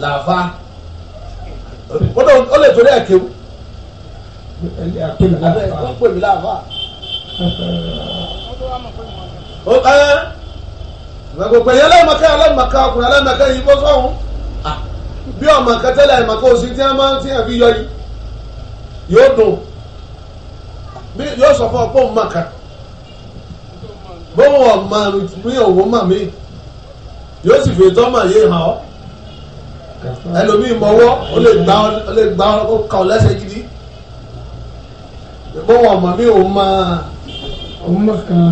làbá ó lè torí ẹ̀kẹ́ o ó pè mí làbá ó ẹ gbogbo ẹ̀yẹ lẹ́mọ̀ká lẹ́mọ̀ká ọkùnrin lẹ́mọ̀ká yìí bó sọ̀hún bí ọmọ kẹtẹ́lẹ̀ ẹ̀mọ̀ká òsì tí wọ́n máa ń tiẹ̀ fi yọ yìí yóò dùn yóò sọ fún ọ pé òun mọ̀ kan bóun ọ̀ mọ̀ mí òun mọ̀ mí yóò sì fi tọ́mọ̀ yé hàn ọ́ ẹlòmíì mọ́wọ́ ó lè gbá o lè gbá ó kà ọ́ lẹ́sẹ̀ gidi bọ́wọ́ ọmọ mi ò máa òun mọ̀ kan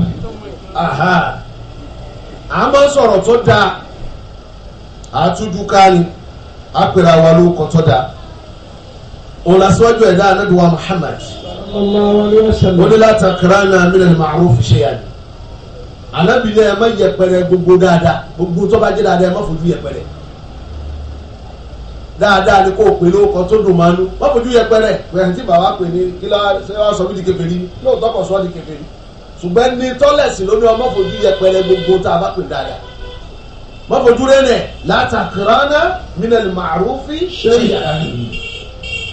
à máa ń sọ̀rọ̀ tó dáa àtúndú kárí àpèrè àwa ló kọ́ tó dáa òun àsíwájú ẹ̀dá anáduwa Muhammad ó ní látàkìrá náà mílíọ̀nù màrúfù ṣe yàrá anabi náà ẹ má yẹpẹrẹ gbogbo dáadáa gbogbo tó bá jẹ dáadáa ẹ má fojú yẹpẹrẹ dáadáa ni kò pè lóko tó dùn máa nú má fojú yẹpẹrẹ pẹ̀lú tí bàbá pè ní kí lọ́wọ́ sọ mí di kèfèrí ni lóòótọ́ kọ̀ sọ́ di kèfèrí ṣùgbọ́n ní tọ́lẹ̀sì ló ní ọmọ fojú yẹpẹrẹ gbogbo tá a bá pè dáadáa má fojú rẹ nẹ látàkìránà minal ma'rufi ṣe yàrá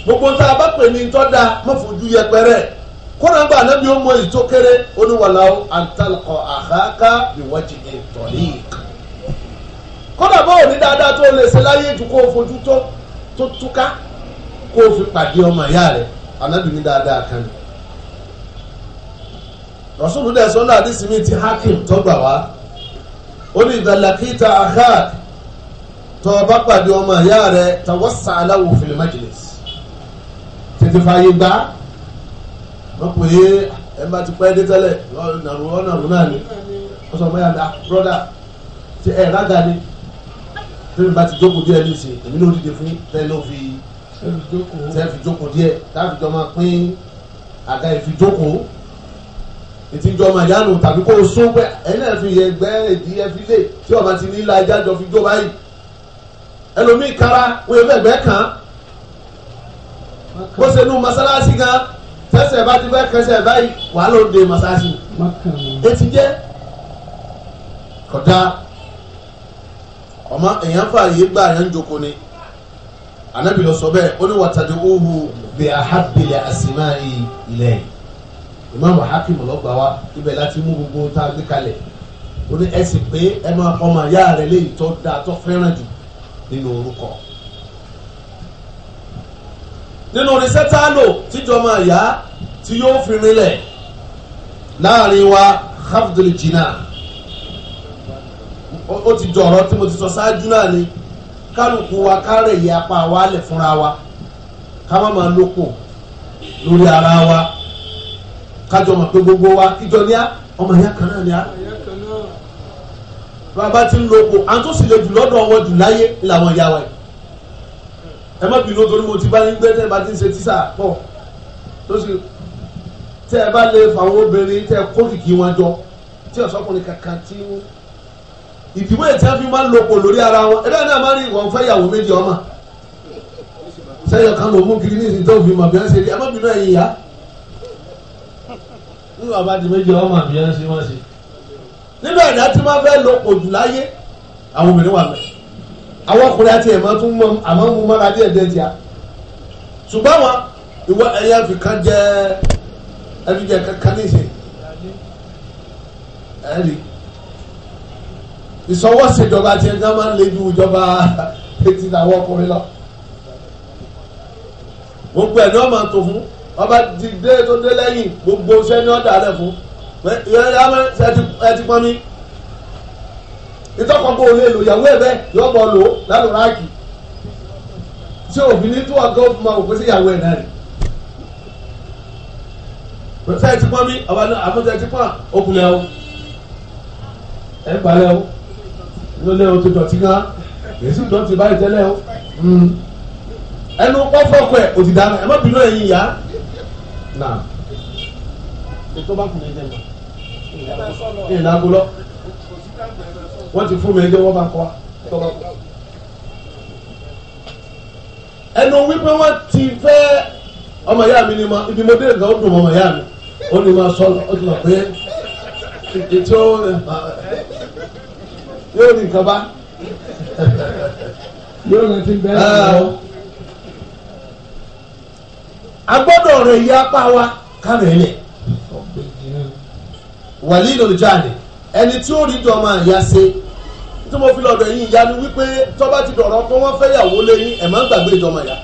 gbogbo tá a bá pè ní tọ́ da má fojú yẹpẹrẹ kódà ńgbà anábì ọmọ èyí tó kéré oníwàláwò àǹtálùkọ àháká ìwájìgì tọ̀lí. kódà bọ́ọ̀ ní dáadáa tó lè ṣe láyé ju kó o fojú tó tó túká kó o fi pàdé ọmọ ìyá rẹ anábì ní dáadáa kan ní. rasulu dẹ̀ sọ́nà àdìsímì ti hakim tọ́gbà wá ó ní ìdàlàkìtà àhákà tó o bá pàdé ọmọ ìyá rẹ tàwọn sàlàwò fil tètè fààyè gbà á wọ́n pè é ẹ bá ti pẹ́ dé tẹ́lẹ̀ ọ̀nàrún ọ̀nàrún náà ni wọ́n sọ bóyá dá brọ́dà ti ẹ̀ rága ni tẹ́lẹ̀ bá ti jókòó díẹ̀ ní ìsìn èmi ló dìde fún tẹ́lẹ̀ ló fi tẹ́lẹ̀ fi jókòó díẹ̀ táàfi jọ máa pín àga ìfijókòó ètí ìjọ máa yánu tàbí kó o sún pé ẹ̀yin náà fi ẹgbẹ́ èdè ẹfi lè tí ọba ti ní ilá ẹja jọ fi jó báyìí ẹlòmíì kára wọ́n yẹ fẹ́ ẹgbẹ́ kan bó ṣe nu mọ́sálásí gan tẹsẹ̀ bá ti fẹ́ kẹsẹ̀ báyìí wàá ló de masasi etí jẹ́ kọ̀dá ọmọ èèyàn fààyè gbà yẹn ń joko ni anabi lọ sọ bẹ́ẹ̀ ó ní wàtàdé òhu bí ahábìlẹ̀ àsìmá ilẹ̀ ìmáàmù hakim lọ́gbà wa ibẹ̀ láti mú gbogbo tá a gbé kalẹ̀ ó ní ẹ sì pé ẹ máa kọ́ ọmọ ìyá rẹ léyìí tó dáa tó fẹ́ràn jù nínú orúkọ nínú oníṣẹ́ tá a máa yá tí yóò fi rinlẹ̀ láàrin wa hafdul jina ó ti dọ̀rọ̀ tí mo ti sọ ṣáájú náà ni kálukú wa kárẹ̀ yẹ apá wa lẹ̀ fúnra wa ká má máa lóko lórí ara wa kájọ mọ̀ pé gbogbo wa kíjọ ní ọmọ ìyá kan náà ní a bàbá tí ń lóko à ń tó sì lè jù lọ́dọ̀ wọn jù láyé làwọn ìyá wa yìí ẹ má bínú torí mo ti bá ní gbẹ́dẹ́ bá ti ń ṣe tíṣà pọ̀ tó sì tẹ́ ẹ bá lè fàwọn obìnrin tẹ́ ẹ kó kìkì wọn jọ tí ọ̀sọ́kùnrin kankan tí wọ́n ìdìbò yẹn tí wọ́n fi máa ń lòpọ̀ lórí ara wọn ẹ̀rọ náà máa ń rí ìwọ̀n fẹ́ ìyàwó méjì ọmọ sẹ́yìn kan ló mú kiri ní ìsìn tó fi mọ̀ bí wọ́n ṣe rí ẹ má bínú ẹ̀yìn ìyá nínú àbá ti méjì ọmọ àbí ẹn sí wọn sí nínú ẹ̀dá tí wọ́n fẹ́ lọ òjò láyé àwọn obìnrin wà mẹ́ àwọn ọkùnrin àti ẹ̀mọ́ tún mọ àmọ́ mú mọ́ra díẹ̀ díẹ̀ tíya ṣùgbọ́n wọn ìwọ ẹ̀yà fìkan jẹ́ ẹtùjẹ kankan níṣẹ ẹrí ìsọwọ́sẹ̀jọba tiẹ̀ ní ká máa ń lé ju ìjọba etí làwọn ọkùnrin lọ gbogbo ẹ̀ ní wọ́n máa tó fún ọba dìde tó dé lẹ́yìn gbogbo iṣẹ́ ní ọ̀dà rẹ̀ fún ẹ ti pọn mi ìtọ́kọ̀ bó lè lò yàwó ẹ̀ bẹ́ẹ̀ yọ̀bọ̀ lò lálùrákì tí òfin ní tó ọgọ́ máa wò pé sí yàwó ẹ̀ náà rẹ̀. sẹ́yìn ti pọ́n mi àmọ́tẹ́ ti pọ́n okùnlẹ̀ o ẹ̀ ń balẹ̀ o lólè tó dọ̀tí gan èsì dọ̀tí báyìí tẹ́lẹ̀ o hmm. ẹnu pọ́fọ́kọ ẹ̀ òtì dáná ẹ̀ má bínú ẹ̀yìn ìyá nà ètò bá kùn ní ẹ̀jẹ̀ mọ́ ní lọ wọ́n ti fún mi ẹjọ́ wọ́n bá ẹnu wípé ti fẹ́ ọmọ ìyá mi ni ibi mo dé nǹkan ó dùn ọmọ mi. ó ní máa sọ ó ti mọ̀ pé ètò yóò rí nǹkan bá. yóò rẹ ti bẹ́ẹ̀ lọ. Ah. a gbọ́dọ̀ rẹ̀ yí apá wa kárẹ̀ lẹ̀. wàlí lórí jáde ẹni tí ó rí jọ máa yá ṣe tí mo fi lọ́dọ̀ yín ìyá ni wípé tọ́ba ti dọ̀rọ̀ pé wọ́n fẹ́ yàwó lé yín ẹ̀ máa ń gbàgbé ìjọba yá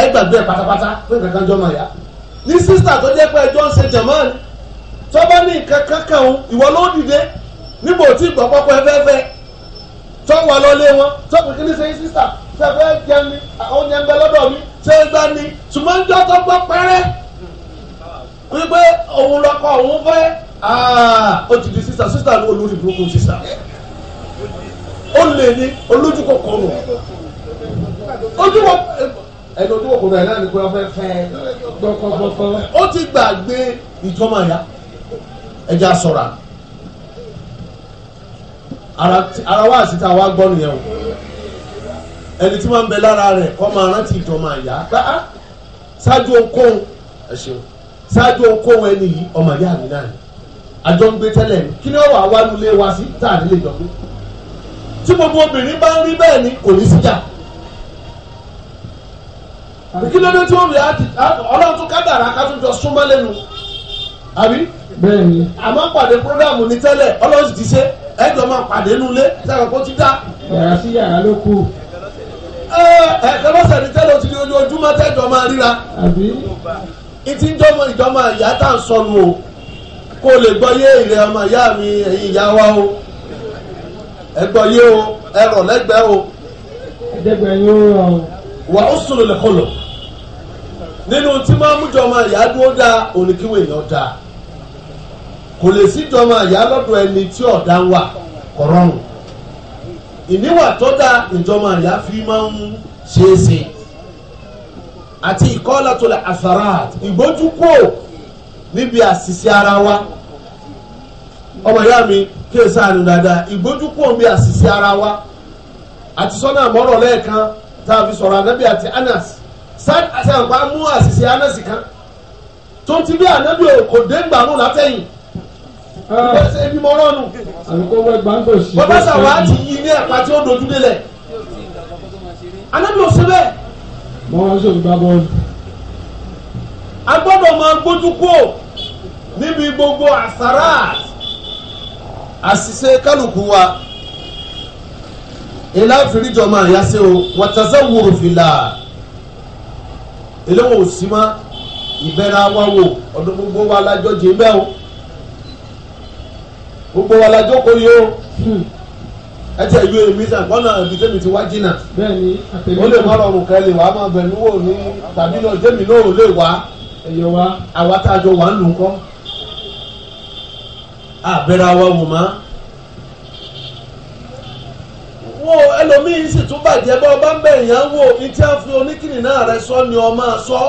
ẹ gbàgbé pátápátá pé kankan jọba yá ní sísà tó jẹ́ pé ẹjọ́ ń ṣe jẹ̀mọ́ọ̀nì tó bá ní nǹkan kankan òun ìwọ ló dìde níbo tí ìgbọ́ pọ́pọ́ ẹ fẹ́fẹ́ tó wà lọlé wọn tó kìkì ní sẹ́yìn sísà fẹ́fẹ́ jẹun ni oúnjẹ ń bẹ lọ́dọ̀ mi ṣé é gbá ni ṣùgbọ́n jọ́ tó gbọ́ pẹ́rẹ́ wípé òun lọkọ òun fẹ́ ó ti di sísà sísà ní olórí burúkú sísà ó lè ní olójúkọ̀kọ̀ nù ojú ẹni ojú òkúta ẹ̀ náà ní kúra fẹ́fẹ́ gbọ́ngbọ́ngbọ́n ó ti gbàgbé ìjọba ya ẹja sọ̀ra ara wa àsìta wa gbọ́ nìyẹn o ẹni tí wọ́n ń bẹ lára rẹ̀ kọ́ máa rántí ìjọba ya bá ṣáájú okóhun ẹ ṣeun ṣáájú okóhun ẹni yìí ọmọ ìyá mi náà àjọ ń gbé tẹ́lẹ̀ kí ni ó wà nílé wa sí tá à nílé ìjọba tí gbogbo obìnrin bá ń rí bẹ́ẹ̀ ni kò ní síjà kí ló dé tí wọ́n lè ọlọ́run tún kádàrá ká tún jọ súnmọ́ lẹ́nu àbí. bẹ́ẹ̀ni. a máa ń pàdé programu ní tẹ́lẹ̀ ọlọ́run sì ti ṣe ẹjọ́ máa pàdé nulẹ̀ sẹ́wọ̀n kó ti dá. yàrá sí yàrá ló kù ẹ̀ẹ́dẹ́ lọ́sẹ̀ ní tẹ́lẹ̀ òtún ojoojúmọ́ tẹ́jọ́ máa ríra. ìtí ìjọmọ ìjọmọ ìyá tá à ń sọnù o kó lè gbọ́ yé ìrẹ́ ọmọ ìyá mi ẹ̀yin ìyá wa o ẹ gbọ́ yé o ẹ rọ̀ lẹ́gbẹ̀ẹ́ o. ẹ̀dẹ́gbẹ̀ẹ́ yóò rọ̀. wà ó sùn lè kọlọ̀ nínú tí máa mú jọmọ ìyá dúró dáa oníkíwé èèyàn dáa kò lè sí jọmọ ìyá lọ́dọ̀ ẹni tí ọ̀dá ń wà kọ̀rọ̀rùn ìníwà tó dáa ìjọmọ ìyá fi máa ń ṣeé àti ìkọ́lá tó lè àfàràt ìgbójúkò níbi àṣìṣe ara wa ọmọ ìyá mi kíyè ni dáadáa ìgbójúkò níbi àṣìṣe ara wa àti sọ́nà àmọ́rọ̀ lẹ́ẹ̀kan tá a fi sọ̀rọ̀ ànábì àti anas sáà àṣàgbà mú àṣìṣe anásì kan tó ti bí ànábì kò dé gbàrún látẹ̀yìn ìgbésẹ̀ ah. ibi mọ́ rọ́ọ̀nù bọ́bá sàwọn á ti yí ní ẹ̀pá tí ó dojú délẹ̀ ànábì ò ṣe bẹ́ẹ̀. mo máa ń ṣe ìgbà bọ́ọ̀lù. a gbọ́dọ̀ máa gbójú kó níbi gbogbo àṣàrà àṣìṣe kálukú wa ìlà fìríjọ máa yá sí o wàtàzá wòrò fìlà eléwọ̀n òsì mọ́ ìbẹ́ra wa wò ọdún gbogbo wa lájọ́ jẹ́ mbẹ́ o gbogbo wa lájọ́ kò yó ẹ tẹ ìwé mi sàn gbọ́nà ibi tẹ́mi ti wá jìnnà ó lè má rọrùn kan lè wá máa bẹ̀rù wò ní tàbí lọ tẹ́mi náà ò lè wá àwa tá a jọ wà ń lù ń kọ́ àbẹ́ra wa wò máa. ẹlòmíín sì tún bàjẹ́ bá ọba ń bẹ̀ yẹn a fi oníkìnnì náà rẹ sọ ni ọ máa sọ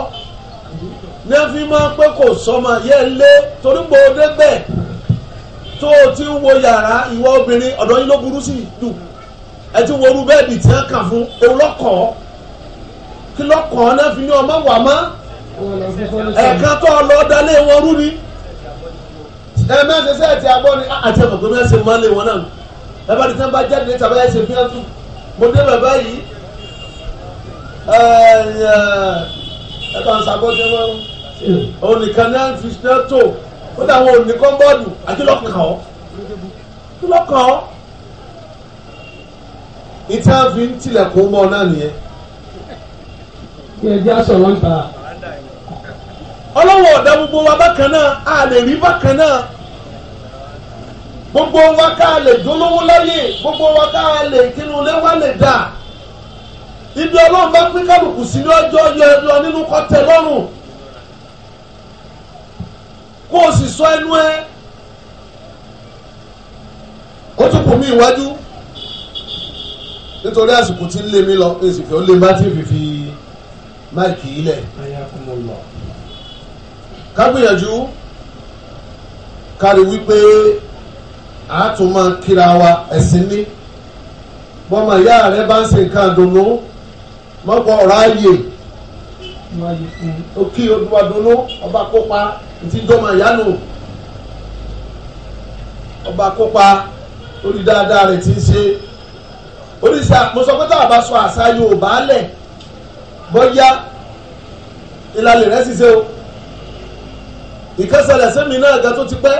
ní a fi máa pé kò sọmọ yẹ lé torí pé tó o ti wo yàrá ìwọ obìnrin ọ̀dọ́ yín ló burú sí dùn ẹ ti wo tí wọ́n kà fún ewu lọ́kọ̀ọ́ kí lọ́kọ̀ọ́ náà fi ní ọmọ wà ẹ̀ka tó ọ lọ dalé wọn rú ni lábàdí tí wọ́n bá jáde níta báyà ṣe fi hàn tún mo dé bàbá yìí ẹ bá ń sàkóso wọn òun nìkan náà fi ṣe tó ó dà wọn ò ní kọ́ńbọ́ọ̀dù àkìlọ́kàn ọ́ àkìlọ́kàn ọ́ ìta fi ń tilẹ̀kùn mọ́ náà nìyẹn. kí ẹ jẹ́ aṣọ lọ́ńtà. ọlọ́wọ́ ọ̀dà gbogbo wa bákan náà a lè rí bákan náà gbogbo wa ká lè dolówó láyè gbogbo wa ká lè kínúlé wa lè dà ibi ọlọ́run bá pín kálukú sí ní ọjọ́ yọ nínú kọ́tẹ lọ́rùn kó o sì sọ ẹnu ẹ ó tún kù mí iwájú nítorí àsìkò tí ń lé mi lọ èsì fẹ́ ó lé bá tí fífi máìkì yìí lẹ̀ ká gbìyànjú kárí wípé àtúmọ̀ kíra wa ẹ̀sìn ní bọ́mọ ìyá rẹ bá ń ṣe nǹkan dùnú mọ́gbọ́ ọ̀rọ̀ ayè òkè olúwa dùnú ọba kópa ti dọ́mọ ìyá nù ọba kópa orí dáadáa rẹ̀ ti ń ṣe oríṣi mo sọ pé a bá sọ àṣà Yorùbá lẹ̀ bọ́yá ìlàlẹ̀ rẹ̀ ṣiṣẹ́ o ìkẹsẹ̀lẹ̀ sẹ́mi náà ga tó ti pẹ́.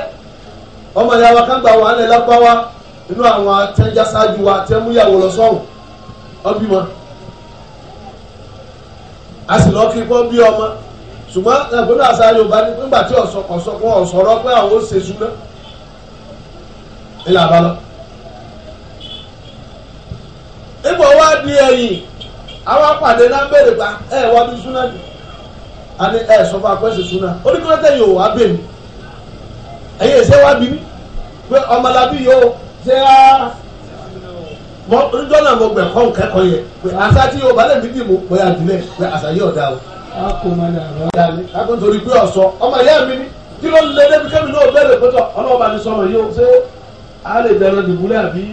ọmọ ìyá wa wà ní ẹlẹ́pàá inú àwọn wa atẹ́múyàwó lọ sọ́hùn ọbímọ a sì lọ bí ọmọ ṣùgbọ́n ẹgbẹ́ àṣà Yorùbá ní nígbà tí ọ̀sọ̀kọ̀sọ̀kọ̀ ọ̀sọ̀rọ̀ pé àwọn ṣe súná ilé àbálọ. di àwọn apàdé náà wá bí súná ni a sọ ẹ̀yin ẹ̀sẹ̀ wá bí mi pé ọmọlábí yóò ṣe á mọ níjọ́nà mo gbẹ̀ kọ́ nkẹ́kọ̀ọ́ yẹ pé àṣà tí yóò balẹ̀ mi dì pé àdìlẹ̀ pé àṣà yóò dá o. a kò má a kò torí pé ọ̀sọ́ ọmọ ìyá mi ni kí ló ń lé débi kẹ́mi náà bẹ̀rẹ̀ pẹ̀tọ̀ ọlọ́ọ̀bá ni sọ̀rọ̀ yóò ṣe á lè bẹ̀rẹ̀ dìbúlẹ̀ àbí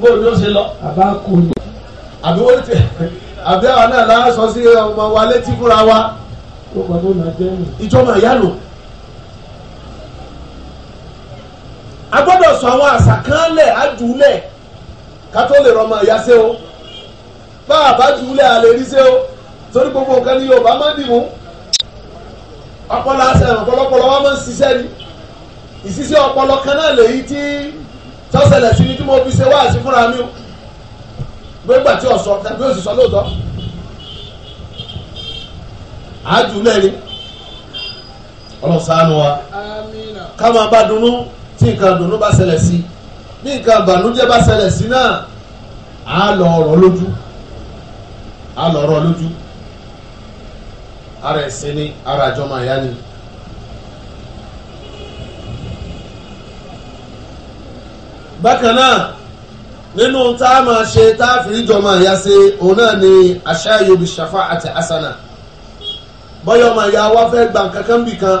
bóun ni ó ṣe lọ. àbá kò ní. àbí wọ́n ti àbí àwọn náà lásán sí ọmọ wa létí fúnra wa. ó kọ́ tó nà jẹ́ ìjọba ìyá lò. a gbọ́dọ̀ sọ àwọn àṣà kan lẹ̀ á jù ú lẹ̀ ká tó lè rọmọ ìyá o bá a bá jù ú lẹ̀ o torí gbogbo nǹkan ni Yorùbá máa ń dì mú ọpọlọ àṣẹ ọpọlọpọlọ wa máa ń ṣiṣẹ́ ni ìṣiṣẹ́ ọpọlọ kan náà lèyí tí tọ́sẹ̀lẹ̀ sí ni tí mo fi ṣe wáàsí fúnra mi o gbégbà tí ò sọ tàbí ò sì sọ lóòótọ́ àjùlẹ̀ ni ọlọ́sàn-án wa ká máa bá dunnú tí nǹkan dùnú bá ṣẹlẹ̀ sí bí nǹkan ìbànújẹ́ bá ṣẹlẹ̀ sí náà á lọ ọ̀rọ̀ lójú á lọ ọ̀rọ̀ lójú ara ẹ̀sìn ni ara àjọmọ̀ ẹ̀yá ni. bákan náà nínú tá a máa ṣe tá a fi jọmọ ẹ̀yá ṣe òun náà ni aṣááyò bí ṣàfà àti asana. bọ́yọ̀ ọmọ ẹ̀yá wa fẹ́ gbà kankan bì kan.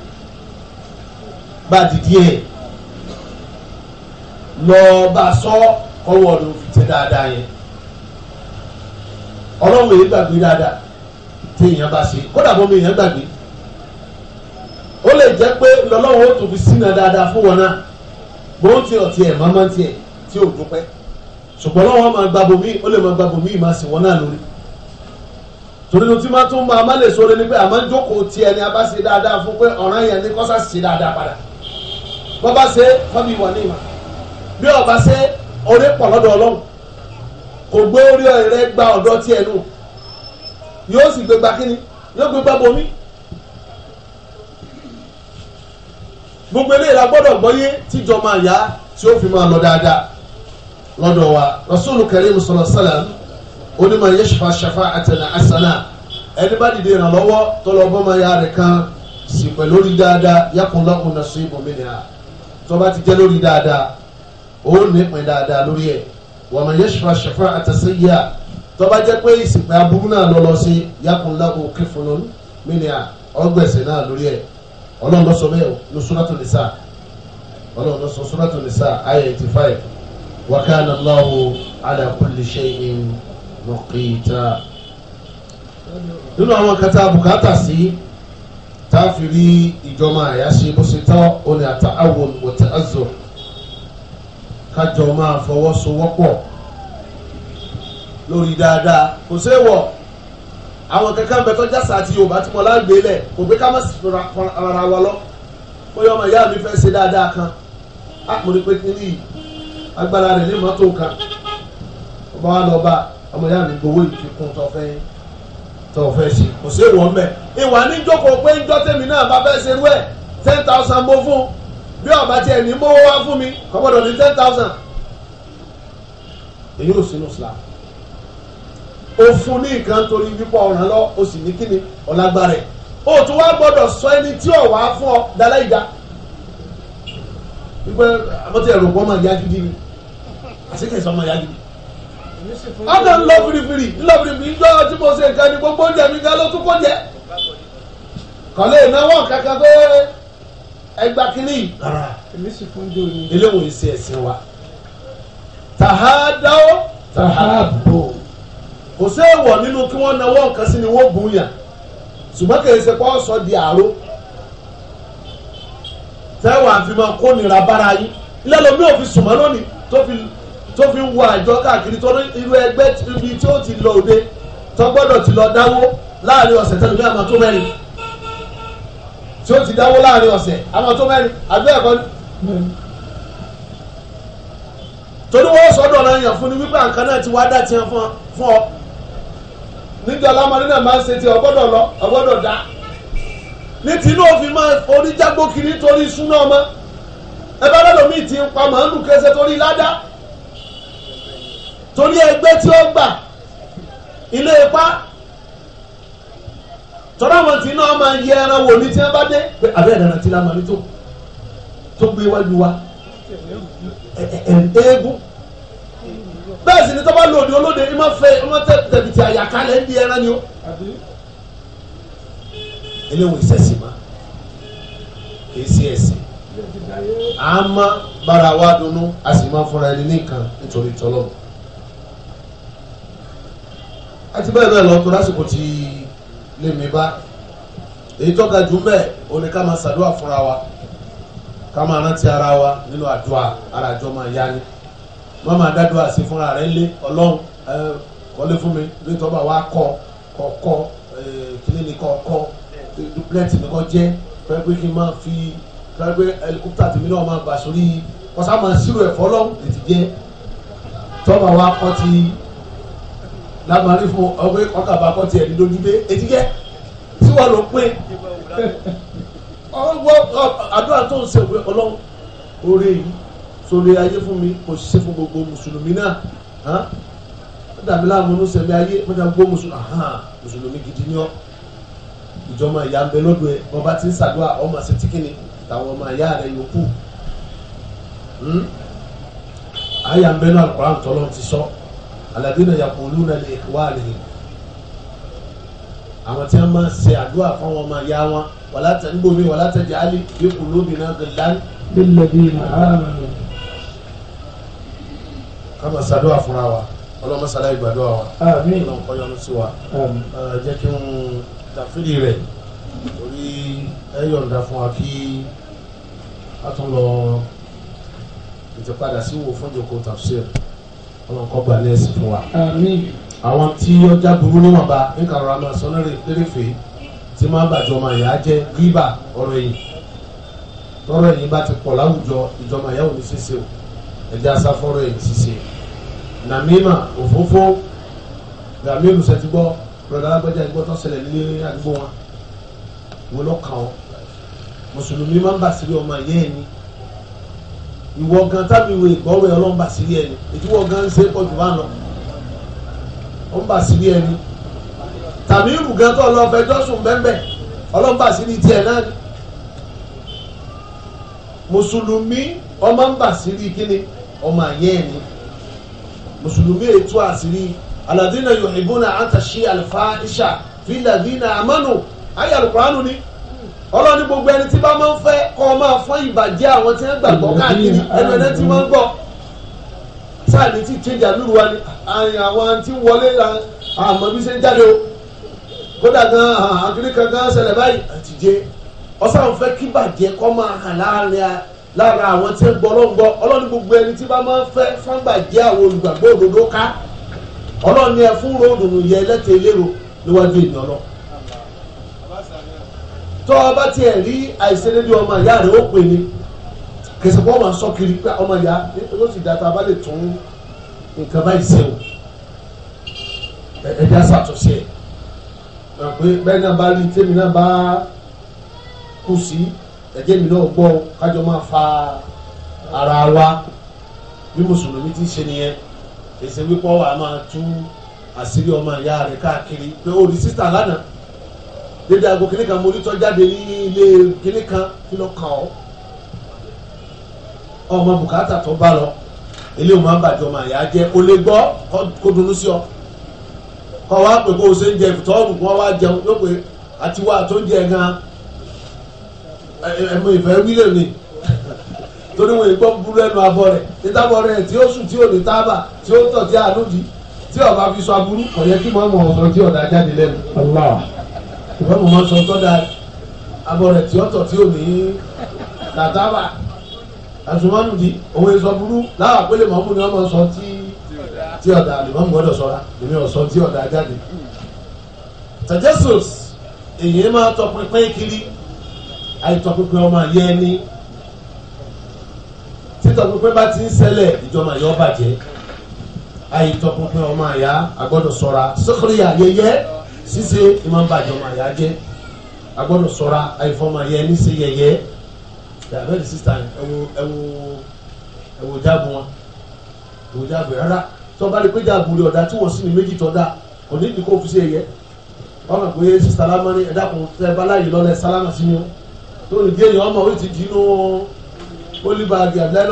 bá ti díẹ̀ lọ bá sọ ọwọ́ ló fi tẹ dáadáa yẹn ọlọ́run èyí gbàgbé dáadáa téèyàn bá ṣe kódà bọ́ mi èèyàn gbàgbé ó lè jẹ́ pé lọ́lọ́run ó tún fi sínú dáadáa fún wọn náà bó ń tiẹ̀ ọ̀tí ẹ̀ máa máa ń tiẹ̀ tí ò dúpẹ́ ṣùgbọ́n lọ́wọ́ máa gba bòmí ó lè máa gba bòmí máa sì wọ́n náà lórí torí ti máa tún máa má lè sọ lé ní pé àmọ́ jókòó tiẹ̀ ni a bá ṣe dáadáa fún pé ọ̀ràn yẹn ní kọ́sà ṣe dáadáa padà bọ́bá ṣe fọ́bí wà ní ìmọ̀ bí ọba ṣe orí pọ̀ lọ́dọ̀ ọlọ́run kò gbé orí rẹ gba ọ̀dọ́ tiẹ̀ nù yóò sì gbé gba kíni yóò gbé gba bomi gbogbo eléyìí la gbọ́dọ̀ gbọ́yé tíjọ máa yá tí ó fi máa lọ dáadáa lọ́dọ̀ wa rasulu karim sọlọ sálàm onímọ̀ yẹ́sùfà ṣàfà àtẹnà àṣànà ẹni bá dìde ìrànlọ́wọ́ tọ́lọ́ bọ́mọ ya rẹ̀ kan sì pẹ̀lú orí dáadáa yakun lahu nasibun minha tó bá ti jẹ́ lórí dáadáa ó nípìn dáadáa lórí ẹ̀ wọ́n mọ̀ yẹ́sùfà ṣẹ̀fà àtẹ̀sẹ́yà tó bá jẹ́ pé ìsìnkú aburú náà lọ lọ sí yakunla òkè fúnnu mínìà ọgbẹ̀sẹ̀ náà lórí ẹ̀ ọlọ́run ló sọ bẹ́ẹ̀ ní suratul nisa ọlọ́run ló sọ suratul nisa ayé eighty five wa kana Allahu ala kulli shay'in muqita nínú àwọn kata bùkátà sí. Si, táàfin rí ìjọba àyà ṣe bó ṣe tọ́ ó ní ata àwọn mọ̀tẹ́ azọ kájọ máa fọwọ́sowọ́pọ̀ lórí dáadáa kò ṣeé wọ̀ àwọn kankan bẹ tọ́jà sàti Yorùbá tí mo láǹgbé lẹ̀ kò gbé ká má rárá wa lọ bóyá ọmọ ìyá mi fẹ́ ṣe dáadáa kan á kò ní pé kí ni agbára rẹ̀ ní mọ́tò kan ọba wa lọ bá ọmọ ìyá mi gbowó ìfikún tó fẹ́ yín tó fẹ́ ṣe kò sí ìwọ̀n mẹ́ ìwà níjókòó pé ń jọ́ tèmi náà bá fẹ́ ṣerú ẹ̀ ten thousand mo fún bí ọba tiẹ̀ ní mówó wá fún mi kò gbọ́dọ̀ ní ten thousand èyí ò sínú Islam o fún ní nǹkan torí wípé ọ̀ràn lọ o sì ní kíni ọ̀làgbára ẹ̀ o tún wá gbọ́dọ̀ sọ ẹni tí ò wá fún ọ dáláì dá wípé àbọ̀tí ẹ̀rọ ọmọ ìyá gidi ni àṣekẹ̀sọ ọmọ ìyá gidi ọ̀dọ̀ ńlọ firifiri ńlọ firifiri ńjọ́ tí mo ṣe nǹkan ni gbogbo oúnjẹ mi gan ló tún kó jẹ́ kọ́lé ìnáwó kankan pé ẹgbà kìíní rárá eléwọ̀n ìṣe ẹ̀sìn wa tàhádáwó tàhábò kò sí èèwọ̀ nínú kí wọ́n náwó nǹkan sí ni wọ́n bù yàn ṣùgbọ́n kì í ṣe pé wọ́n sọ di àró tẹ́wọ̀n àfi máa kó nira bára yín ilé lomi ò fi sùnmọ́ lónìí tó fi tó fi ń wọ àjọ káàkiri torí irú ẹgbẹ́ ibi tí ó ti lọ òde tó gbọ́dọ̀ ti lọ dáwó láàrin ọ̀sẹ̀ tẹ́lẹ̀ bí àmọ́ tó mẹ́rin tí ó ti dáwó láàrin ọ̀sẹ̀ àmọ́ tó mẹ́rin àgbẹ̀ ẹ̀kọ́ ni. torí wọ́n sọ́dọ̀ ọ̀rọ̀ yẹn fún ni wípé àǹkan náà ti wá dá tiẹ̀ fún ọ níjọ ọlọ́mọdé náà máa ń ṣe ti ọgbọ́dọ̀ lọ ọgbọ́dọ̀ dá ní tinú òfin máa oníjágbó kiri torí súná ọmọ ẹ bá lọ́dọ̀ míì ti ń pa màálù kẹsẹ̀ torí ládàá torí ẹgbẹ́ tí ó gbà ilé ipá tọ́lá àwọn tí náà máa yẹ ẹran wò ní tí wọ́n bá dé pé abẹ́ ìdáná tí lámà ní tó tó gbé wájú wa eégún bẹ́ẹ̀ sì ni tọ́ bá lòdì olóde ní máa fẹ́ ọmọ tẹ̀bìtì àyàkálẹ̀ ń di ẹran ni ó eléwọ̀n ìṣẹ̀sìn máa kì í sí ẹ̀sìn a máa bára wa dunnú a sì máa fúnra ẹni nìkan nítorí tọ́lọ́mù àti bẹ́ẹ̀ bẹ́ẹ̀ lọ tó lásìkò tí lè mi bá èyí tó ga jù bẹ́ẹ̀ ó ní ká máa ṣàdúrà fúnra wa ká máa rántí ara wa nínú àdúrà ara àjọ máa yá ni má máa dá sí fúnra rẹ̀ lé ọlọ́run kọ́lé fún mi nítorí wa kọ́ kọ́ kílé ni kọ́ kọ́ duplex kọ́ jẹ́ fẹ́ kí n máa fi fẹ́ ẹlikópítà tèmi náà máa bà sórí kọ́sá máa sírò ẹ̀fọ́ lọ́wọ́ ètí tọ́ba wa kọ́ ti lágbà rí fún ọgbẹ́ ọkàbà kọ́tì ẹ̀ lójú dé etíkẹ́ tí wọ́n lọ pé ọwọ́ àdúrà tó ń sèwé ọlọ́run oore yìí sórí ayé fún mi kò ṣe fún gbogbo mùsùlùmí náà ó dàbí láàmú ló sẹ̀mí ayé wọ́n ti gbó mùsùlùmí gidi ní ọ́ ìjọba ìyá ń bẹ lọ́dọ̀ ẹ̀ wọ́n bá ti ń ṣàdúrà ọmọ àti tíkìnì tàwọn ọmọ ìyá rẹ̀ yòókù hmm? àyà ń bẹ náà Al-Qur'an tọ́lọ́ ti sọ. So aladina yaquluna li ikhwanihim àwọn tí wọn máa ṣe àdúrà fáwọn ọmọ ìyá wọn wàlá tẹ níbo mi wàlá tẹ jàálì bí qulubina ghillan lilladina amanu. ká máa ṣàdúrà fúnra wa ọlọ́mọ sàlá ìgbàdúrà wa ọlọ́mọ kọ́ yọnu sí wa jẹ́ kí n tàfírí rẹ̀ torí ẹ fún wa kí a tún lọ ìtẹ̀padà sí wo fún jòkó tafsir ọlọ́run kọ́ gba ní ẹ̀sìn fún wa. àwọn tí ọjà burú níwọ̀nba níka ọ̀rọ̀ àmọ́ sọ́nà lérèfé tí máa bàjọ́ ọmọ ìyá jẹ́ gíbà ọ̀rọ̀ ẹ̀yìn tọ́rọ̀ ẹ̀yìn bá ti pọ̀ láwùjọ ìjọba ìyá òní ṣíṣe o ẹ̀jẹ̀ asáfọ́rọ̀ ẹ̀yìn ṣíṣe nàmímà òfófó gàmílù sẹ́tìgbọ́ rọ̀dà alágbẹ́jà ìgbọ́ tó ṣẹlẹ̀ ní àdúgbò wọn wọn lọ́kàn ọ́ mùsùlùmí máa ń bà sílé ìwọ gan tábí ìwé ìkọ́wé ọlọ́mbà sírí ẹni ìdíwọ́ gan ṣe pọ̀ jù bá lọ ọlọ́mbà sírí ẹni tàbí ìrù gan tó lọ fẹjọ́ sùn bẹ́ẹ̀ ọlọ́mbà sírí tiẹ̀ náà ni mùsùlùmí ọmọ ń bà sírí kíni ọmọ àyẹ́ ẹni mùsùlùmí ètò àṣírí aladina yuhibbuna àtàṣe àlùfáà ìṣà fílàdínà àmọ́nù ayé àlùkò àánú ni ọlọ́ni gbogbo ẹni tí bá máa ń fẹ́ kọ́ ọ máa fọ́n ìbàjẹ́ àwọn tí wọ́n gbàgbọ́ káàkiri ẹnu ẹni tí wọ́n ń gbọ́ sáàni tí kéde àlùrù wa ni àwọn tí ń wọlé àmọ́ bí ṣe ń jáde o kódà gan àkíní kankan ṣẹlẹ̀ báyìí àtijé ọ̀sán fẹ́ kí bàjẹ́ kọ́ máa hàn láàrin lára àwọn tí ń gbọ́ ló ń gbọ́ ọlọ́ni gbogbo ẹni tí bá máa ń fẹ́ fọ́nbàjẹ́ àwọn olùgbàgbọ́ òdodo ká ọlọ́ni ẹ fún yẹ lẹ́tẹ̀ẹ́ lérò níwájú ìdánlọ́ọ̀ tó a bá tiẹ̀ rí àìṣedéédé ọmọ ìyá rẹ̀ ó pè ní kẹsìkọ́ ọmọ sọ kiri pé ọmọ ìyá ló sì dàtà bá lè tún nǹkan báyìí sẹ́wọ̀n ẹ̀ẹ́dá ṣàtúnṣe ẹ̀ pé bẹ́ẹ̀ náà bá rí tèmi náà bá kù sí ẹ̀jẹ̀ mi náà gbọ́ kájọ máa fa ara wa bí mùsùlùmí ti ṣe nìyẹn èsì wípọ́ wa máa tú àṣírí ọmọ ìyá rẹ̀ káàkiri pé ó rí sísà lánàá dédé aago kìnnì kan mo rí tọ́ jáde ní ilé kìnnì kan kí ló kàn ọ́ ọmọ bùkátà tó bá lọ eléyìí máa ń bàjẹ́ ọmọ àyà jẹ́ o lè gbọ́ kó dunu sí ọ kọ́ wa pè kó o ṣe ń jẹ ìfitọ́ọ̀rù kó wa jẹun yóò pé àti wa tó ń jẹ gan ẹ̀mọ ìfẹ́ wílò ni torí wọn ìgbọ́ burú ẹnu abọ́ rẹ̀ ìtàbọ̀ rẹ̀ tí ó sùn tí ò ní tábà tí ó tọ̀ tí àánú di tí ọba fi sọ aburú kò yẹ kí mọ́ ọmọ ọ̀sán tí ọ̀dà jáde lẹ́nu ìfẹ́ mo máa ń sọ tọ́da abọ́ rẹ̀ tí ọ̀tọ̀ tí ò ní tàtàbà àsùnmọ́nùdì òun èso burú láwọn àpẹẹlẹ mọ̀ọ́mù ni wọ́n máa ń sọ tí tí ọ̀dà àlùmọ́mù gbọ́dọ̀ sọ́ra èmi ò sọ tí ọ̀dà jáde. tajẹ́sùs èyí máa tọpinpin kiri àìtọpinpin ọmọ ayé ẹni títọpinpin bá ti ń ṣẹlẹ̀ ìjọba yóò bàjẹ́ àìtọpinpin ọmọ àyà àgbọ́dọ̀ sọ́ra sọ́kúrìyà yẹyẹ ṣíṣe ìmọ̀ bàjọ́ máa yá jẹ́ a gbọ́dọ̀ sọ́ra àìfọ́mọ yẹ níṣe yẹyẹ dàbẹ́lì sísá ẹwo ẹwo ẹwo jáàbù wọn ẹwo jáàbù rárá tó bá rí pé jáàbù rẹ ọ̀dà tí wọ́n sì ní méjì tọ́da kò ní ìdíkò fi ṣe yẹyẹ wọ́n mọ̀ pé sísá lámọ́ni ẹ̀dá kan tẹ́ báláyé lọ́lẹ̀ sálámà sí ni tó ní géèyàn ọmọ orí ti dì í nù da àbíláyé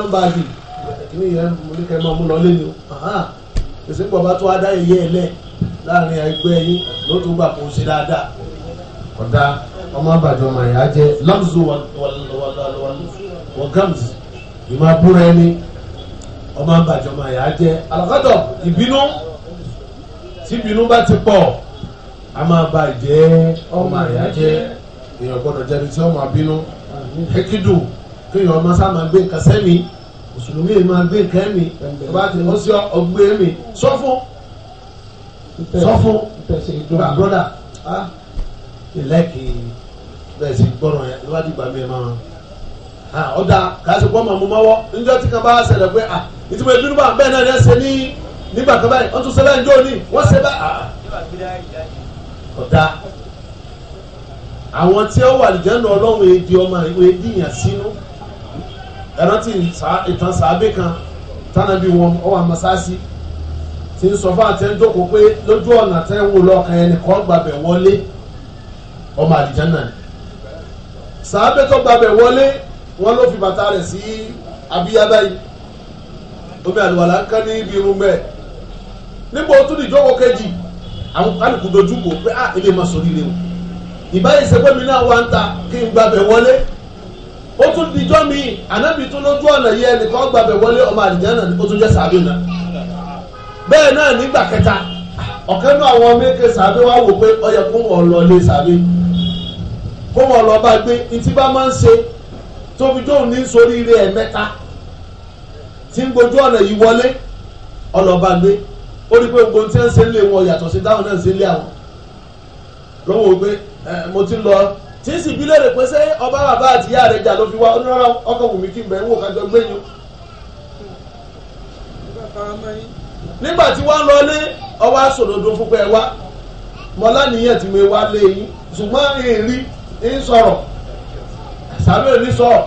ló ń láàrin ẹgbẹ́ yín ló tún gbà kó ṣe dáadáa ọ̀dà ọmọ àbàjọ ọmọ jẹ lamzu wọgams ìmọ̀ abúrò ẹni ọmọ àbàjọ ọmọ jẹ alakadọ ìbínú tí ìbínú bá ti pọ̀ a máa ba ìjẹ́ ọmọ ìyá jẹ èèyàn gbọ́dọ̀ jẹni tí ọmọ abínú ẹkídù kéèyàn ọmọ sáà gbé nǹkan sẹ́mi mùsùlùmí máa gbé nǹkan ẹ̀mí ọba tí wọ́n sí ọgbẹ́ ẹ̀mí sọ sọ fún gba broda ah ìlẹ́kì bẹ́ẹ̀ sì gbọ́ràn yẹn ló bá dìgbà mi ẹ̀ máa ha ọ̀dà kàásì pọ́ màmú mọ́wọ́ níjọ́ tí kan bá ṣẹlẹ̀ pé ah ìtumọ̀ ìdúró bá bẹ́ẹ̀ náà yẹn ṣe ní nígbà kan báyìí wọ́n tún ṣẹlẹ̀ ń jó ní wọ́n ṣe bá ọ̀dà àwọn tí ó wà lìjẹ́nu ọlọ́run èdè ọmọ ìwé dìyàn sínú ẹ̀rántí ìtàn sàábé kan tánàbí wọn ọwọ́ àmọ́sáàsì tí ń sọ fún àtẹ́ńdókò pé lójú ọ̀nà tẹ́ ń wò lọ́kàn ẹnìkan gbàbẹ̀ wọlé ọmọ àlìjánà ni sàábẹ́ tó gbàbẹ̀ wọlé wọn ló fi bàtà rẹ̀ sí abíyábá yìí omi àlùwàlà ń kán ní ibi irun bẹ́ẹ̀ níbo tún ní ìjókòó kejì àwọn kálukú dojú kò pé á ah, ilé máa sọrí rẹ o ìbáyìí sẹ́gbẹ́ mi náà wá ń ta kí n gbàbẹ̀ wọlé ó tún dijọ́ mi ànábì tún lójú ọ̀nà yìí ẹnìkan gbàbẹ̀ wọlé ọmọ àlìjánà ni ó tún jẹ́ sàábẹ́ náà bẹ́ẹ̀ náà nígbà kẹta ọ̀kan náà àwọn mẹ́kẹ́ sàbí wá wò pé ọyẹ kó wọn lọ lé sàbí kó wọn lọ bá gbé ntí bá máa ń ṣe tóbi tóun ní sórí ilé ẹ̀ mẹ́ta tí ń gbojú ọ̀nà yìí wọlé ọlọ́ba gbé ó rí pé gbogbo tí ń ṣe ń lé wọn yàtọ̀ sí táwọn náà ń ṣe ń lé àwọn lọ́wọ́ gbé mo ti lọ tí ń sì bí léèrè pé ṣé ọba bàbá àti ìyá rẹ̀ jà ló fi wá onírọ́rọ́ ọkọ̀ wùmí kí n bẹ̀ ń wò kájọ gbé yín nígbà tí wọ́n lọ lé ọwọ́ àsòdodo fún pé wá mọ́lá nìyẹn tí mo wá lé yín ṣùgbọ́n èrí ń sọ̀rọ̀ sàbẹ̀ òní sọ̀rọ̀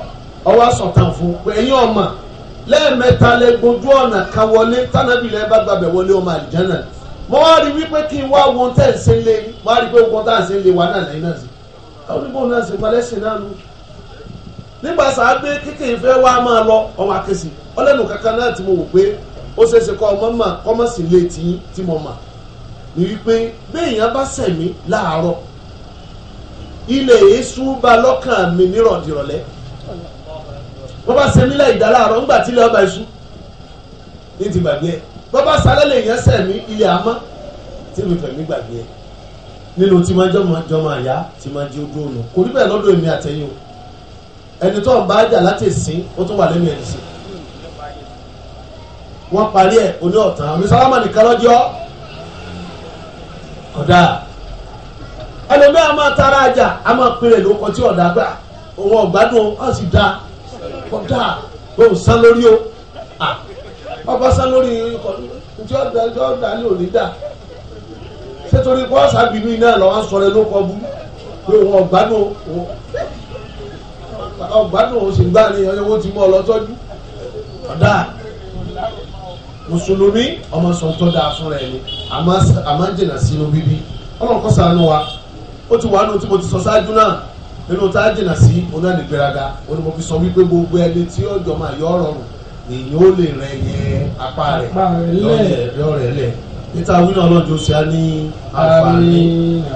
ọwọ́ àsọ̀tàn fún pé yín ọmọ lẹ́ẹ̀mẹ́ta lẹ gbójú ọ̀nà kan wọlé tánàbí lẹ́ẹ̀ bá gbàgbẹ́ wọlé ọmọ àlìjánà mo wá rí wípé kí n wá wọn tẹ̀ ń ṣe lé yín wá rí pé wọn tẹ̀ ń ṣe lé wa náà lẹ́yìn náà sí àwọn onígbò náà ṣe palẹ́sìn náà lù nígbà sàá kíkì ìfẹ́ wa máa lọ ọmọ àkẹ́sì ọlẹ́nu kankan náà ti mo wò pé ó ṣeéṣe kọ́ ọmọ mà kọ́mọ̀ sí ilé tí tí mo mà ní wípé béèyàn bá sẹ̀mí láàárọ̀ ilẹ̀ èésú ba lọ́kàn mi nírọ̀dìrọ̀lẹ́ wọ́n bá sẹ̀mí láì dá láàárọ̀ ńgbà tí ilẹ̀ ọba èṣù ní ti gbàgbé ẹ̀ wọ́n bá sálẹ̀ lè yẹn sẹ̀mí ilẹ̀ àmọ́ tí mi fẹ̀mí gbàgbé ẹ̀ nínú tí máa jọmọ jọmọ àyá tí máa di ojú ọ̀nà kò rí bẹ́ẹ̀ lọ́dọ̀ èmi àtẹ̀yìn o ẹni tó ń bá jà láti sìn ó tún wà lẹ́nu ẹ̀ sí i wọ́n parí ẹ̀ oní ọ̀tàn àmì sálámà nìkan lọ́jọ́ ọ̀dà ẹlòmí a máa tara ajá a máa pèrè lóko tí ọ̀dà gbà òun ọ̀gbádùn á sì da kọ̀dà òun sán lórí o ọba sán lórí ntí ọ̀dà ntí ọ̀dà ni ò ní dà sétorí kó ọ̀sà bínú iná lọ́wọ́ sọ̀rọ̀ ló bú pé òun ọ̀gbádùn ọ̀gbádùn òun sì gbá ni ọ̀yẹ́wò ti mú ọ lọ́tọ́jú ọ̀dà mùsùlùmí ọmọ sọ̀tọ̀ dáa fún rẹ̀ ni àmọ́ jìnnà sínú bíbí ọlọ́run kó ṣàánú wa ó ti wà nù tí mo ti sọ ṣáájú náà nínú tá a jìnnà sí onánigbéraga ó ní mo fi sọ wípé gbogbo ẹni tí ọjọ́ máa yọ ọ̀rọ̀ rùn èyí ó lè rẹ yẹ apá rẹ̀ lọ́rẹ̀ lẹ̀ níta wí náà lọ́jọ́ sí a ní àǹfààní